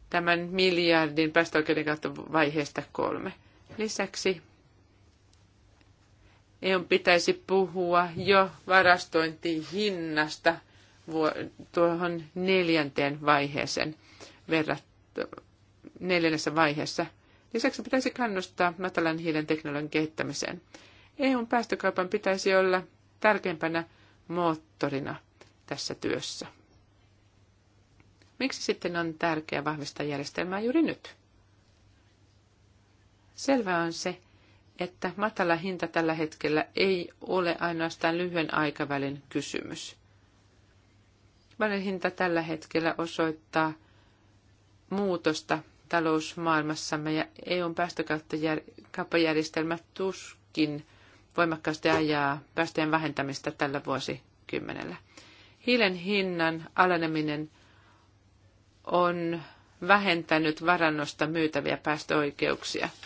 Tämän miljardin päästöoikeuden kautta vaiheesta kolme. Lisäksi EUn pitäisi puhua jo varastointihinnasta tuohon neljänteen vaiheeseen verrattuna neljännessä vaiheessa. Lisäksi pitäisi kannustaa matalan hiilen teknologian kehittämiseen. EUn päästökaupan pitäisi olla tärkeimpänä moottorina tässä työssä. Miksi sitten on tärkeää vahvistaa järjestelmää juuri nyt? Selvä on se, että matala hinta tällä hetkellä ei ole ainoastaan lyhyen aikavälin kysymys. Matala hinta tällä hetkellä osoittaa muutosta talousmaailmassamme ja EUn päästökauppajärjestelmä tuskin voimakkaasti ajaa päästöjen vähentämistä tällä vuosikymmenellä. Hiilen hinnan aleneminen on vähentänyt varannosta myytäviä päästöoikeuksia –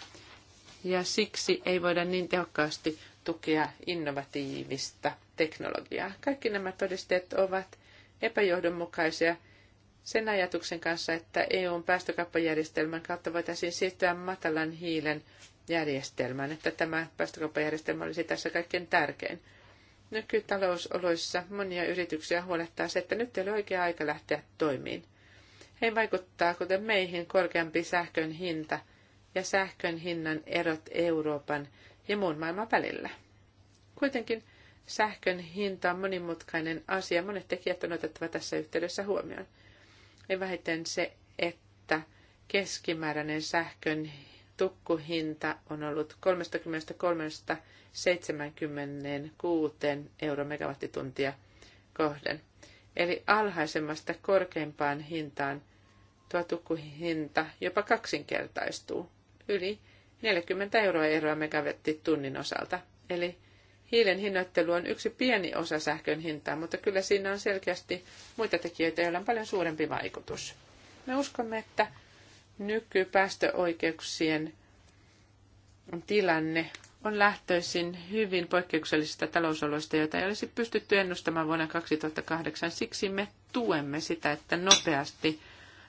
ja siksi ei voida niin tehokkaasti tukea innovatiivista teknologiaa. Kaikki nämä todisteet ovat epäjohdonmukaisia sen ajatuksen kanssa, että EUn päästökauppajärjestelmän kautta voitaisiin siirtyä matalan hiilen järjestelmään, että tämä päästökauppajärjestelmä olisi tässä kaikkein tärkein. Nykytalousoloissa monia yrityksiä huolettaa se, että nyt ei ole oikea aika lähteä toimiin. Hei vaikuttaa, kuten meihin, korkeampi sähkön hinta – ja sähkön hinnan erot Euroopan ja muun maailman välillä. Kuitenkin sähkön hinta on monimutkainen asia. Monet tekijät on otettava tässä yhteydessä huomioon. Ei vähiten se, että keskimääräinen sähkön tukkuhinta on ollut 33-76 euro megawattituntia kohden. Eli alhaisemmasta korkeimpaan hintaan tuo tukkuhinta jopa kaksinkertaistuu yli 40 euroa eroa megawattitunnin osalta. Eli hiilen hinnoittelu on yksi pieni osa sähkön hintaa, mutta kyllä siinä on selkeästi muita tekijöitä, joilla on paljon suurempi vaikutus. Me uskomme, että nykypäästöoikeuksien tilanne on lähtöisin hyvin poikkeuksellisista talousoloista, joita ei olisi pystytty ennustamaan vuonna 2008. Siksi me tuemme sitä, että nopeasti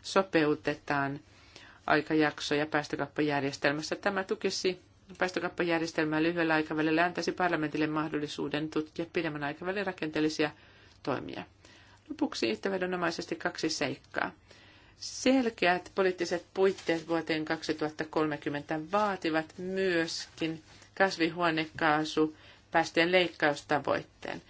sopeutetaan – aikajakso ja päästökauppajärjestelmässä. Tämä tukisi päästökauppajärjestelmää lyhyellä aikavälillä ja antaisi parlamentille mahdollisuuden tutkia pidemmän aikavälin rakenteellisia toimia. Lopuksi yhtävedonomaisesti kaksi seikkaa. Selkeät poliittiset puitteet vuoteen 2030 vaativat myöskin kasvihuonekaasu päästöjen leikkaustavoitteen.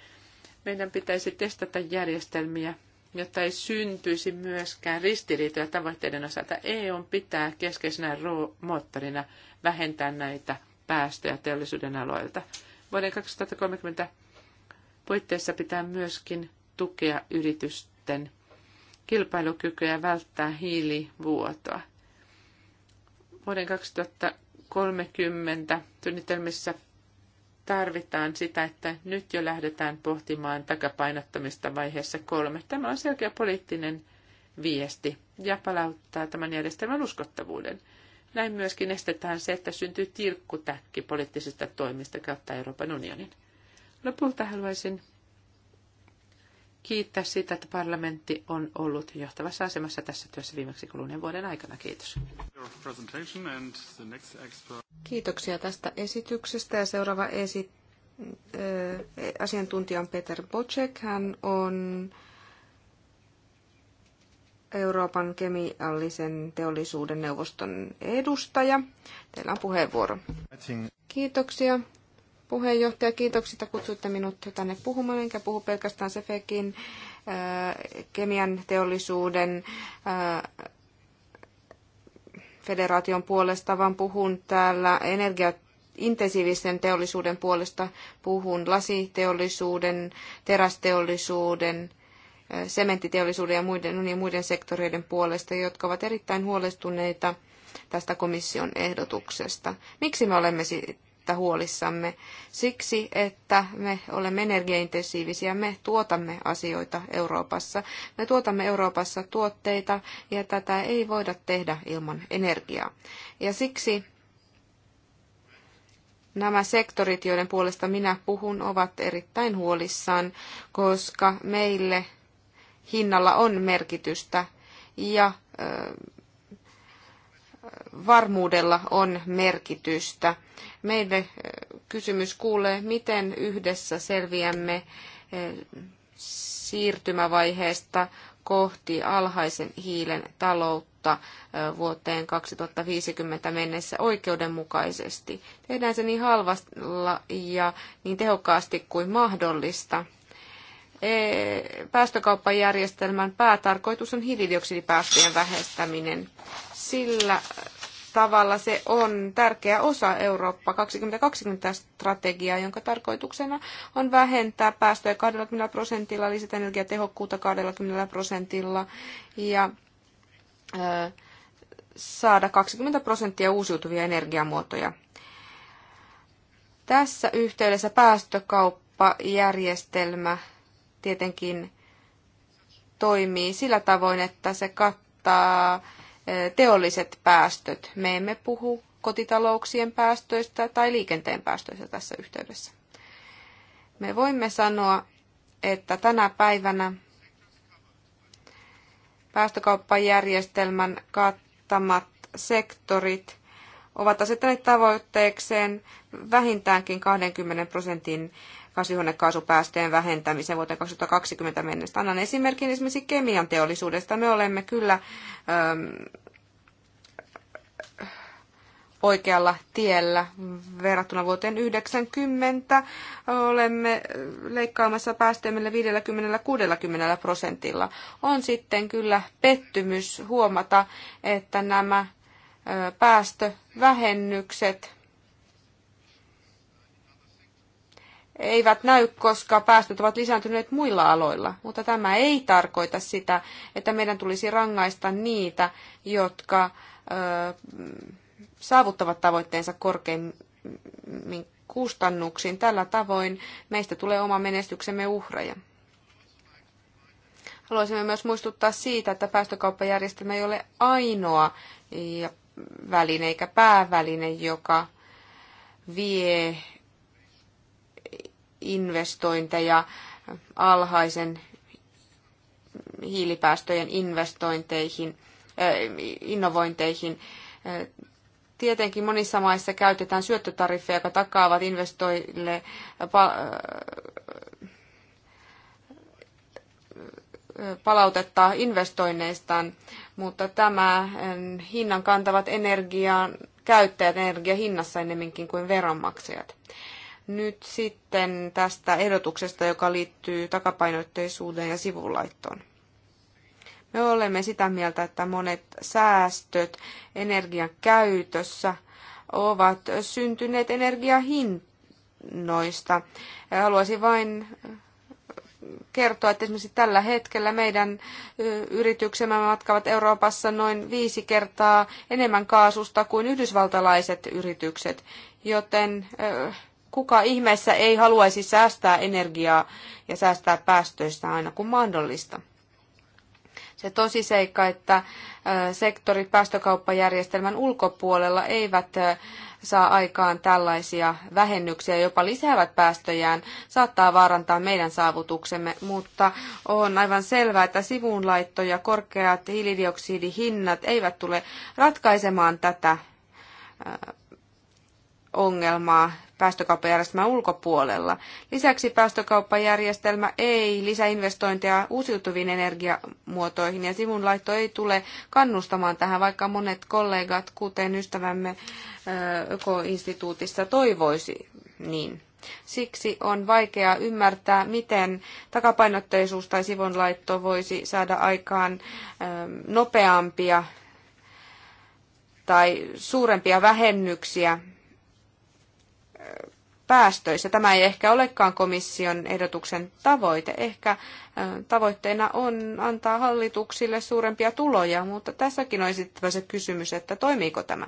Meidän pitäisi testata järjestelmiä jotta ei syntyisi myöskään ristiriitoja tavoitteiden osalta. EU pitää keskeisenä moottorina vähentää näitä päästöjä teollisuuden aloilta. Vuoden 2030 puitteissa pitää myöskin tukea yritysten kilpailukykyä ja välttää hiilivuotoa. Vuoden 2030 suunnitelmissa tarvitaan sitä, että nyt jo lähdetään pohtimaan takapainottamista vaiheessa kolme. Tämä on selkeä poliittinen viesti ja palauttaa tämän järjestelmän uskottavuuden. Näin myöskin estetään se, että syntyy tilkkutäkki poliittisista toimista kautta Euroopan unionin. Lopulta haluaisin kiittää siitä, että parlamentti on ollut johtavassa asemassa tässä työssä viimeksi kuluneen vuoden aikana. Kiitos. Kiitoksia tästä esityksestä ja seuraava esi- äh, asiantuntija on Peter Bocek. Hän on Euroopan kemiallisen teollisuuden neuvoston edustaja. Teillä on puheenvuoro. Kiitoksia puheenjohtaja. Kiitoksia, että kutsuitte minut tänne puhumaan, enkä puhu pelkästään Sefekin äh, kemian teollisuuden äh, federaation puolesta, vaan puhun täällä energia intensiivisen teollisuuden puolesta puhun lasiteollisuuden, terästeollisuuden, äh, sementtiteollisuuden ja muiden, no niin muiden sektoreiden puolesta, jotka ovat erittäin huolestuneita tästä komission ehdotuksesta. Miksi me olemme että huolissamme. Siksi, että me olemme energiaintensiivisiä, me tuotamme asioita Euroopassa. Me tuotamme Euroopassa tuotteita ja tätä ei voida tehdä ilman energiaa. Ja siksi Nämä sektorit, joiden puolesta minä puhun, ovat erittäin huolissaan, koska meille hinnalla on merkitystä ja varmuudella on merkitystä. Meille eh, kysymys kuulee, miten yhdessä selviämme eh, siirtymävaiheesta kohti alhaisen hiilen taloutta eh, vuoteen 2050 mennessä oikeudenmukaisesti. Tehdään se niin halvalla ja niin tehokkaasti kuin mahdollista. E, päästökauppajärjestelmän päätarkoitus on hiilidioksidipäästöjen vähentäminen sillä tavalla se on tärkeä osa Eurooppa 2020-strategiaa, jonka tarkoituksena on vähentää päästöjä 20 prosentilla, lisätä energiatehokkuutta 20 prosentilla ja saada 20 prosenttia uusiutuvia energiamuotoja. Tässä yhteydessä päästökauppajärjestelmä tietenkin toimii sillä tavoin, että se kattaa teolliset päästöt. Me emme puhu kotitalouksien päästöistä tai liikenteen päästöistä tässä yhteydessä. Me voimme sanoa, että tänä päivänä päästökauppajärjestelmän kattamat sektorit ovat asettaneet tavoitteekseen vähintäänkin 20 prosentin kasvihuonekaasupäästöjen vähentämiseen vuoteen 2020 mennessä. Annan esimerkin esimerkiksi kemian teollisuudesta. Me olemme kyllä äm, oikealla tiellä verrattuna vuoteen 90. Olemme leikkaamassa päästöjämme 50-60 prosentilla. On sitten kyllä pettymys huomata, että nämä päästövähennykset eivät näy, koska päästöt ovat lisääntyneet muilla aloilla. Mutta tämä ei tarkoita sitä, että meidän tulisi rangaista niitä, jotka saavuttavat tavoitteensa korkeimmin kustannuksiin. Tällä tavoin meistä tulee oma menestyksemme uhreja. Haluaisimme myös muistuttaa siitä, että päästökauppajärjestelmä ei ole ainoa väline eikä pääväline, joka vie investointeja alhaisen hiilipäästöjen investointeihin, äh, innovointeihin. Äh, tietenkin monissa maissa käytetään syöttötariffeja, jotka takaavat investoille äh, palautetta investoinneistaan, mutta tämä ähm, hinnan kantavat energian käyttäjät energiahinnassa ennemminkin kuin veronmaksajat. Nyt sitten tästä ehdotuksesta, joka liittyy takapainotteisuuteen ja sivulaittoon. Me olemme sitä mieltä, että monet säästöt energian käytössä ovat syntyneet energiahinnoista. Haluaisin vain kertoa, että esimerkiksi tällä hetkellä meidän yrityksemme matkavat Euroopassa noin viisi kertaa enemmän kaasusta kuin yhdysvaltalaiset yritykset, joten kuka ihmeessä ei haluaisi säästää energiaa ja säästää päästöistä aina kun mahdollista. Se tosiseikka, että sektorit päästökauppajärjestelmän ulkopuolella eivät saa aikaan tällaisia vähennyksiä, jopa lisäävät päästöjään, saattaa vaarantaa meidän saavutuksemme, mutta on aivan selvää, että sivuunlaitto ja korkeat hiilidioksidihinnat eivät tule ratkaisemaan tätä ongelmaa päästökauppajärjestelmän ulkopuolella. Lisäksi päästökauppajärjestelmä ei lisää investointeja uusiutuviin energiamuotoihin ja sivunlaitto ei tule kannustamaan tähän, vaikka monet kollegat, kuten ystävämme Öko-instituutissa, toivoisi niin. Siksi on vaikea ymmärtää, miten takapainotteisuus tai sivunlaitto voisi saada aikaan nopeampia tai suurempia vähennyksiä päästöissä. Tämä ei ehkä olekaan komission ehdotuksen tavoite. Ehkä tavoitteena on antaa hallituksille suurempia tuloja, mutta tässäkin on esittävä se kysymys, että toimiiko tämä.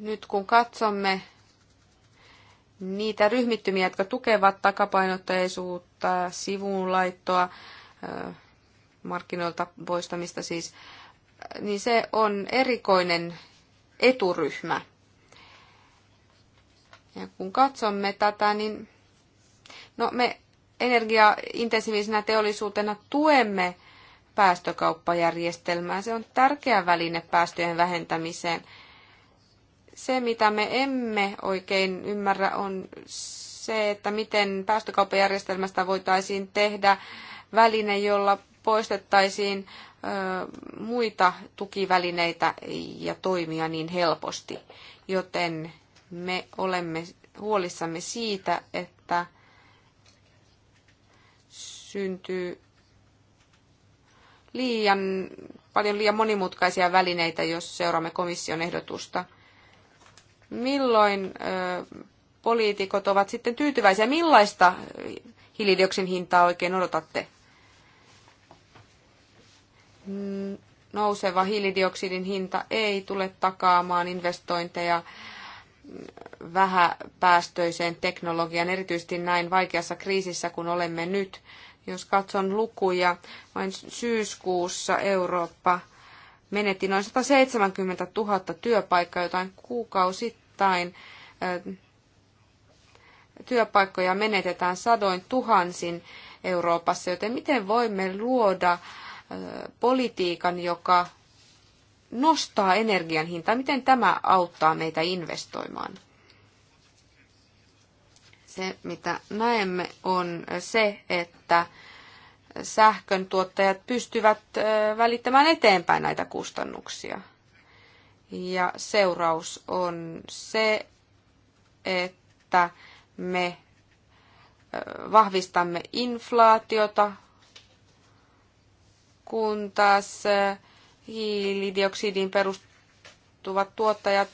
Nyt kun katsomme niitä ryhmittymiä, jotka tukevat takapainotteisuutta, sivuunlaittoa, markkinoilta poistamista siis, niin se on erikoinen eturyhmä. Ja kun katsomme tätä, niin no me energiaintensiivisenä teollisuutena tuemme päästökauppajärjestelmää. Se on tärkeä väline päästöjen vähentämiseen. Se, mitä me emme oikein ymmärrä, on se, että miten päästökauppajärjestelmästä voitaisiin tehdä väline, jolla poistettaisiin muita tukivälineitä ja toimia niin helposti. Joten me olemme huolissamme siitä, että syntyy liian, paljon liian monimutkaisia välineitä, jos seuraamme komission ehdotusta. Milloin ö, poliitikot ovat sitten tyytyväisiä? Millaista hiilidioksin hintaa oikein odotatte? nouseva hiilidioksidin hinta ei tule takaamaan investointeja vähäpäästöiseen teknologiaan, erityisesti näin vaikeassa kriisissä kuin olemme nyt. Jos katson lukuja, vain syyskuussa Eurooppa menetti noin 170 000 työpaikkaa jotain kuukausittain. Työpaikkoja menetetään sadoin tuhansin Euroopassa, joten miten voimme luoda äh, politiikan, joka nostaa energian hintaa? Miten tämä auttaa meitä investoimaan? Se, mitä näemme, on se, että sähkön tuottajat pystyvät välittämään eteenpäin näitä kustannuksia. Ja seuraus on se, että me vahvistamme inflaatiota, kun taas hiilidioksidin perustuvat tuottajat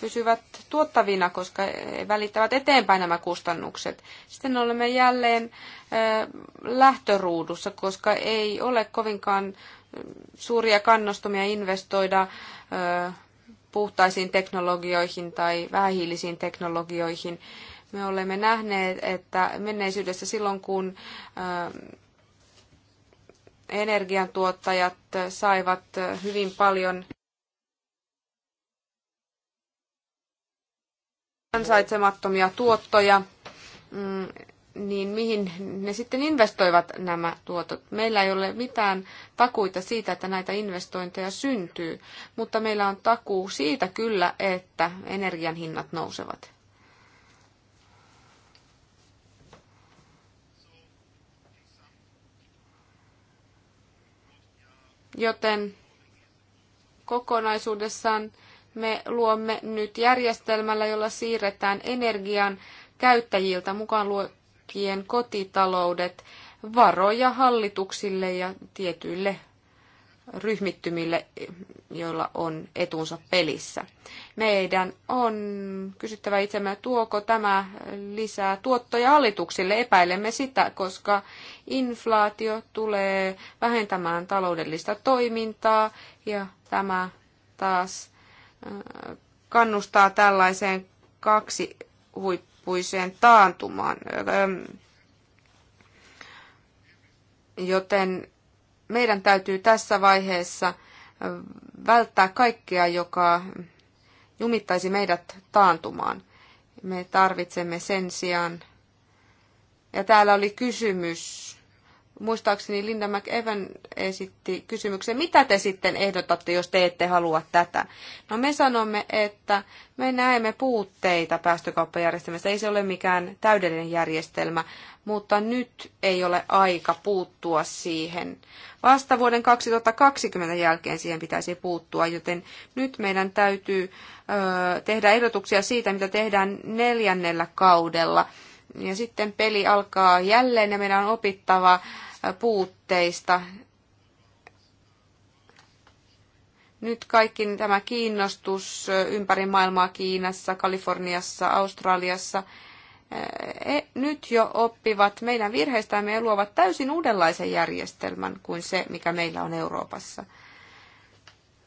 pysyvät tuottavina, koska he välittävät eteenpäin nämä kustannukset. Sitten olemme jälleen lähtöruudussa, koska ei ole kovinkaan suuria kannustumia investoida puhtaisiin teknologioihin tai vähähiilisiin teknologioihin. Me olemme nähneet, että menneisyydessä silloin, kun energiantuottajat saivat hyvin paljon ansaitsemattomia tuottoja, mm, niin mihin ne sitten investoivat nämä tuotot? Meillä ei ole mitään takuita siitä, että näitä investointeja syntyy, mutta meillä on takuu siitä kyllä, että energian hinnat nousevat. Joten kokonaisuudessaan me luomme nyt järjestelmällä, jolla siirretään energian käyttäjiltä mukaan luokien kotitaloudet varoja hallituksille ja tietyille ryhmittymille, joilla on etunsa pelissä. Meidän on kysyttävä itsemme, tuoko tämä lisää tuottoja hallituksille. Epäilemme sitä, koska inflaatio tulee vähentämään taloudellista toimintaa ja tämä taas kannustaa tällaiseen kaksi huippuiseen taantumaan. Joten meidän täytyy tässä vaiheessa välttää kaikkea, joka jumittaisi meidät taantumaan. Me tarvitsemme sen sijaan. Ja täällä oli kysymys muistaakseni Linda McEvan esitti kysymyksen, mitä te sitten ehdotatte, jos te ette halua tätä? No me sanomme, että me näemme puutteita päästökauppajärjestelmässä. Ei se ole mikään täydellinen järjestelmä, mutta nyt ei ole aika puuttua siihen. Vasta vuoden 2020 jälkeen siihen pitäisi puuttua, joten nyt meidän täytyy ö, tehdä ehdotuksia siitä, mitä tehdään neljännellä kaudella. Ja sitten peli alkaa jälleen ja meidän on opittava puutteista. Nyt kaikki tämä kiinnostus ympäri maailmaa Kiinassa, Kaliforniassa, Australiassa eh, e, nyt jo oppivat meidän virheistämme ja luovat täysin uudenlaisen järjestelmän kuin se, mikä meillä on Euroopassa.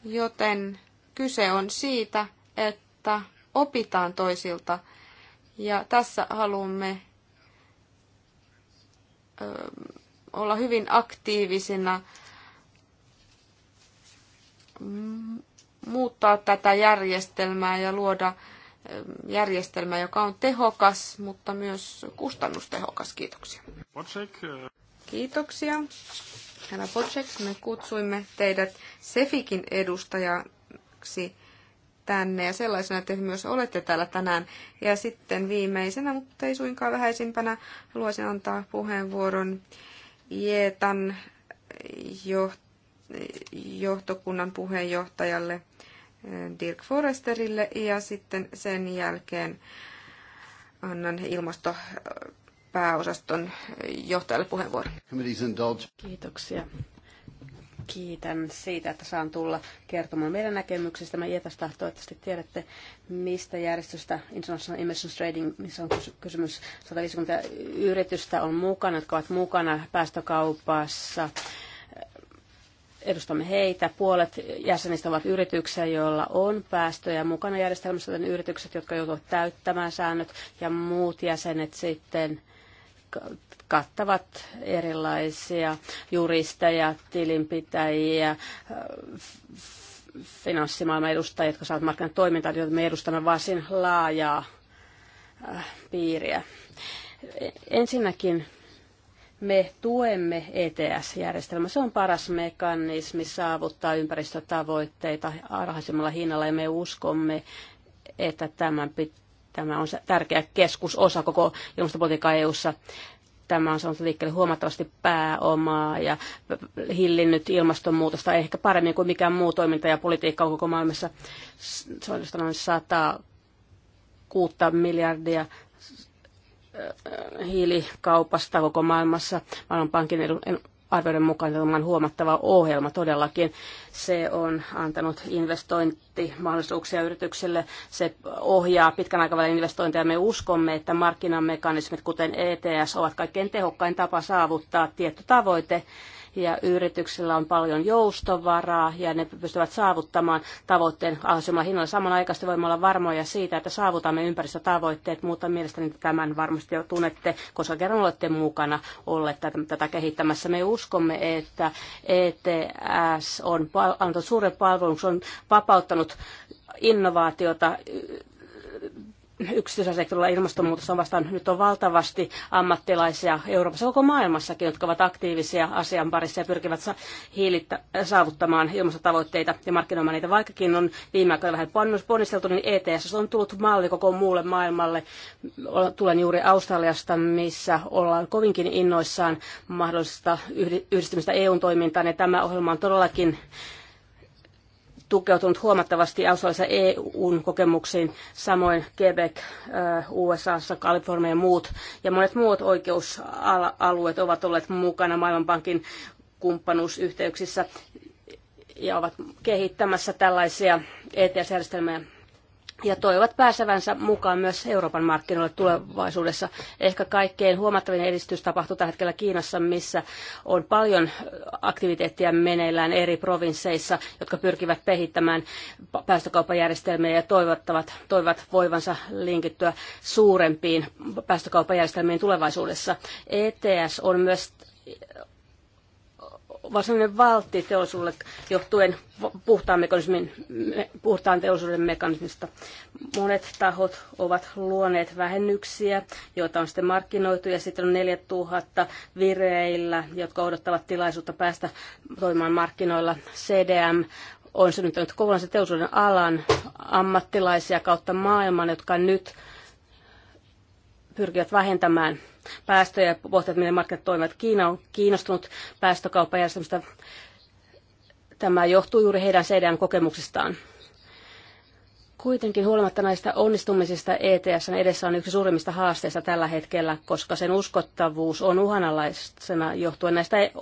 Joten kyse on siitä, että opitaan toisilta. Ja tässä haluamme olla hyvin aktiivisina mm, muuttaa tätä järjestelmää ja luoda järjestelmä, joka on tehokas, mutta myös kustannustehokas. Kiitoksia. E, Kiitoksia. Herra Bocek, me kutsuimme teidät Sefikin edustajaksi tänne ja sellaisena te myös olette täällä tänään. Ja sitten viimeisenä, mutta ei suinkaan vähäisimpänä, haluaisin antaa puheenvuoron Jetan johtokunnan puheenjohtajalle eh, Dirk Foresterille ja sitten sen jälkeen annan ilmastopääosaston pääosaston eh, johtajalle puheenvuoron. Kiitoksia Kiitän siitä, että saan tulla kertomaan meidän näkemyksistä. Mä Ietasta toivottavasti tiedätte, mistä järjestöstä International Emissions Trading, missä on kysymys 150 yritystä on mukana, jotka ovat mukana päästökaupassa. Edustamme heitä. Puolet jäsenistä ovat yrityksiä, joilla on päästöjä mukana järjestelmässä, joten yritykset, jotka joutuvat täyttämään säännöt, ja muut jäsenet sitten – kattavat erilaisia juristeja, tilinpitäjiä, äh, finanssimaailman edustajia, jotka saavat markkinat toimintaa, joita me edustamme varsin laajaa äh, piiriä. E-, ensinnäkin me tuemme ETS-järjestelmää. Se on paras mekanismi saavuttaa ympäristötavoitteita alhaisemmalla hinnalla ja me uskomme, että tämän pitää Tämä on tärkeä keskusosa koko ilmastopolitiikkaa eu Tämä on saanut liikkeelle huomattavasti pääomaa ja hillinnyt ilmastonmuutosta ehkä paremmin kuin mikään muu toiminta ja politiikka on koko maailmassa. Se on noin 106 miljardia äh, hiilikaupasta koko maailmassa. Maailmanpankin arvioiden mukaan tämä on huomattava ohjelma todellakin. Se on antanut investointimahdollisuuksia yrityksille, se ohjaa pitkän aikavälin investointeja. Me uskomme, että markkinamekanismit, kuten ETS, ovat kaikkein tehokkain tapa saavuttaa tietty tavoite ja yrityksillä on paljon joustovaraa ja ne pystyvät saavuttamaan tavoitteen alhaisemman hinnalla. Samanaikaisesti voimme olla varmoja siitä, että saavutamme ympäristötavoitteet, mutta mielestäni tämän varmasti jo tunnette, koska kerran olette mukana olleet tätä kehittämässä. Me uskomme, että ETS on antanut suuren palvelun, se on vapauttanut innovaatiota yksityisellä sektorilla ilmastonmuutos on vastaan. Nyt on valtavasti ammattilaisia Euroopassa, koko maailmassakin, jotka ovat aktiivisia asian parissa ja pyrkivät hiilittä, saavuttamaan ilmastotavoitteita ja markkinoimaan niitä. Vaikkakin on viime aikoina vähän ponnisteltu, niin ETS on tullut malli koko muulle maailmalle. Tulen juuri Australiasta, missä ollaan kovinkin innoissaan mahdollisesta yhdistymistä EU-toimintaan, ja tämä ohjelma on todellakin tukeutunut huomattavasti australiassa EUn kokemuksiin, samoin Quebec, USA, Kalifornia ja muut. Ja monet muut oikeusalueet ovat olleet mukana Maailmanpankin kumppanuusyhteyksissä ja ovat kehittämässä tällaisia ETS-järjestelmiä ja toivat pääsevänsä mukaan myös Euroopan markkinoille tulevaisuudessa. Ehkä kaikkein huomattavin edistys tapahtuu tällä hetkellä Kiinassa, missä on paljon aktiviteettia meneillään eri provinsseissa, jotka pyrkivät pehittämään päästökauppajärjestelmiä ja toivottavat, toivat voivansa linkittyä suurempiin päästökauppajärjestelmiin tulevaisuudessa. ETS on myös sellainen valtti teollisuudelle johtuen puhtaan, mekanismin, puhtaan teollisuuden mekanismista. Monet tahot ovat luoneet vähennyksiä, joita on sitten markkinoitu, ja sitten on 4000 vireillä, jotka odottavat tilaisuutta päästä toimimaan markkinoilla. CDM on synnyttänyt kokonaisen teollisuuden alan ammattilaisia kautta maailman, jotka nyt pyrkivät vähentämään päästöjä ja pohtivat, miten markkinat toimivat. Kiina on kiinnostunut päästökauppajärjestelmästä. Tämä johtuu juuri heidän CDN kokemuksistaan. Kuitenkin huolimatta näistä onnistumisista ETS edessä on yksi suurimmista haasteista tällä hetkellä, koska sen uskottavuus on uhanalaisena johtuen näistä e-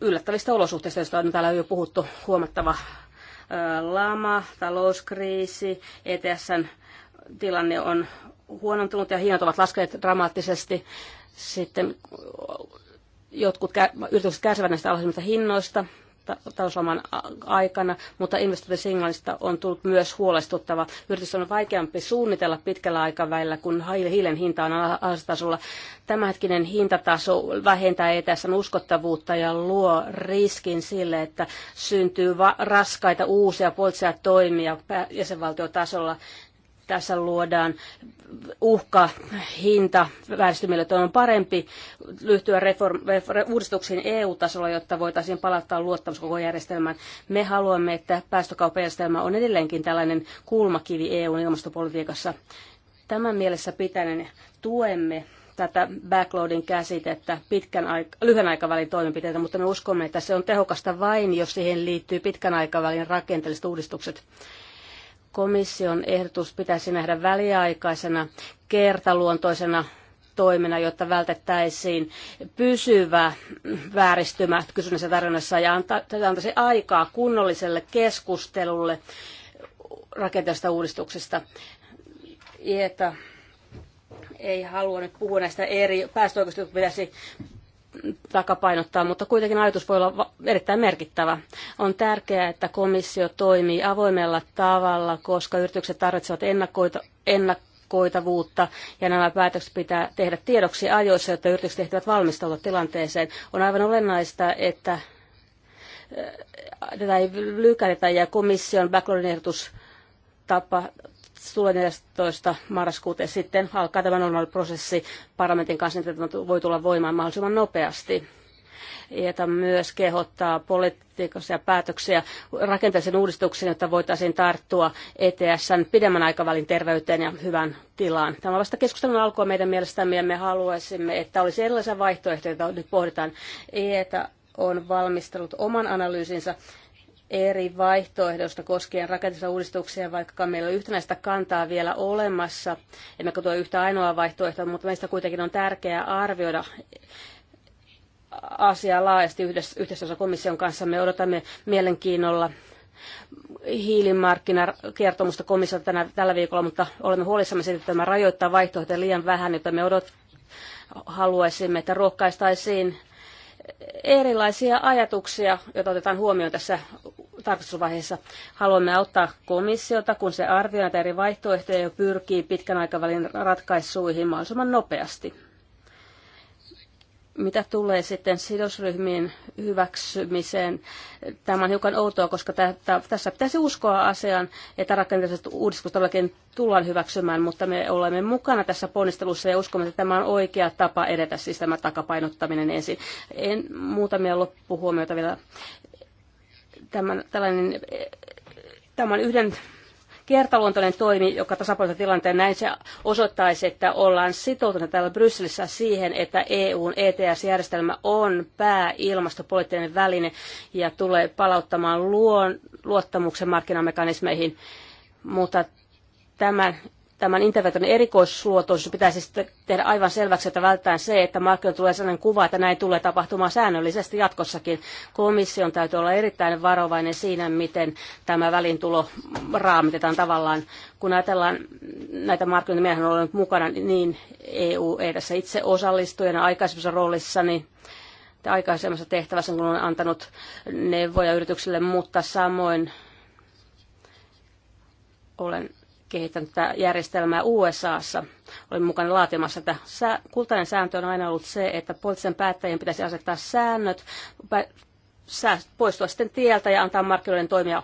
yllättävistä olosuhteista, joista on täällä jo puhuttu huomattava lama, talouskriisi, ETSn tilanne on huonontunut ja hinnat ovat laskeneet dramaattisesti. Sitten jotkut yritykset kärsivät näistä alhaisimmista hinnoista talouslaman aikana, mutta investointisignaalista on tullut myös huolestuttava. Yritys on vaikeampi suunnitella pitkällä aikavälillä, kun hiilen hinta on alhaisella Tämänhetkinen hintataso vähentää etässä uskottavuutta ja luo riskin sille, että syntyy raskaita uusia poliittisia toimia jäsenvaltiotasolla tässä luodaan uhka, hinta väestymille. on parempi lyhtyä reform, uudistuksiin EU-tasolla, jotta voitaisiin palauttaa luottamus koko järjestelmään. Me haluamme, että päästökauppajärjestelmä on edelleenkin tällainen kulmakivi EUn ilmastopolitiikassa. Tämän mielessä pitäen tuemme tätä backloadin käsitettä pitkän aik- lyhyen aikavälin toimenpiteitä, mutta me uskomme, että se on tehokasta vain, jos siihen liittyy pitkän aikavälin rakenteelliset uudistukset Komission ehdotus pitäisi nähdä väliaikaisena, kertaluontoisena toimena, jotta vältettäisiin pysyvä vääristymä kysynnässä tarjonnassa ja anta, antaisi aikaa kunnolliselle keskustelulle rakenteellisesta uudistuksesta. Ieta ei halua nyt puhua näistä eri päästöoikeuksista, pitäisi takapainottaa, mutta kuitenkin ajatus voi olla erittäin merkittävä. On tärkeää, että komissio toimii avoimella tavalla, koska yritykset tarvitsevat ennakoita, ennakoitavuutta ja nämä päätökset pitää tehdä tiedoksi ajoissa, jotta yritykset ehtivät valmistautua tilanteeseen. On aivan olennaista, että äh, tätä ei lykätä ja komission backloadin ehdotus tapa, tulee 14. marraskuuta ja sitten alkaa tämä normaali prosessi parlamentin kanssa, että niin tämä voi tulla voimaan mahdollisimman nopeasti. tämä myös kehottaa poliittisia päätöksiä rakenteellisen uudistuksen, jotta voitaisiin tarttua ETSn pidemmän aikavälin terveyteen ja hyvän tilaan. Tämä on vasta keskustelun alkua meidän mielestämme ja me haluaisimme, että olisi erilaisia vaihtoehtoja, joita nyt pohditaan. ETA on valmistellut oman analyysinsä eri vaihtoehdosta koskien rakenteellisia uudistuksia, vaikka meillä on yhtenäistä kantaa vielä olemassa, emmekä tuo yhtä ainoa vaihtoehtoa, mutta meistä kuitenkin on tärkeää arvioida asiaa laajasti yhdessä, yhteistyössä komission kanssa. Me odotamme mielenkiinnolla hiilimarkkinakertomusta komissiolta tänä, tällä viikolla, mutta olemme huolissamme siitä, että tämä rajoittaa vaihtoehtoja liian vähän, jota me odot, haluaisimme, että rohkaistaisiin erilaisia ajatuksia, joita otetaan huomioon tässä tarkastusvaiheessa. Haluamme auttaa komissiota, kun se arvioi näitä eri vaihtoehtoja ja pyrkii pitkän aikavälin ratkaisuihin mahdollisimman nopeasti. Mitä tulee sitten sidosryhmien hyväksymiseen, tämä on hiukan outoa, koska tässä pitäisi uskoa asiaan, että rakenteelliset uudistukset todellakin tullaan hyväksymään, mutta me olemme mukana tässä ponnistelussa ja uskomme, että tämä on oikea tapa edetä, siis tämä takapainottaminen ensin. En, muutamia loppuhuomioita vielä Tämän, tällainen, tämän yhden kertaluontoinen toimi, joka tasapuolista tilanteen näin se osoittaisi, että ollaan sitoutuneet täällä Brysselissä siihen, että EUn ETS-järjestelmä on pääilmastopoliittinen väline ja tulee palauttamaan luon, luottamuksen markkinamekanismeihin, mutta tämän tämän intervention erikoisluotoisuus pitäisi sitten tehdä aivan selväksi, että välttää se, että markkinoilla tulee sellainen kuva, että näin tulee tapahtumaan säännöllisesti jatkossakin. Komission täytyy olla erittäin varovainen siinä, miten tämä välintulo raamitetaan tavallaan. Kun ajatellaan näitä markkinoita, meidän on ollut mukana niin EU ei tässä itse osallistujana aikaisemmassa roolissa, niin aikaisemmassa tehtävässä, kun on antanut neuvoja yrityksille, mutta samoin olen kehittänyt tätä järjestelmää USAssa. Olin mukana laatimassa, että kultainen sääntö on aina ollut se, että poliittisen päättäjien pitäisi asettaa säännöt, poistua sitten tieltä ja antaa markkinoiden toimia.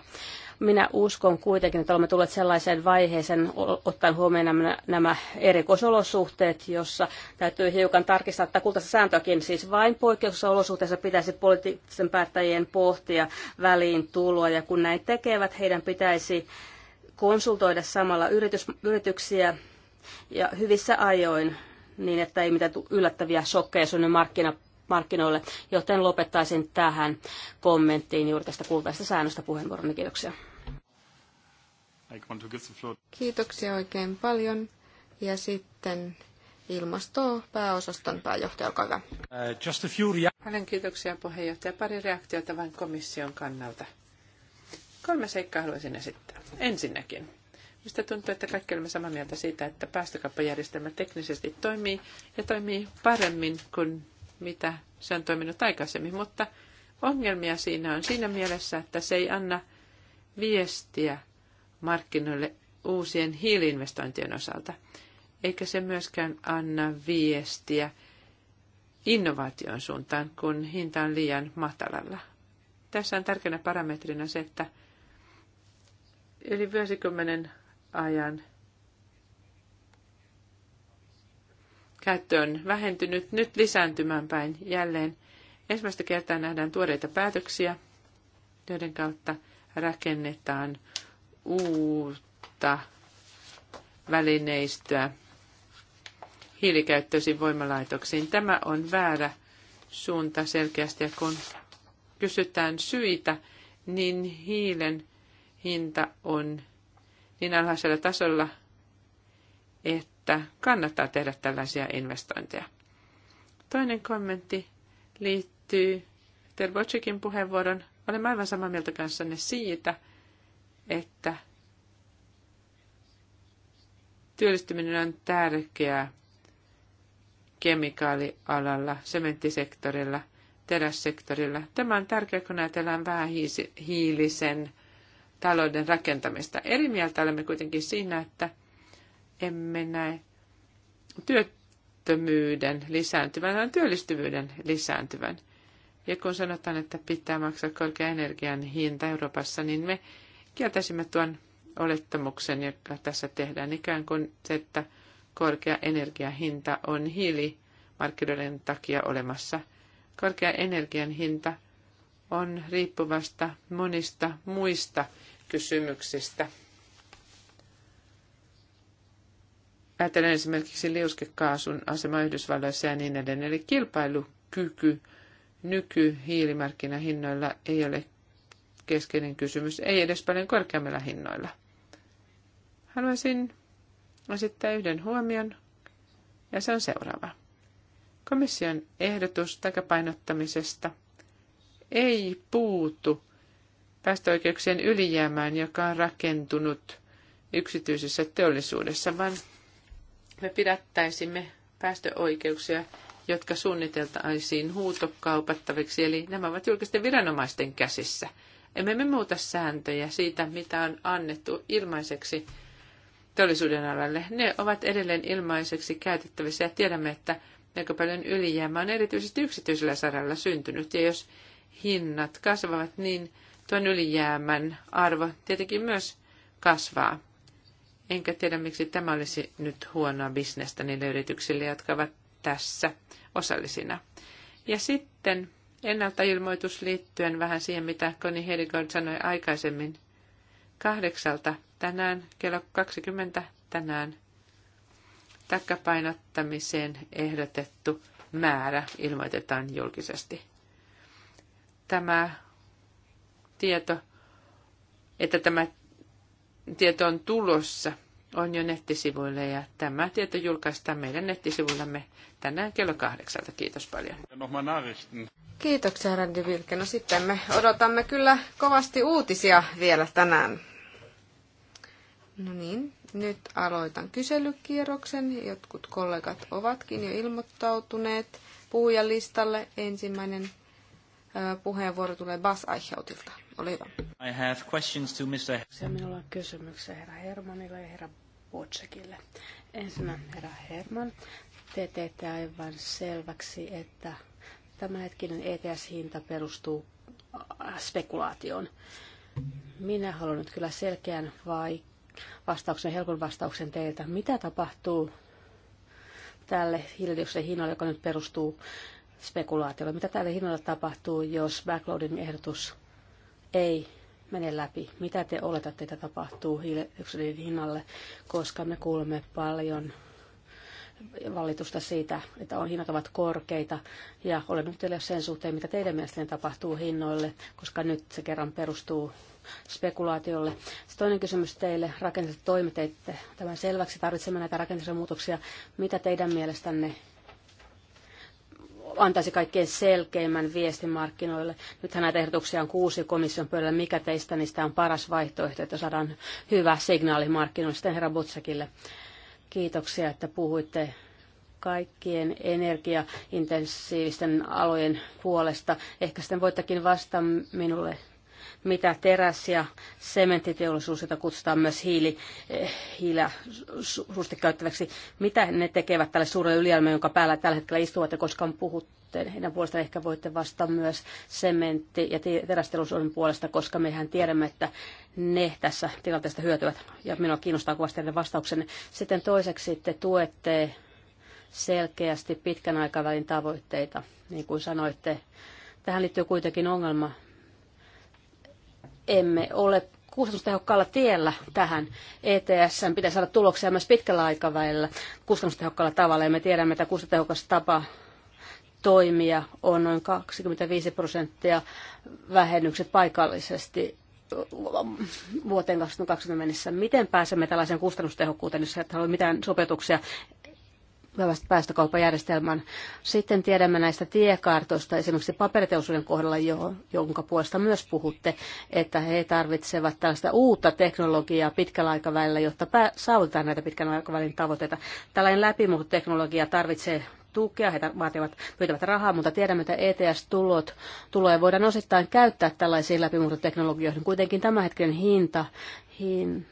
Minä uskon kuitenkin, että olemme tulleet sellaiseen vaiheeseen, ottaen huomioon nämä, nämä erikoisolosuhteet, jossa täytyy hiukan tarkistaa, että kultaista sääntöäkin siis vain poikkeuksessa olosuhteessa pitäisi poliittisen päättäjien pohtia väliin tuloa, ja kun näin tekevät, heidän pitäisi konsultoida samalla yritys, yrityksiä ja hyvissä ajoin niin, että ei mitään yllättäviä shokkeja sinne markkina, markkinoille, joten lopettaisin tähän kommenttiin juuri tästä kultaista säännöstä puheenvuoroni. Kiitoksia. Kiitoksia oikein paljon. Ja sitten ilmastopääosaston pääjohtaja, olkaa hyvä. Uh, paljon kiitoksia puheenjohtaja. Pari reaktiota vain komission kannalta. Kolme seikkaa haluaisin esittää. Ensinnäkin, mistä tuntuu, että kaikki olemme samaa mieltä siitä, että päästökauppajärjestelmä teknisesti toimii ja toimii paremmin kuin mitä se on toiminut aikaisemmin, mutta ongelmia siinä on siinä mielessä, että se ei anna viestiä markkinoille uusien hiiliinvestointien osalta, eikä se myöskään anna viestiä innovaation suuntaan, kun hinta on liian matalalla. Tässä on tärkeänä parametrina se, että yli vuosikymmenen ajan käyttö on vähentynyt, nyt lisääntymään päin jälleen. Ensimmäistä kertaa nähdään tuoreita päätöksiä, joiden kautta rakennetaan uutta välineistöä hiilikäyttöisiin voimalaitoksiin. Tämä on väärä suunta selkeästi, ja kun kysytään syitä, niin hiilen hinta on niin alhaisella tasolla, että kannattaa tehdä tällaisia investointeja. Toinen kommentti liittyy Tervocikin puheenvuoron. Olen aivan samaa mieltä kanssanne siitä, että työllistyminen on tärkeää kemikaalialalla, sementtisektorilla, terässektorilla. Tämä on tärkeää, kun ajatellaan hiilisen talouden rakentamista. Eri mieltä olemme kuitenkin siinä, että emme näe työttömyyden lisääntyvän, vaan työllistyvyyden lisääntyvän. Ja kun sanotaan, että pitää maksaa korkea energian hinta Euroopassa, niin me kieltäisimme tuon olettamuksen, joka tässä tehdään, ikään kuin se, että korkea energiahinta on hiilimarkkinoiden takia olemassa. Korkea energian hinta on riippuvasta monista muista kysymyksistä. Ajatellen esimerkiksi liuskekaasun asema Yhdysvalloissa ja niin edelleen. Eli kilpailukyky nykyhiilimarkkinahinnoilla ei ole keskeinen kysymys, ei edes paljon korkeammilla hinnoilla. Haluaisin esittää yhden huomion, ja se on seuraava. Komission ehdotus takapainottamisesta ei puutu päästöoikeuksien ylijäämään, joka on rakentunut yksityisessä teollisuudessa, vaan me pidättäisimme päästöoikeuksia, jotka suunniteltaisiin huutokaupattaviksi, eli nämä ovat julkisten viranomaisten käsissä. Emme me muuta sääntöjä siitä, mitä on annettu ilmaiseksi teollisuuden alalle. Ne ovat edelleen ilmaiseksi käytettävissä ja tiedämme, että melko paljon ylijäämä on erityisesti yksityisellä saralla syntynyt. Ja jos hinnat kasvavat, niin tuon ylijäämän arvo tietenkin myös kasvaa. Enkä tiedä, miksi tämä olisi nyt huonoa bisnestä niille yrityksille, jotka ovat tässä osallisina. Ja sitten ennaltailmoitus liittyen vähän siihen, mitä Connie Hedegaard sanoi aikaisemmin. Kahdeksalta tänään, kello 20 tänään, takkapainottamiseen ehdotettu määrä ilmoitetaan julkisesti. Tämä tieto, että tämä tieto on tulossa, on jo nettisivuille ja tämä tieto julkaistaan meidän nettisivullamme tänään kello kahdeksalta. Kiitos paljon. Kiitoksia Randy Vilke. No sitten me odotamme kyllä kovasti uutisia vielä tänään. No niin, nyt aloitan kyselykierroksen. Jotkut kollegat ovatkin jo ilmoittautuneet puhujalistalle. Ensimmäinen puheenvuoro tulee Bas Aichautilta. Ole hyvä. I have questions to Mr. Se minulla on kysymyksiä herra Hermanille ja herra Bocekille. Ensinnä herra Herman, te teette aivan selväksi, että tämänhetkinen ETS-hinta perustuu spekulaatioon. Minä haluan nyt kyllä selkeän vai vastauksen, helpon vastauksen teiltä. Mitä tapahtuu tälle hiilidioksidin hinnalle, joka nyt perustuu spekulaatiolle? Mitä tälle hinnalle tapahtuu, jos backloadin ehdotus ei mene läpi. Mitä te oletatte, että tapahtuu hiilidioksidin hinnalle, koska me kuulemme paljon valitusta siitä, että on, hinnat ovat korkeita. Ja olen nyt sen suhteen, mitä teidän mielestänne tapahtuu hinnoille, koska nyt se kerran perustuu spekulaatiolle. Sitten toinen kysymys teille, rakenteelliset toimiteitte tämän selväksi tarvitsemme näitä rakenteellisia muutoksia. Mitä teidän mielestänne antaisi kaikkein selkeimmän viestin markkinoille. Nythän näitä ehdotuksia on kuusi komission pöydällä. Mikä teistä niistä on paras vaihtoehto, että saadaan hyvä signaali markkinoille? Sitten herra Butsakille kiitoksia, että puhuitte kaikkien energiaintensiivisten alojen puolesta. Ehkä sitten voittakin vastata minulle mitä teräs- ja sementtiteollisuus, jota kutsutaan myös hiili, eh, hiilä suuresti käyttäväksi, mitä ne tekevät tälle suurelle ylijäämälle, jonka päällä tällä hetkellä istuvat ja on puhuttu. Heidän puolestaan ehkä voitte vastata myös sementti- ja terästeollisuuden puolesta, koska mehän tiedämme, että ne tässä tilanteesta hyötyvät. Ja minua kiinnostaa kovasti teidän vastauksenne. Sitten toiseksi te tuette selkeästi pitkän aikavälin tavoitteita, niin kuin sanoitte. Tähän liittyy kuitenkin ongelma, emme ole kustannustehokkaalla tiellä tähän. ETS pitää saada tuloksia myös pitkällä aikavälillä kustannustehokkaalla tavalla, ja me tiedämme, että kustannustehokas tapa toimia on noin 25 prosenttia vähennykset paikallisesti vuoteen 2020 mennessä. Miten pääsemme tällaiseen kustannustehokkuuteen, jos et halua mitään sopeutuksia päästökauppajärjestelmän. Sitten tiedämme näistä tiekartoista, esimerkiksi paperiteollisuuden kohdalla, jo, jonka puolesta myös puhutte, että he tarvitsevat tällaista uutta teknologiaa pitkällä aikavälillä, jotta pää- saavutetaan näitä pitkän aikavälin tavoitteita. Tällainen teknologia tarvitsee tukea, he vaativat, pyytävät rahaa, mutta tiedämme, että ETS-tulot tuloja voidaan osittain käyttää tällaisiin läpimurtoteknologioihin. Kuitenkin tämänhetkinen hinta, hin,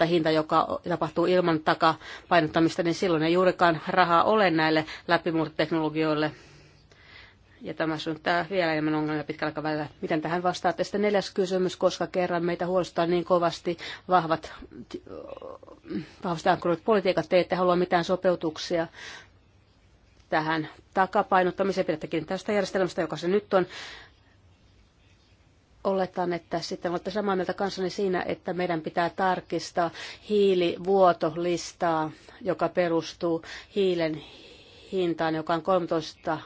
että hinta, joka tapahtuu ilman takapainottamista, niin silloin ei juurikaan rahaa ole näille läpimurtoteknologioille. Ja tämä synnyttää vielä enemmän ongelmia pitkällä aikavälillä. Miten tähän vastaatte? Sitten neljäs kysymys, koska kerran meitä huolestuttaa niin kovasti vahvat, vahvasti ankkuroidut politiikat. Te ette halua mitään sopeutuksia tähän takapainottamiseen. Pidätte tästä järjestelmästä, joka se nyt on oletan, että sitten olette samaa mieltä kanssani siinä, että meidän pitää tarkistaa hiilivuotolistaa, joka perustuu hiilen hintaan, joka on 13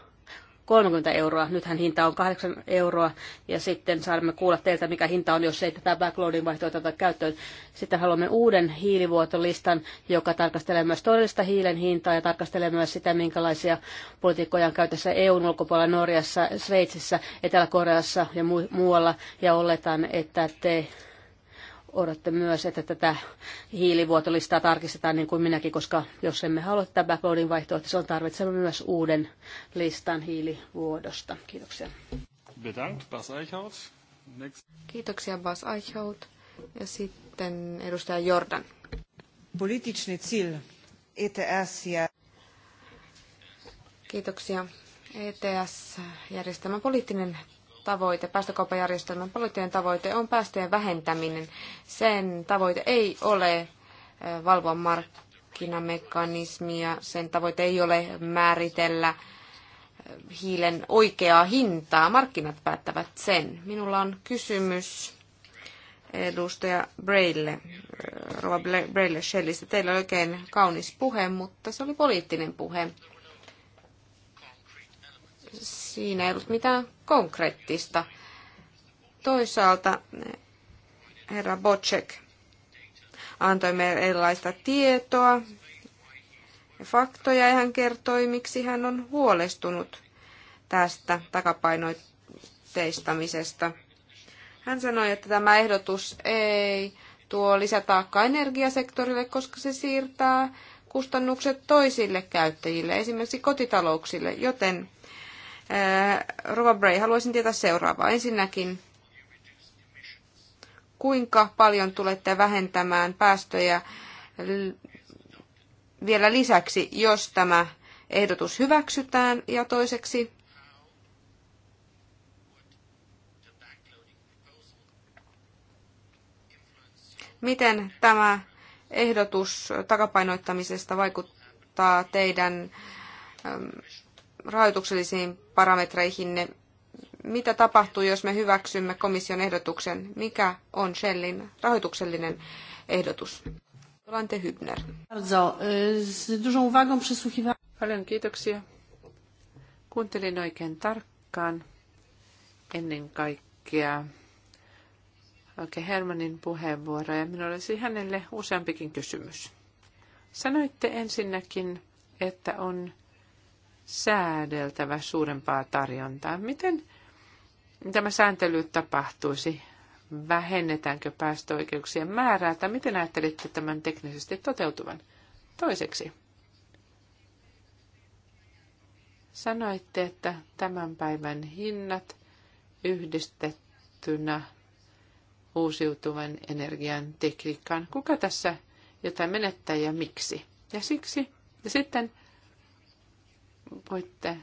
30 euroa. Nythän hinta on 8 euroa ja sitten saamme kuulla teiltä, mikä hinta on, jos ei tätä backloadin vaihtoehtoa oteta käyttöön. Sitten haluamme uuden hiilivuotolistan, joka tarkastelee myös todellista hiilen hintaa ja tarkastelee myös sitä, minkälaisia politiikkoja on käytössä EUn ulkopuolella Norjassa, Sveitsissä, Etelä-Koreassa ja mu- muualla. Ja oletan, että te odotte myös, että tätä hiilivuotolistaa tarkistetaan niin kuin minäkin, koska jos emme halua tätä backloadin se on tarvitsema myös uuden listan hiilivuodosta. Kiitoksia. Bedankt, Bas Eichhout. Next. Kiitoksia, Bas Eichhout. Ja sitten edustaja Jordan. Poliittinen ziel, ETS ja... Kiitoksia. ETS-järjestelmän poliittinen tavoite, päästökauppajärjestelmän poliittinen tavoite on päästöjen vähentäminen. Sen tavoite ei ole valvoa markkinamekanismia, sen tavoite ei ole määritellä hiilen oikeaa hintaa. Markkinat päättävät sen. Minulla on kysymys edustaja Braille, Rova Braille Shellistä. Teillä oli oikein kaunis puhe, mutta se oli poliittinen puhe. Siinä ei ollut mitään konkreettista. Toisaalta herra Bocek antoi meille erilaista tietoa ja faktoja ja hän kertoi, miksi hän on huolestunut tästä takapainoteistamisesta. Hän sanoi, että tämä ehdotus ei tuo lisätaakkaa energiasektorille, koska se siirtää kustannukset toisille käyttäjille, esimerkiksi kotitalouksille, joten Rova Bray, haluaisin tietää seuraavaa. Ensinnäkin, kuinka paljon tulette vähentämään päästöjä vielä lisäksi, jos tämä ehdotus hyväksytään? Ja toiseksi, miten tämä ehdotus takapainoittamisesta vaikuttaa teidän rahoituksellisiin parametreihinne. Mitä tapahtuu, jos me hyväksymme komission ehdotuksen? Mikä on Shellin rahoituksellinen ehdotus? Jolante Hübner. Paljon kiitoksia. Kuuntelin oikein tarkkaan ennen kaikkea oikein Hermanin puheenvuoro ja minulla olisi hänelle useampikin kysymys. Sanoitte ensinnäkin, että on säädeltävä suurempaa tarjontaa. Miten tämä sääntely tapahtuisi? Vähennetäänkö päästöoikeuksien määrää tai miten ajattelitte tämän teknisesti toteutuvan? Toiseksi, sanoitte, että tämän päivän hinnat yhdistettynä uusiutuvan energian tekniikkaan. Kuka tässä jotain menettää ja miksi? Ja siksi, ja sitten voitte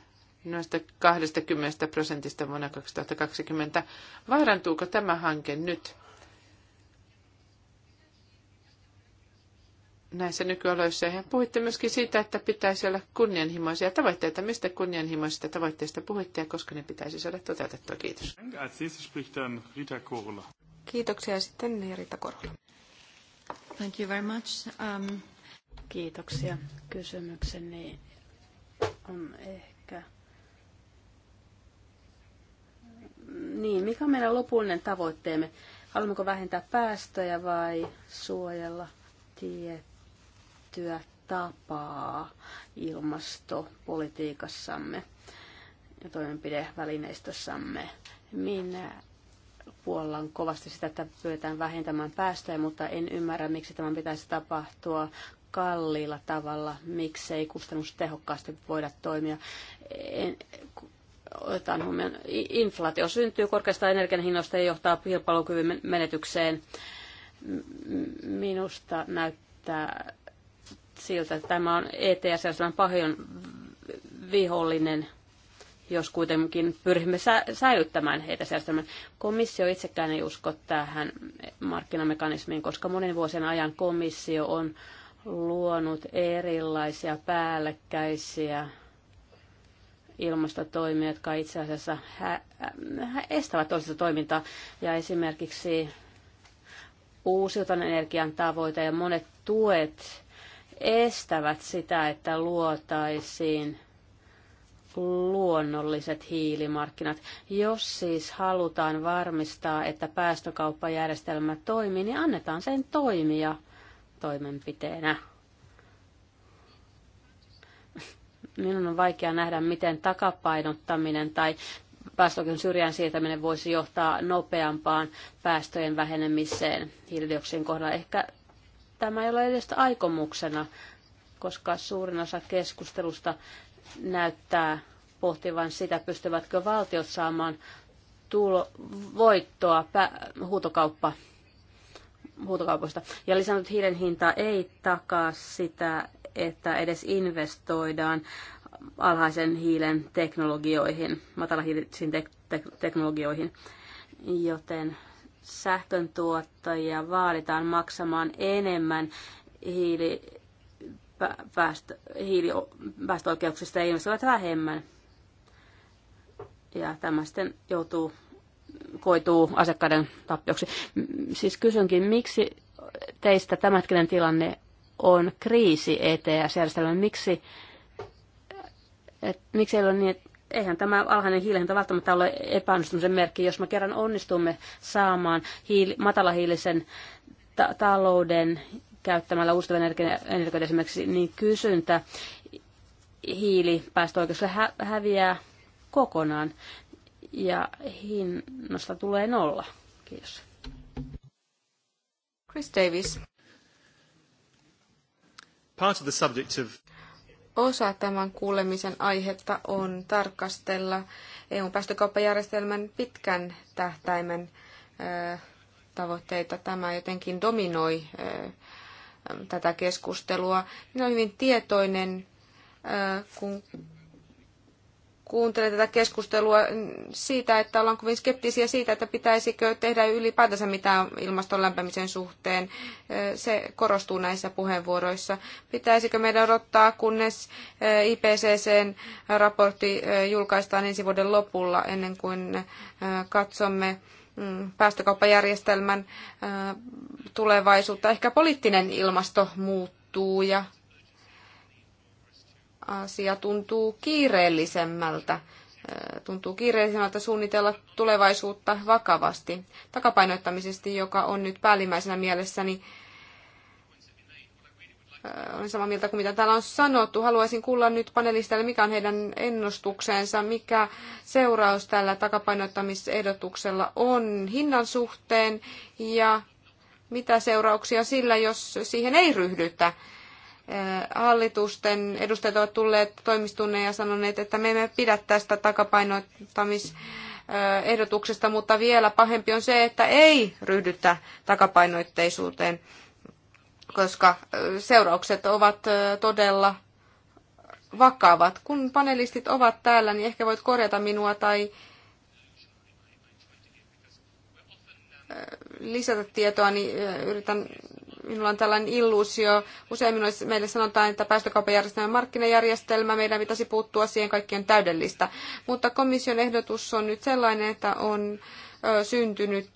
noista 20 prosentista vuonna 2020. Vaarantuuko tämä hanke nyt näissä nykyoloissa? Ja puhuitte myöskin siitä, että pitäisi olla kunnianhimoisia tavoitteita. Mistä kunnianhimoisista tavoitteista puhuitte ja koska ne pitäisi saada toteutettua? Kiitos. Kiitoksia sitten Rita Korola. Thank you very much. Um... Kiitoksia kysymykseni on ehkä... Niin, mikä on meidän lopullinen tavoitteemme? Haluammeko vähentää päästöjä vai suojella tiettyä tapaa ilmastopolitiikassamme ja toimenpidevälineistössämme? Minä puolellaan kovasti sitä, että pyritään vähentämään päästöjä, mutta en ymmärrä, miksi tämän pitäisi tapahtua kalliilla tavalla, miksei kustannustehokkaasti voida toimia. En, otetaan huomioon, inflaatio syntyy korkeasta energian hinnoista ja johtaa kilpailukyvyn menetykseen. Minusta näyttää siltä, että tämä on ETS-järjestelmän pahin vihollinen, jos kuitenkin pyrimme säilyttämään heitä säästämään. Komissio itsekään ei usko tähän markkinamekanismiin, koska monen vuosien ajan komissio on luonut erilaisia päällekkäisiä ilmastotoimia, jotka itse asiassa hä- hä- estävät toista toimintaa. Ja esimerkiksi uusiutuvan energian tavoite ja monet tuet estävät sitä, että luotaisiin luonnolliset hiilimarkkinat. Jos siis halutaan varmistaa, että päästökauppajärjestelmä toimii, niin annetaan sen toimia – toimenpiteenä. Minun on vaikea nähdä, miten takapainottaminen tai päästöoikeuden syrjään siirtäminen voisi johtaa nopeampaan päästöjen vähenemiseen hiilidioksidin kohdalla. Ehkä tämä ei ole edes aikomuksena, koska suurin osa keskustelusta näyttää pohtivan sitä, pystyvätkö valtiot saamaan tulo, voittoa pä, huutokauppa huutokaupoista. Ja lisännyt hiilen hinta ei takaa sitä, että edes investoidaan alhaisen hiilen teknologioihin, matalahiilisiin tek- tek- teknologioihin, joten sähkön tuottajia vaaditaan maksamaan enemmän hiili, päästö, hiilipäästöoikeuksista ja investoivat vähemmän. Ja tämä sitten joutuu koituu asiakkaiden tappioksi. Siis kysynkin, miksi teistä tämänhetkinen tilanne on kriisi ETS-järjestelmä? Miksi, et, miksi ei ole niin, että eihän tämä alhainen hiilihinta välttämättä ole epäonnistumisen merkki, jos me kerran onnistumme saamaan hiili, matalahiilisen ta- talouden käyttämällä uusia energioita esimerkiksi, niin kysyntä hiilipäästöoikeuksille hä- häviää kokonaan ja hinnasta tulee nolla. Kiitos. Chris Davis. Part of the subject of... Osa tämän kuulemisen aihetta on tarkastella EUn päästökauppajärjestelmän pitkän tähtäimen tavoitteita. Tämä jotenkin dominoi tätä keskustelua. Minä olen hyvin tietoinen, kun kuuntelen tätä keskustelua siitä, että ollaan kovin skeptisiä siitä, että pitäisikö tehdä ylipäätänsä mitään ilmaston lämpämisen suhteen. Se korostuu näissä puheenvuoroissa. Pitäisikö meidän odottaa, kunnes IPCCn raportti julkaistaan ensi vuoden lopulla, ennen kuin katsomme päästökauppajärjestelmän tulevaisuutta. Ehkä poliittinen ilmasto muuttuu ja asia tuntuu kiireellisemmältä. Tuntuu kiireellisemmältä suunnitella tulevaisuutta vakavasti. Takapainoittamisesti, joka on nyt päällimmäisenä mielessäni, olen samaa mieltä kuin mitä täällä on sanottu. Haluaisin kuulla nyt panelisteille, mikä on heidän ennustuksensa, mikä seuraus tällä takapainottamisehdotuksella on hinnan suhteen ja mitä seurauksia sillä, jos siihen ei ryhdytä hallitusten edustajat ovat tulleet toimistunne ja sanoneet, että me emme pidä tästä takapainottamis mutta vielä pahempi on se, että ei ryhdytä takapainoitteisuuteen, koska seuraukset ovat todella vakavat. Kun panelistit ovat täällä, niin ehkä voit korjata minua tai lisätä tietoa, niin yritän minulla on tällainen illuusio. Usein minulle, meille sanotaan, että päästökauppajärjestelmä on markkinajärjestelmä, meidän pitäisi puuttua siihen, kaikki on täydellistä. Mutta komission ehdotus on nyt sellainen, että on syntynyt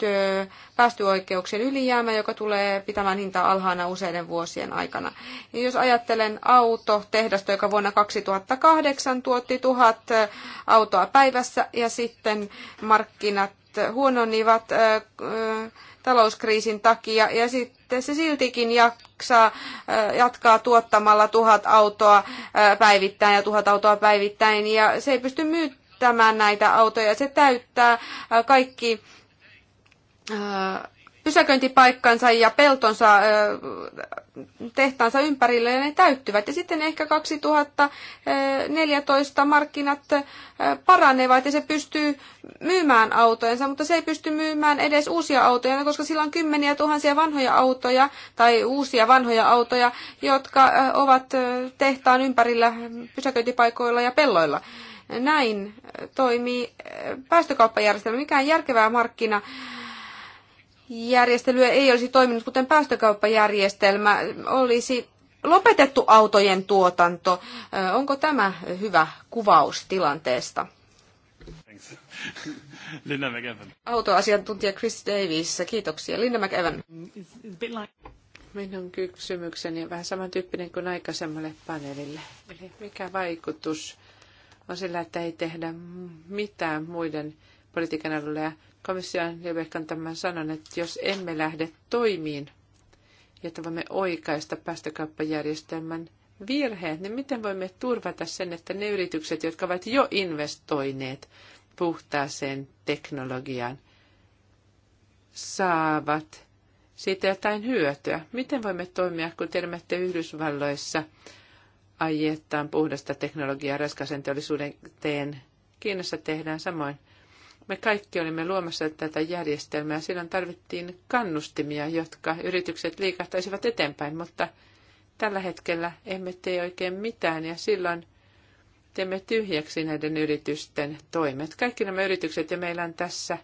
päästöoikeuksien ylijäämä, joka tulee pitämään hintaa alhaana useiden vuosien aikana. Ja jos ajattelen autotehdasta, joka vuonna 2008 tuotti tuhat autoa päivässä ja sitten markkinat huononivat talouskriisin takia ja sitten se siltikin jaksaa, äh, jatkaa tuottamalla tuhat autoa äh, päivittäin ja tuhat autoa päivittäin ja se ei pysty myyttämään näitä autoja. Se täyttää äh, kaikki pysäköintipaikkansa ja peltonsa tehtaansa ympärille ja ne täyttyvät. Ja sitten ehkä 2014 markkinat paranevat ja se pystyy myymään autojensa, mutta se ei pysty myymään edes uusia autoja, koska sillä on kymmeniä tuhansia vanhoja autoja tai uusia vanhoja autoja, jotka ovat tehtaan ympärillä pysäköintipaikoilla ja pelloilla näin toimii päästökauppajärjestelmä. Mikään järkevää markkina Järjestely ei olisi toiminut, kuten päästökauppajärjestelmä, olisi lopetettu autojen tuotanto. Onko tämä hyvä kuvaus tilanteesta? Linda McEvan. Autoasiantuntija Chris Davies, kiitoksia. Linda McEvan. Minun kysymykseni on vähän samantyyppinen kuin aikaisemmalle paneelille. Eli mikä vaikutus on sillä, että ei tehdä mitään muiden politiikan alueella komission Libekan tämän sanon, että jos emme lähde toimiin, jotta voimme oikaista päästökauppajärjestelmän virheet, niin miten voimme turvata sen, että ne yritykset, jotka ovat jo investoineet puhtaaseen teknologiaan, saavat siitä jotain hyötyä. Miten voimme toimia, kun tiedämme, että Yhdysvalloissa ajetaan puhdasta teknologiaa raskaisen teollisuuden teen. Kiinassa tehdään samoin me kaikki olimme luomassa tätä järjestelmää. Silloin tarvittiin kannustimia, jotka yritykset liikahtaisivat eteenpäin, mutta tällä hetkellä emme tee oikein mitään ja silloin teemme tyhjäksi näiden yritysten toimet. Kaikki nämä yritykset ja meillä on tässä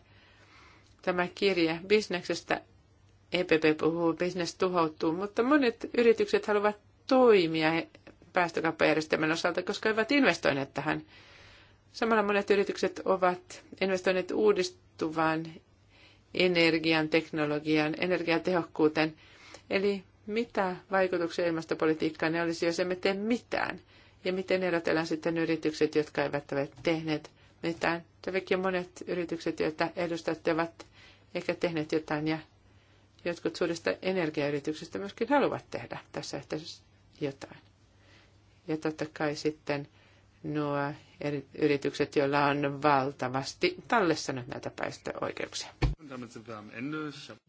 tämä kirja bisneksestä. EPP puhuu, bisnes tuhoutuu, mutta monet yritykset haluavat toimia päästökauppajärjestelmän osalta, koska he ovat investoineet tähän Samalla monet yritykset ovat investoineet uudistuvaan energian teknologiaan, energiatehokkuuteen. Eli mitä vaikutuksia ilmastopolitiikkaan ne olisi, jos emme tee mitään? Ja miten erotellaan sitten yritykset, jotka eivät ole tehneet mitään? Tämäkin monet yritykset, joita edustatte, ovat ehkä tehneet jotain ja jotkut suurista energiayrityksistä myöskin haluavat tehdä tässä yhteydessä jotain. Ja totta kai sitten – nuo eri yritykset, joilla on valtavasti tallessa nyt näitä päästöoikeuksia.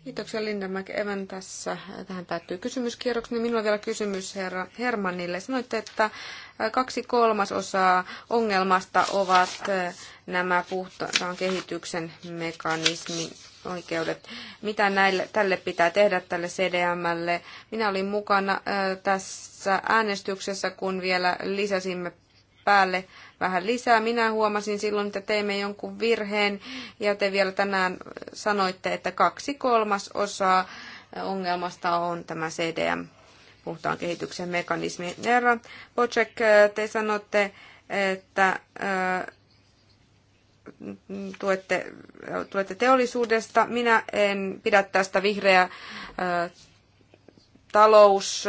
Kiitoksia Linda McEvan tässä. Tähän päättyy kysymyskierrokseni. Minulla on vielä kysymys herra Hermannille. Sanoitte, että kaksi kolmasosaa ongelmasta ovat eh, nämä puhtaan kehityksen mekanismi oikeudet. Mitä näille, tälle pitää tehdä tälle CDMlle? Minä olin mukana eh, tässä äänestyksessä, kun vielä lisäsimme päälle vähän lisää. Minä huomasin silloin, että teimme jonkun virheen ja te vielä tänään sanoitte, että kaksi osaa ongelmasta on tämä CDM, puhtaan kehityksen mekanismi. Herra Bocek, te sanotte, että äh, tuette, tuette teollisuudesta. Minä en pidä tästä vihreä äh, talous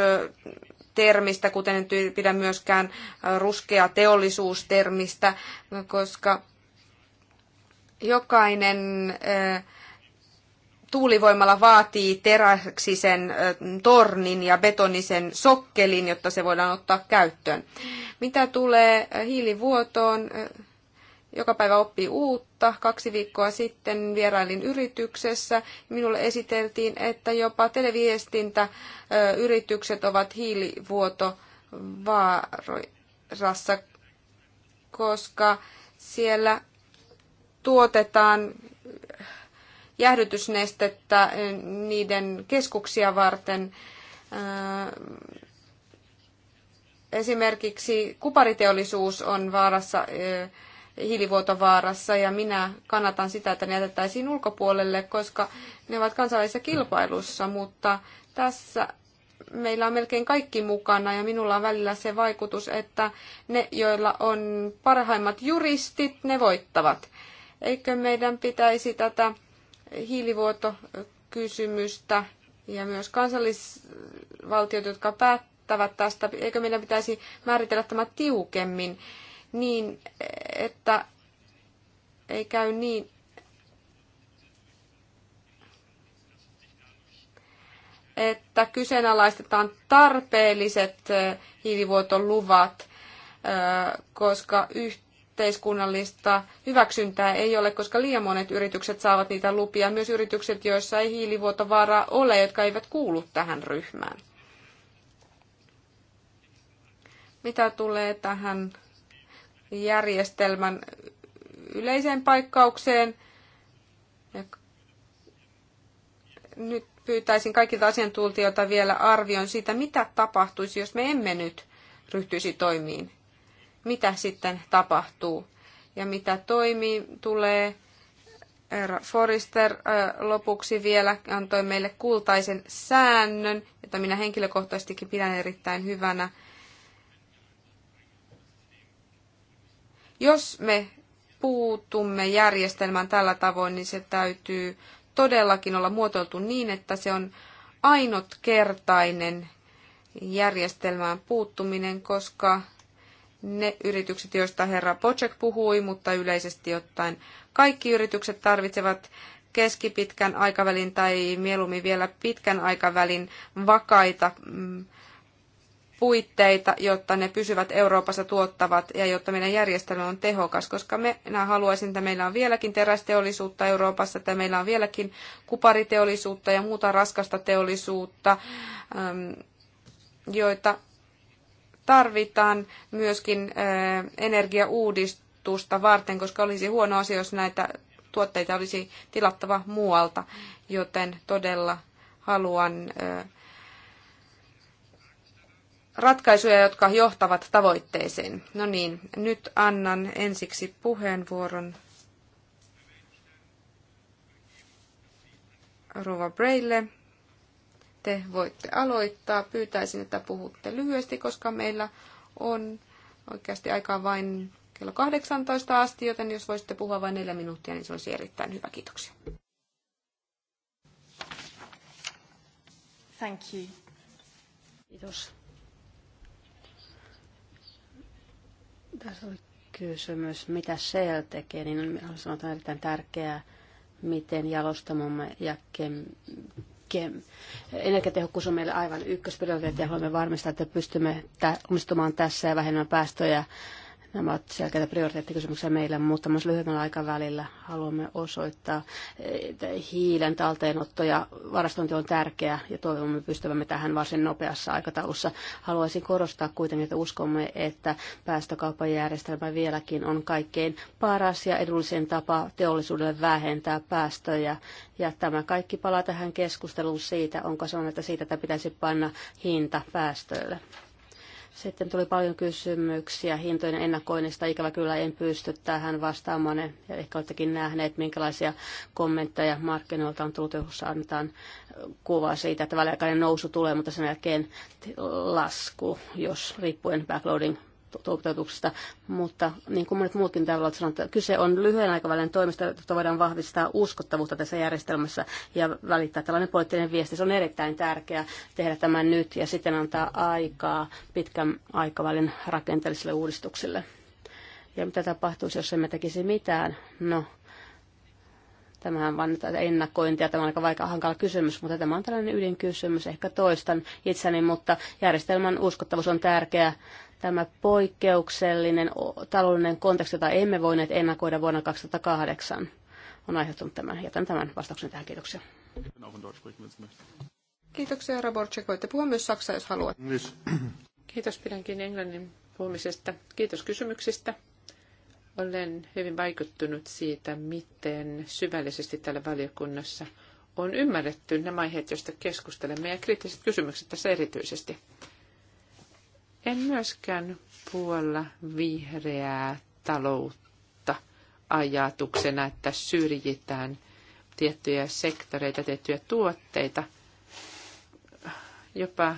termistä, kuten en pidä myöskään ruskea teollisuustermistä, koska jokainen tuulivoimalla vaatii teräksisen tornin ja betonisen sokkelin, jotta se voidaan ottaa käyttöön. Mitä tulee hiilivuotoon, joka päivä oppii uutta vuotta. Kaksi viikkoa sitten vierailin yrityksessä. Minulle esiteltiin, että jopa televiestintäyritykset ovat hiilivuotovaarassa, koska siellä tuotetaan jäähdytysnestettä niiden keskuksia varten. Esimerkiksi kupariteollisuus on vaarassa hiilivuotovaarassa ja minä kannatan sitä, että ne jätettäisiin ulkopuolelle, koska ne ovat kansainvälisessä kilpailussa, mutta tässä meillä on melkein kaikki mukana ja minulla on välillä se vaikutus, että ne, joilla on parhaimmat juristit, ne voittavat. Eikö meidän pitäisi tätä hiilivuotokysymystä ja myös kansallisvaltiot, jotka päättävät tästä, eikö meidän pitäisi määritellä tämä tiukemmin niin, että ei käy niin, että kyseenalaistetaan tarpeelliset hiilivuoto-luvat, koska yhteiskunnallista hyväksyntää ei ole, koska liian monet yritykset saavat niitä lupia, myös yritykset, joissa ei hiilivuotovaaraa ole, jotka eivät kuulu tähän ryhmään. Mitä tulee tähän järjestelmän yleiseen paikkaukseen. Ja nyt pyytäisin kaikilta asiantuntijoilta vielä arvion siitä, mitä tapahtuisi, jos me emme nyt ryhtyisi toimiin. Mitä sitten tapahtuu ja mitä toimii tulee. Herra Forrester äh, lopuksi vielä antoi meille kultaisen säännön, jota minä henkilökohtaisestikin pidän erittäin hyvänä. Jos me puutumme järjestelmään tällä tavoin, niin se täytyy todellakin olla muotoiltu niin, että se on ainutkertainen järjestelmään puuttuminen, koska ne yritykset, joista herra Pocek puhui, mutta yleisesti ottaen kaikki yritykset tarvitsevat keskipitkän aikavälin tai mieluummin vielä pitkän aikavälin vakaita mm, puitteita, jotta ne pysyvät Euroopassa tuottavat ja jotta meidän järjestelmä on tehokas, koska minä haluaisin, että meillä on vieläkin terästeollisuutta Euroopassa, että meillä on vieläkin kupariteollisuutta ja muuta raskasta teollisuutta, ähm, joita tarvitaan myöskin äh, energiauudistusta varten, koska olisi huono asia, jos näitä tuotteita olisi tilattava muualta, joten todella haluan äh, ratkaisuja, jotka johtavat tavoitteeseen. No niin, nyt annan ensiksi puheenvuoron Rova Braille. Te voitte aloittaa. Pyytäisin, että puhutte lyhyesti, koska meillä on oikeasti aikaa vain kello 18 asti, joten jos voisitte puhua vain neljä minuuttia, niin se olisi erittäin hyvä. Kiitoksia. Thank you. Kiitos. Tässä oli kysymys, mitä Shell tekee, niin on, on erittäin tärkeää, miten jalostamomme ja kem, kem, energiatehokkuus on meille aivan ykkösprioriteetti ja haluamme varmistaa, että pystymme tä, onnistumaan tässä ja vähemmän päästöjä Nämä ovat selkeitä prioriteettikysymyksiä meillä, mutta myös lyhyemmällä aikavälillä haluamme osoittaa, että hiilen talteenotto ja varastointi on tärkeää ja toivomme pystyvämme tähän varsin nopeassa aikataulussa. Haluaisin korostaa kuitenkin, että uskomme, että päästökauppajärjestelmä vieläkin on kaikkein paras ja edullisin tapa teollisuudelle vähentää päästöjä. Ja tämä kaikki palaa tähän keskusteluun siitä, onko se on, että siitä että pitäisi panna hinta päästöille. Sitten tuli paljon kysymyksiä hintojen ennakoinnista. Ikävä kyllä en pysty tähän vastaamaan. Ja ehkä olettekin nähneet, minkälaisia kommentteja markkinoilta on tullut, jos annetaan kuvaa siitä, että väliaikainen nousu tulee, mutta sen jälkeen lasku, jos riippuen backloading toteutuksesta, mutta niin kuin monet muutkin täällä ovat että kyse on lyhyen aikavälin toimista, jotta voidaan vahvistaa uskottavuutta tässä järjestelmässä ja välittää tällainen poliittinen viesti. Se on erittäin tärkeää tehdä tämä nyt ja sitten antaa aikaa pitkän aikavälin rakenteellisille uudistuksille. Ja mitä tapahtuisi, jos emme tekisi mitään? No, Tämähän vain ennakointia, tämä on aika vaikea hankala kysymys, mutta tämä on tällainen ydinkysymys. Ehkä toistan itseni, mutta järjestelmän uskottavuus on tärkeä. Tämä poikkeuksellinen taloudellinen konteksti, jota emme voineet ennakoida vuonna 2008, on aiheuttanut tämän. Jätän tämän vastauksen tähän. Kiitoksia. Kiitoksia, Raborczyk. Voitte puhua myös saksaa, jos haluat. Kiitos, pidänkin englannin puhumisesta. Kiitos kysymyksistä. Olen hyvin vaikuttunut siitä, miten syvällisesti täällä valiokunnassa on ymmärretty nämä aiheet, joista keskustelemme, ja kriittiset kysymykset tässä erityisesti. En myöskään puolla vihreää taloutta ajatuksena, että syrjitään tiettyjä sektoreita, tiettyjä tuotteita, jopa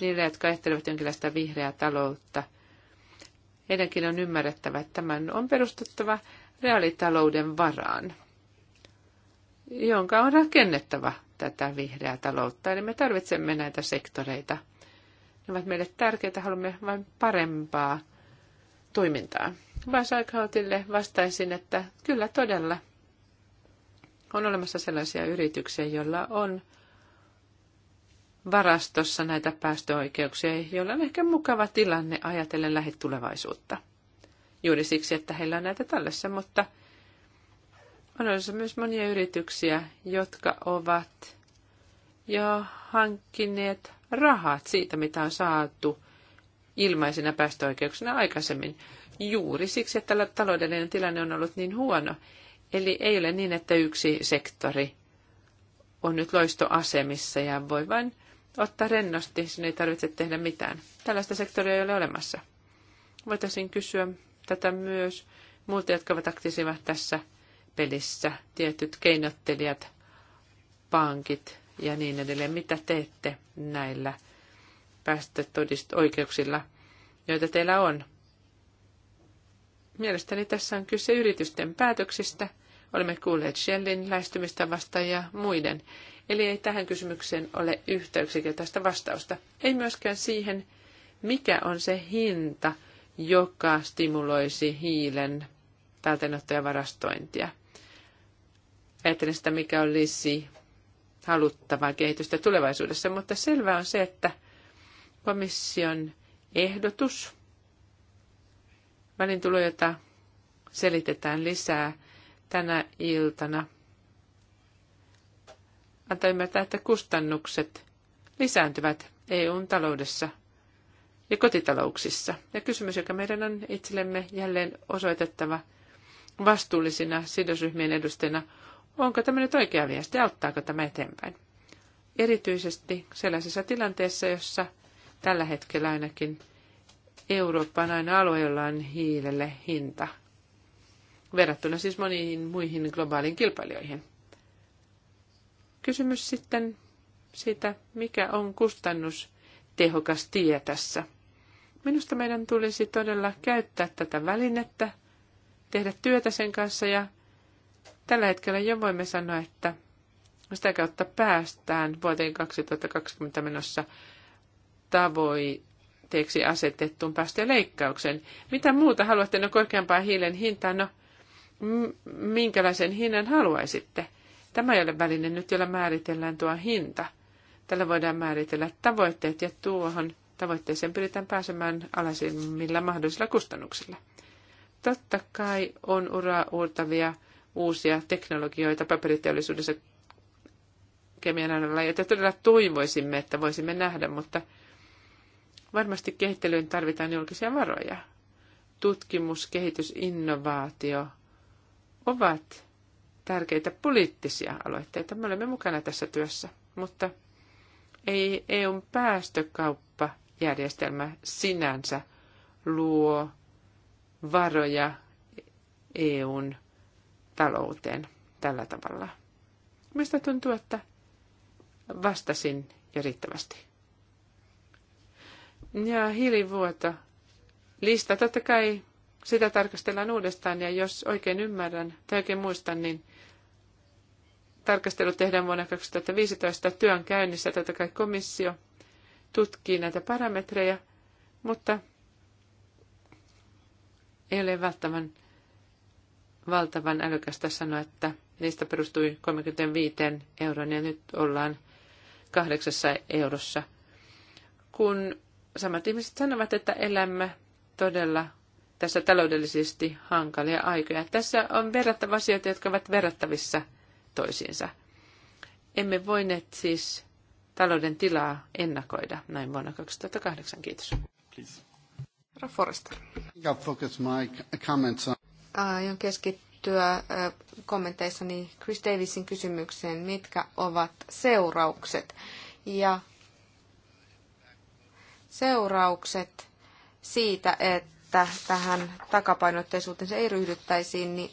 niille, jotka ajattelevat jonkinlaista vihreää taloutta – Meidänkin on ymmärrettävä, että tämän on perustettava reaalitalouden varaan, jonka on rakennettava tätä vihreää taloutta. Eli me tarvitsemme näitä sektoreita. Ne ovat meille tärkeitä, haluamme vain parempaa toimintaa. Vasaikautille vastaisin, että kyllä todella on olemassa sellaisia yrityksiä, joilla on varastossa näitä päästöoikeuksia, joilla on ehkä mukava tilanne ajatellen lähitulevaisuutta. Juuri siksi, että heillä on näitä tallessa, mutta on olemassa myös monia yrityksiä, jotka ovat jo hankkineet rahat siitä, mitä on saatu ilmaisina päästöoikeuksina aikaisemmin, juuri siksi, että tällä taloudellinen tilanne on ollut niin huono. Eli ei ole niin, että yksi sektori on nyt loistoasemissa ja voi vain ottaa rennosti, sinne ei tarvitse tehdä mitään. Tällaista sektoria ei ole olemassa. Voitaisiin kysyä tätä myös muilta, jotka ovat aktiivisia tässä pelissä, tietyt keinottelijat, pankit ja niin edelleen. Mitä teette näillä päästötodistoikeuksilla, joita teillä on? Mielestäni tässä on kyse yritysten päätöksistä – Olemme kuulleet Shellin lähestymistavasta ja muiden. Eli ei tähän kysymykseen ole yhtä yksinkertaista vastausta. Ei myöskään siihen, mikä on se hinta, joka stimuloisi hiilen talteenottajavarastointia. Ajattelen sitä, mikä olisi haluttavaa kehitystä tulevaisuudessa, mutta selvää on se, että komission ehdotus, välintulo, jota selitetään lisää, tänä iltana antaa ymmärtää, että kustannukset lisääntyvät EUn taloudessa ja kotitalouksissa. Ja kysymys, joka meidän on itsellemme jälleen osoitettava vastuullisina sidosryhmien edustajina, onko tämä nyt oikea viesti, auttaako tämä eteenpäin. Erityisesti sellaisessa tilanteessa, jossa tällä hetkellä ainakin Eurooppa on aina alue, jolla on hiilelle hinta – verrattuna siis moniin muihin globaaliin kilpailijoihin. Kysymys sitten siitä, mikä on kustannustehokas tie tässä. Minusta meidän tulisi todella käyttää tätä välinettä, tehdä työtä sen kanssa ja tällä hetkellä jo voimme sanoa, että sitä kautta päästään vuoteen 2020 menossa tavoitteeksi asetettuun päästöleikkaukseen. Mitä muuta haluatte? No korkeampaa hiilen hintaa? No minkälaisen hinnan haluaisitte. Tämä ei ole väline nyt, jolla määritellään tuo hinta. Tällä voidaan määritellä tavoitteet ja tuohon tavoitteeseen pyritään pääsemään alasimmilla mahdollisilla kustannuksilla. Totta kai on uraa uurtavia uusia teknologioita paperiteollisuudessa kemian alalla, joita todella toivoisimme, että voisimme nähdä, mutta varmasti kehittelyyn tarvitaan julkisia varoja. Tutkimus, kehitys, innovaatio – ovat tärkeitä poliittisia aloitteita. Me olemme mukana tässä työssä, mutta ei EUn päästökauppajärjestelmä sinänsä luo varoja EUn talouteen tällä tavalla. Mistä tuntuu, että vastasin jo riittävästi. Ja hiilivuoto. Lista totta kai sitä tarkastellaan uudestaan ja jos oikein ymmärrän tai oikein muistan, niin tarkastelu tehdään vuonna 2015 työn käynnissä. Totta kai komissio tutkii näitä parametreja, mutta ei ole välttämättä valtavan älykästä sanoa, että niistä perustui 35 euron ja nyt ollaan kahdeksassa eurossa. Kun samat ihmiset sanovat, että elämme todella tässä taloudellisesti hankalia aikoja. Tässä on verrattava asioita, jotka ovat verrattavissa toisiinsa. Emme voineet siis talouden tilaa ennakoida näin vuonna 2008. Kiitos. Herra Forrester. Aion keskittyä kommenteissani Chris Davisin kysymykseen, mitkä ovat seuraukset. Ja seuraukset siitä, että että tähän takapainotteisuuteen se ei ryhdyttäisiin, niin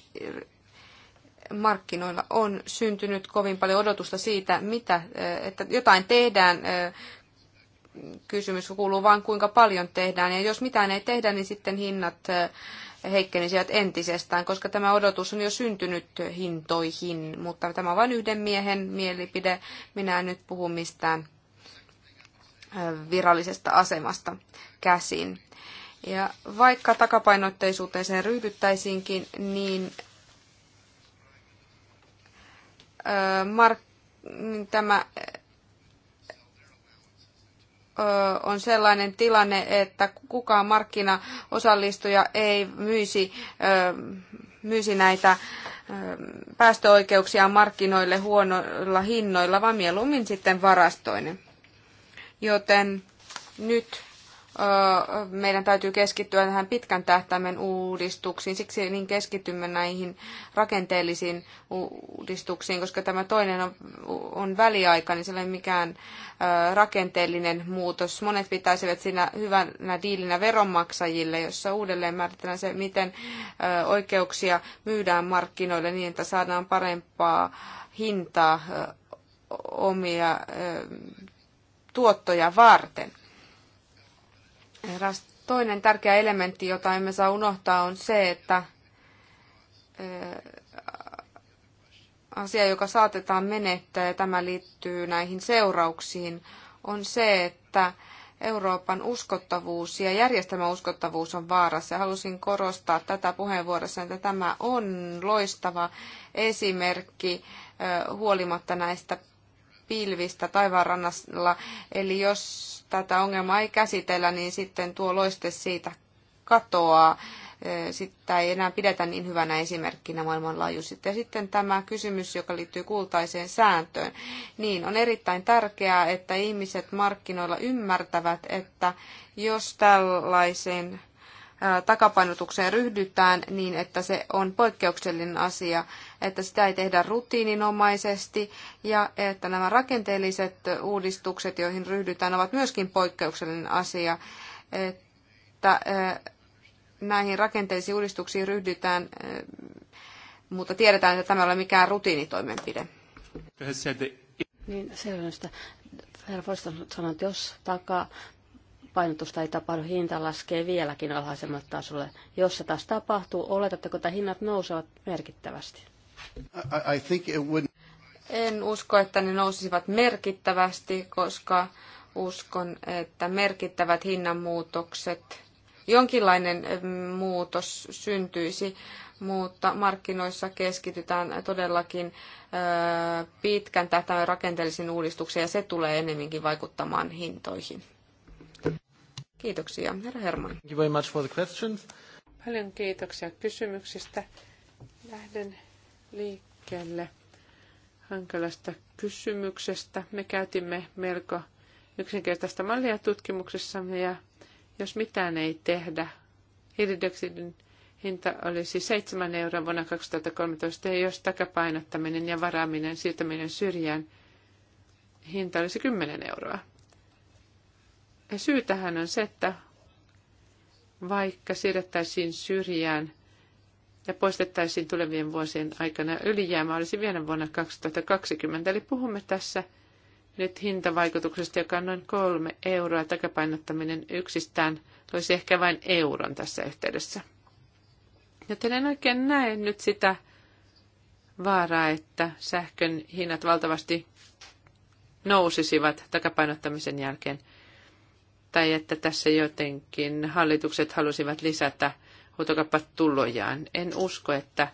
markkinoilla on syntynyt kovin paljon odotusta siitä, mitä, että jotain tehdään. Kysymys kuuluu vain, kuinka paljon tehdään. Ja jos mitään ei tehdä, niin sitten hinnat heikkenisivät entisestään, koska tämä odotus on jo syntynyt hintoihin. Mutta tämä on vain yhden miehen mielipide. Minä en nyt puhu mistään virallisesta asemasta käsin. Ja vaikka takapainotteisuuteen ryhdyttäisiinkin, niin mark, niin tämä on sellainen tilanne, että kukaan markkinaosallistuja ei myisi, myisi näitä päästöoikeuksia markkinoille huonoilla hinnoilla, vaan mieluummin sitten varastoinen. Joten nyt meidän täytyy keskittyä tähän pitkän tähtäimen uudistuksiin. Siksi niin keskitymme näihin rakenteellisiin uudistuksiin, koska tämä toinen on, on väliaika, niin se ei ole mikään rakenteellinen muutos. Monet pitäisivät siinä hyvänä diilinä veronmaksajille, jossa uudelleen määritellään se, miten oikeuksia myydään markkinoille niin, että saadaan parempaa hintaa omia tuottoja varten Eräs toinen tärkeä elementti, jota emme saa unohtaa, on se, että asia, joka saatetaan menettää, ja tämä liittyy näihin seurauksiin, on se, että Euroopan uskottavuus ja järjestelmän uskottavuus on vaarassa. Halusin korostaa tätä puheenvuorossa, että tämä on loistava esimerkki huolimatta näistä pilvistä taivaanrannalla. Eli jos tätä ongelmaa ei käsitellä, niin sitten tuo loiste siitä katoaa. Sitä ei enää pidetä niin hyvänä esimerkkinä maailmanlaajuisesti. Ja sitten tämä kysymys, joka liittyy kultaiseen sääntöön. Niin, on erittäin tärkeää, että ihmiset markkinoilla ymmärtävät, että jos tällaisen takapainotukseen ryhdytään niin, että se on poikkeuksellinen asia, että sitä ei tehdä rutiininomaisesti ja että nämä rakenteelliset uudistukset, joihin ryhdytään, ovat myöskin poikkeuksellinen asia, että näihin rakenteellisiin uudistuksiin ryhdytään, mutta tiedetään, että tämä ei ole mikään rutiinitoimenpide. Niin, selvennystä. Herra Forstan sanoi, että jos takaa painotusta ei tapahdu, hinta laskee vieläkin alhaisemmalle tasolle. Jos se taas tapahtuu, oletatteko, että hinnat nousevat merkittävästi? I, I think it would... En usko, että ne nousisivat merkittävästi, koska uskon, että merkittävät hinnanmuutokset, jonkinlainen eh, muutos syntyisi, mutta markkinoissa keskitytään todellakin eh, pitkän tähtäimen rakenteellisiin uudistuksiin ja se tulee enemminkin vaikuttamaan hintoihin. Kiitoksia, herra Herman. Thank you very much for the questions. Paljon kiitoksia kysymyksistä. Lähden liikkeelle hankalasta kysymyksestä. Me käytimme melko yksinkertaista mallia tutkimuksessamme ja jos mitään ei tehdä, hiilidioksidin hinta olisi 7 euroa vuonna 2013 ja jos takapainottaminen ja varaaminen siirtäminen syrjään hinta olisi 10 euroa. Syy tähän on se, että vaikka siirrettäisiin syrjään ja poistettaisiin tulevien vuosien aikana ylijäämä olisi vielä vuonna 2020. Eli puhumme tässä nyt hintavaikutuksesta, joka on noin kolme euroa. Takapainottaminen yksistään olisi ehkä vain euron tässä yhteydessä. Joten en oikein näe nyt sitä vaaraa, että sähkön hinnat valtavasti nousisivat takapainottamisen jälkeen tai että tässä jotenkin hallitukset halusivat lisätä huutokauppatulojaan. En usko, että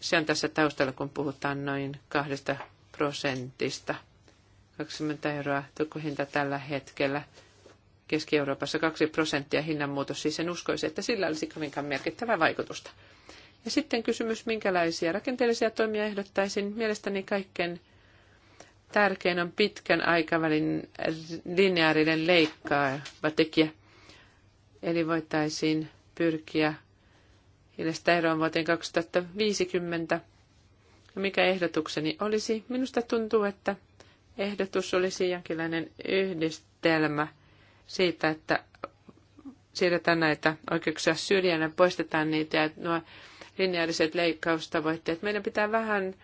se on tässä taustalla, kun puhutaan noin kahdesta prosentista. 20 euroa tukkuhinta tällä hetkellä. Keski-Euroopassa 2 prosenttia hinnanmuutos, siis en uskoisi, että sillä olisi kovinkaan merkittävää vaikutusta. Ja sitten kysymys, minkälaisia rakenteellisia toimia ehdottaisin. Mielestäni kaikkein tärkein on pitkän aikavälin lineaarinen leikkaava tekijä. Eli voitaisiin pyrkiä hiilestä eroon vuoteen 2050. Ja mikä ehdotukseni olisi? Minusta tuntuu, että ehdotus olisi jonkinlainen yhdistelmä siitä, että siirretään näitä oikeuksia syrjään ja poistetaan niitä ja nuo lineaariset leikkaustavoitteet. Meidän pitää vähän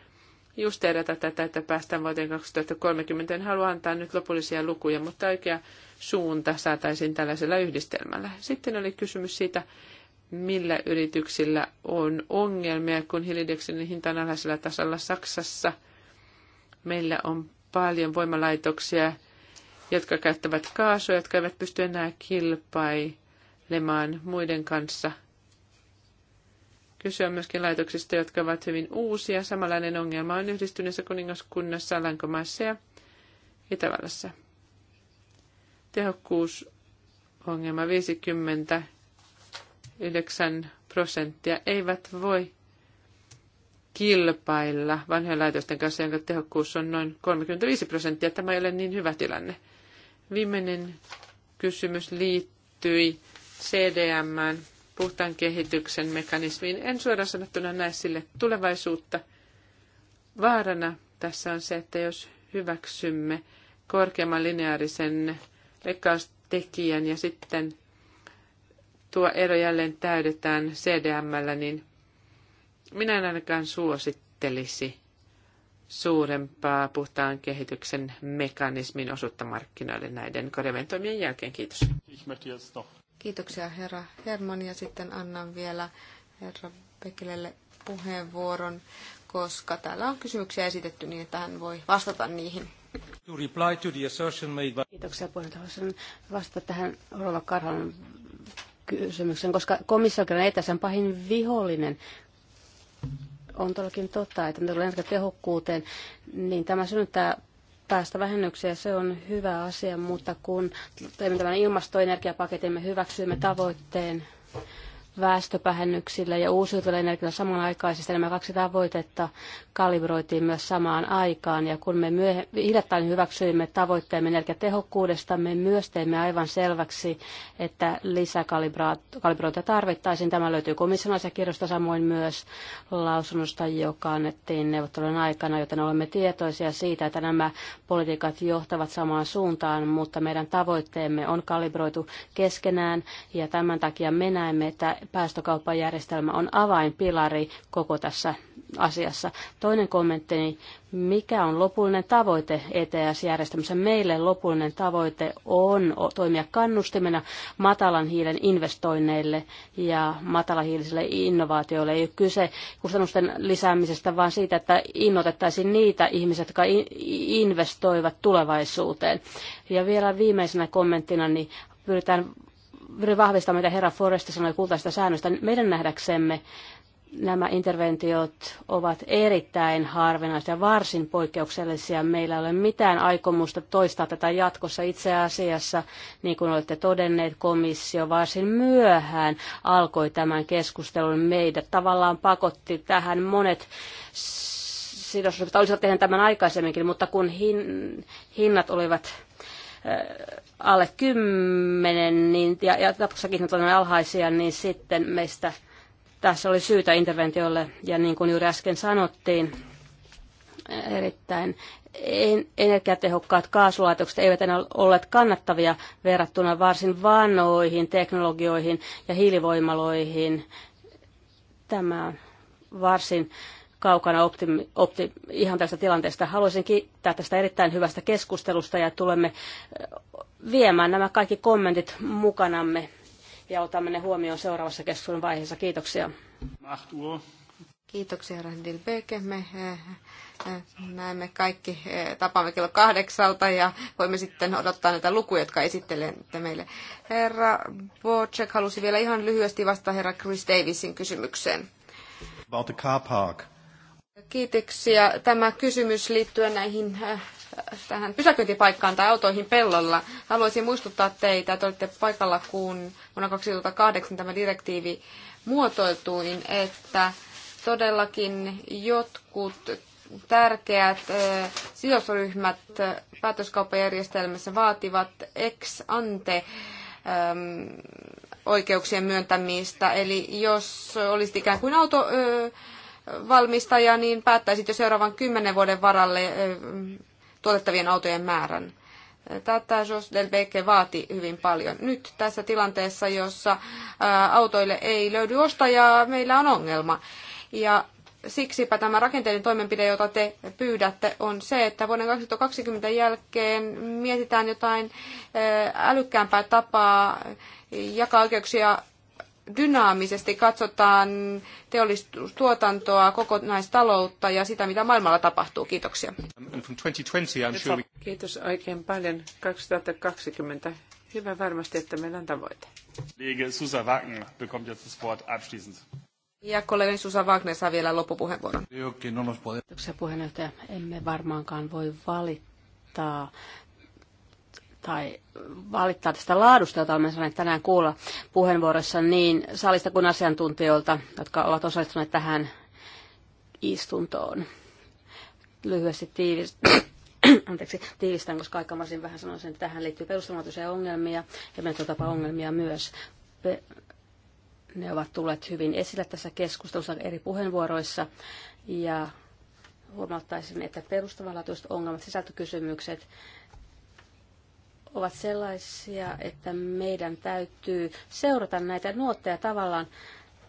justeerata tätä, että päästään vuoteen 2030. En halua antaa nyt lopullisia lukuja, mutta oikea suunta saataisiin tällaisella yhdistelmällä. Sitten oli kysymys siitä, millä yrityksillä on ongelmia, kun hiilidioksidin hinta on alhaisella tasolla Saksassa. Meillä on paljon voimalaitoksia, jotka käyttävät kaasua, jotka eivät pysty enää kilpailemaan muiden kanssa – on myöskin laitoksista, jotka ovat hyvin uusia. Samanlainen ongelma on yhdistyneessä kuningaskunnassa, Lankomaissa ja Itävallassa. Tehokkuusongelma 59 prosenttia eivät voi kilpailla vanhojen laitosten kanssa, jonka tehokkuus on noin 35 prosenttia. Tämä ei ole niin hyvä tilanne. Viimeinen kysymys liittyi CDMään puhtaan kehityksen mekanismiin. En suoraan sanottuna näe sille tulevaisuutta. Vaarana tässä on se, että jos hyväksymme korkeamman lineaarisen leikkaustekijän ja sitten tuo ero jälleen täydetään cdm niin minä en ainakaan suosittelisi suurempaa puhtaan kehityksen mekanismin osuutta markkinoille näiden korjavien jälkeen. Kiitos. Kiitoksia herra Herman ja sitten annan vielä herra Pekelelle puheenvuoron, koska täällä on kysymyksiä esitetty niin, että hän voi vastata niihin. To reply to the assertion made by... Kiitoksia puheenjohtaja. Haluaisin vastata tähän Rova Karhan kysymykseen, koska komissio on etäisen pahin vihollinen. On todellakin totta, että mitä tulee tehokkuuteen, niin tämä synnyttää päästövähennyksiä. Se on hyvä asia, mutta kun teemme tämän ilmastoenergiapaketin, me hyväksyimme tavoitteen väestöpähennyksillä ja uusiutuvilla energialla samanaikaisesti. Nämä kaksi tavoitetta kalibroitiin myös samaan aikaan ja kun me hiljattain hyväksyimme tavoitteemme energiatehokkuudesta, me myös teimme aivan selväksi, että lisäkalibrointia tarvittaisiin. Tämä löytyy komission asiakirjoista samoin myös lausunnosta, joka annettiin neuvottelujen aikana, joten olemme tietoisia siitä, että nämä politiikat johtavat samaan suuntaan, mutta meidän tavoitteemme on kalibroitu keskenään ja tämän takia me näemme, että päästökauppajärjestelmä on avainpilari koko tässä asiassa. Toinen kommenttini, mikä on lopullinen tavoite ETS-järjestelmässä? Meille lopullinen tavoite on toimia kannustimena matalan hiilen investoinneille ja matalahiilisille innovaatioille. Ei ole kyse kustannusten lisäämisestä, vaan siitä, että innotettaisiin niitä ihmisiä, jotka investoivat tulevaisuuteen. Ja vielä viimeisenä kommenttina, niin pyritään vahvistaa, mitä herra Forrest sanoi kultaista säännöstä. Meidän nähdäksemme nämä interventiot ovat erittäin harvinaisia ja varsin poikkeuksellisia. Meillä ei ole mitään aikomusta toistaa tätä jatkossa. Itse asiassa, niin kuin olette todenneet, komissio varsin myöhään alkoi tämän keskustelun. Meidät tavallaan pakotti tähän monet sidosryhmät olisivat tehneet tämän aikaisemminkin, mutta kun hin, hinnat olivat Äh, alle 10 niin, ja, ja tapauksessakin olemme alhaisia, niin sitten meistä tässä oli syytä interventiolle. Ja niin kuin juuri äsken sanottiin, äh, erittäin energiatehokkaat kaasulaitokset eivät enää olleet kannattavia verrattuna varsin vanhoihin teknologioihin ja hiilivoimaloihin. Tämä varsin kaukana optimi, opti, ihan tästä tilanteesta. Haluaisin kiittää tästä erittäin hyvästä keskustelusta ja tulemme viemään nämä kaikki kommentit mukanamme ja otamme ne huomioon seuraavassa keskustelun vaiheessa. Kiitoksia. Kiitoksia, Randil Beke. Me näemme kaikki, tapaamme kello kahdeksalta ja voimme sitten odottaa näitä lukuja, jotka esittelette meille. Herra Bocek halusi vielä ihan lyhyesti vastata herra Chris Davisin kysymykseen. About the car park. Kiitoksia. Tämä kysymys liittyen näihin äh, tähän pysäköintipaikkaan tai autoihin pellolla. Haluaisin muistuttaa teitä, että olitte paikalla, kun vuonna 2008 tämä direktiivi muotoiltuin, niin että todellakin jotkut tärkeät äh, sidosryhmät äh, päätöskauppajärjestelmässä vaativat ex ante ähm, oikeuksien myöntämistä. Eli jos olisit ikään kuin auto valmistaja niin päättäisit jo seuraavan kymmenen vuoden varalle tuotettavien autojen määrän. Tätä Jos Del Beke vaati hyvin paljon. Nyt tässä tilanteessa, jossa autoille ei löydy ostajaa, meillä on ongelma. Ja siksipä tämä rakenteellinen toimenpide, jota te pyydätte, on se, että vuoden 2020 jälkeen mietitään jotain älykkäämpää tapaa jakaa oikeuksia dynaamisesti katsotaan teollistuotantoa, kokonaistaloutta ja sitä, mitä maailmalla tapahtuu. Kiitoksia. Kiitos oikein paljon. 2020. Hyvä varmasti, että meillä on tavoite. Susa Wagner bekommt jetzt das Wort abschließend. Ja kollegani Susa Wagner saa vielä loppupuheenvuoron. Kiitoksia puheenjohtaja. Emme varmaankaan voi valittaa tai valittaa tästä laadusta, jota olemme saaneet tänään kuulla puheenvuorossa niin salista kuin asiantuntijoilta, jotka ovat osallistuneet tähän istuntoon. Lyhyesti tiivis... Anteeksi, tiivistän, koska aika varsin vähän sanoisin, että tähän liittyy perustamatuisia ongelmia ja tapa ongelmia myös. ne ovat tulleet hyvin esille tässä keskustelussa eri puheenvuoroissa ja huomauttaisin, että perustavanlaatuiset ongelmat, sisältökysymykset, ovat sellaisia, että meidän täytyy seurata näitä nuotteja tavallaan.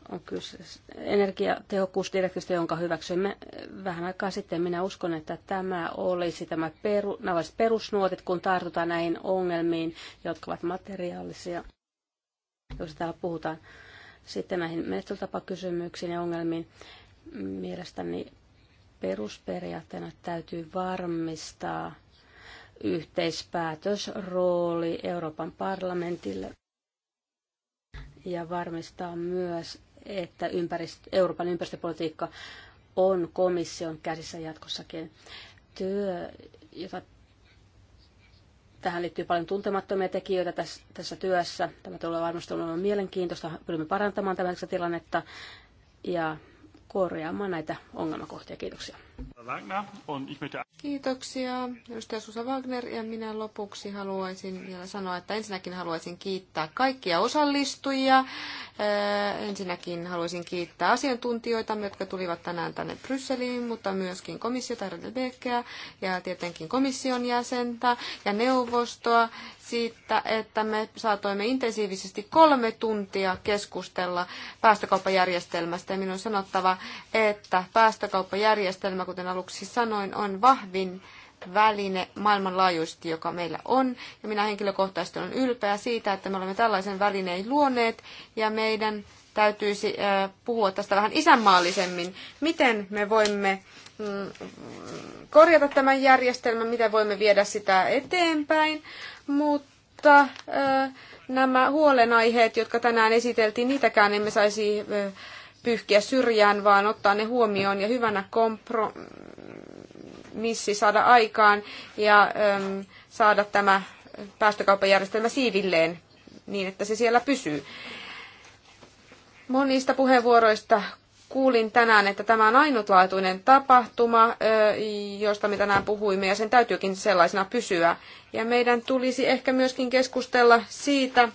On kyse energiatehokkuusdirektiivistä, jonka hyväksyimme vähän aikaa sitten. Minä uskon, että tämä olisi tämä peru, nämä olisi perusnuotit, kun tartutaan näihin ongelmiin, jotka ovat materiaalisia, jos täällä puhutaan. Sitten näihin menettelytapakysymyksiin ja ongelmiin mielestäni perusperiaatteena täytyy varmistaa yhteispäätösrooli Euroopan parlamentille ja varmistaa myös, että ympäristö, Euroopan ympäristöpolitiikka on komission käsissä jatkossakin. Työ, jota tähän liittyy paljon tuntemattomia tekijöitä tässä, tässä työssä. Tämä tulee varmasti olemaan mielenkiintoista. Pyrimme parantamaan tämän tilannetta ja korjaamaan näitä ongelmakohtia. Kiitoksia. Kiitoksia, edustaja Susa Wagner. Ja minä lopuksi haluaisin vielä sanoa, että ensinnäkin haluaisin kiittää kaikkia osallistujia. Äh, ensinnäkin haluaisin kiittää asiantuntijoita, jotka tulivat tänään tänne Brysseliin, mutta myöskin komissiota ja tietenkin komission jäsentä ja neuvostoa siitä, että me saatoimme intensiivisesti kolme tuntia keskustella päästökauppajärjestelmästä. Ja minun on sanottava, että päästökauppajärjestelmä, kuten aluksi sanoin, on vahvin väline maailmanlaajuisesti, joka meillä on. Ja minä henkilökohtaisesti olen ylpeä siitä, että me olemme tällaisen välineen luoneet ja meidän täytyisi äh, puhua tästä vähän isänmaallisemmin. Miten me voimme mm, korjata tämän järjestelmän, miten voimme viedä sitä eteenpäin, mutta äh, nämä huolenaiheet, jotka tänään esiteltiin, niitäkään emme saisi äh, pyyhkiä syrjään, vaan ottaa ne huomioon ja hyvänä kompromissi saada aikaan ja ähm, saada tämä päästökauppajärjestelmä siivilleen niin, että se siellä pysyy. Monista puheenvuoroista kuulin tänään, että tämä on ainutlaatuinen tapahtuma, josta me tänään puhuimme, ja sen täytyykin sellaisena pysyä. Ja meidän tulisi ehkä myöskin keskustella siitä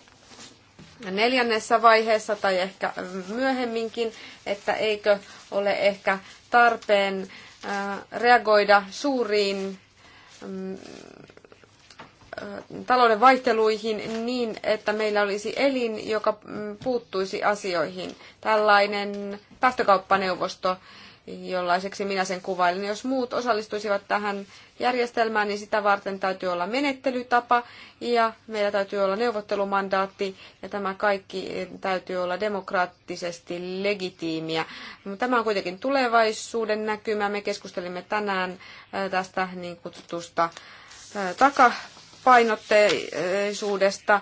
neljännessä vaiheessa tai ehkä myöhemminkin, että eikö ole ehkä tarpeen reagoida suuriin mm, talouden vaihteluihin niin, että meillä olisi elin, joka mm, puuttuisi asioihin. Tällainen päästökauppaneuvosto, jollaiseksi minä sen kuvailin. Jos muut osallistuisivat tähän järjestelmään, niin sitä varten täytyy olla menettelytapa ja meillä täytyy olla neuvottelumandaatti ja tämä kaikki täytyy olla demokraattisesti legitiimiä. Tämä on kuitenkin tulevaisuuden näkymä. Me keskustelimme tänään tästä niin kutsutusta taka painotteisuudesta,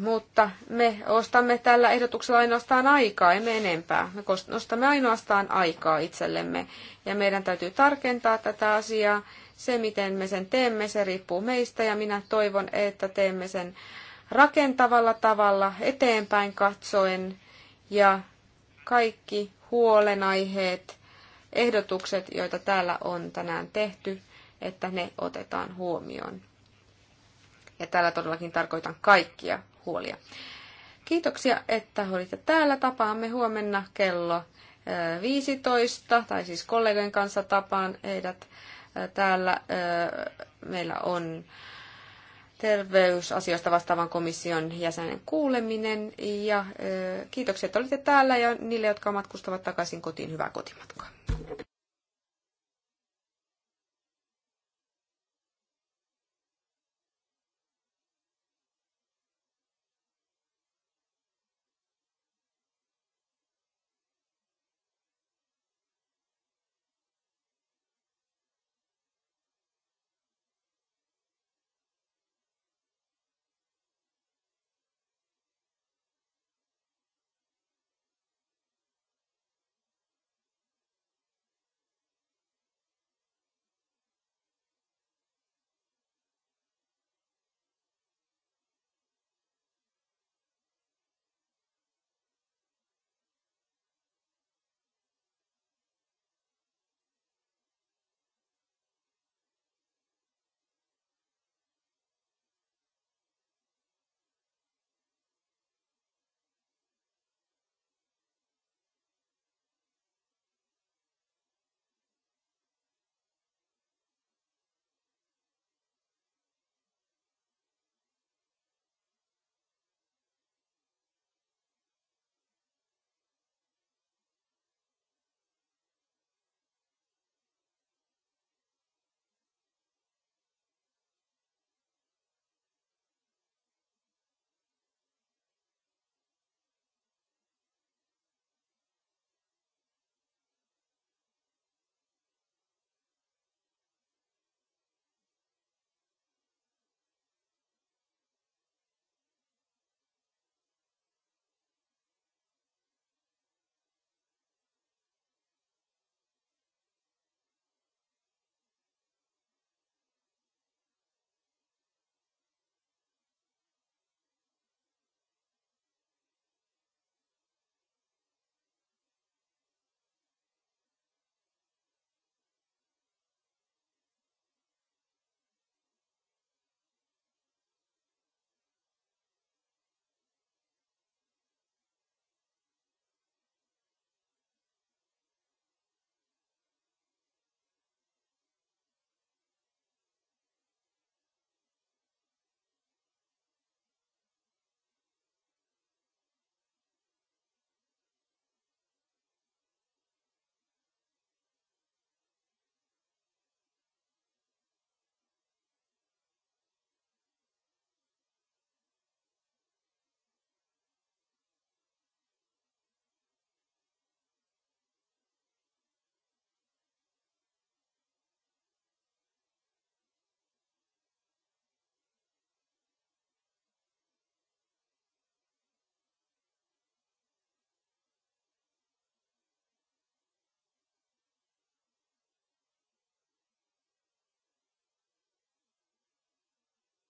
mutta me ostamme tällä ehdotuksella ainoastaan aikaa, emme enempää. Me ostamme ainoastaan aikaa itsellemme ja meidän täytyy tarkentaa tätä asiaa. Se, miten me sen teemme, se riippuu meistä ja minä toivon, että teemme sen rakentavalla tavalla eteenpäin katsoen ja kaikki huolenaiheet, ehdotukset, joita täällä on tänään tehty, että ne otetaan huomioon. Ja täällä todellakin tarkoitan kaikkia huolia. Kiitoksia, että olitte täällä. Tapaamme huomenna kello 15, eh, tai siis kollegojen kanssa tapaan heidät eh, täällä. Eh, meillä on terveysasioista vastaavan komission jäsenen kuuleminen. Ja kiitoksia, että olitte täällä ja niille, jotka matkustavat takaisin kotiin, hyvää kotimatkaa.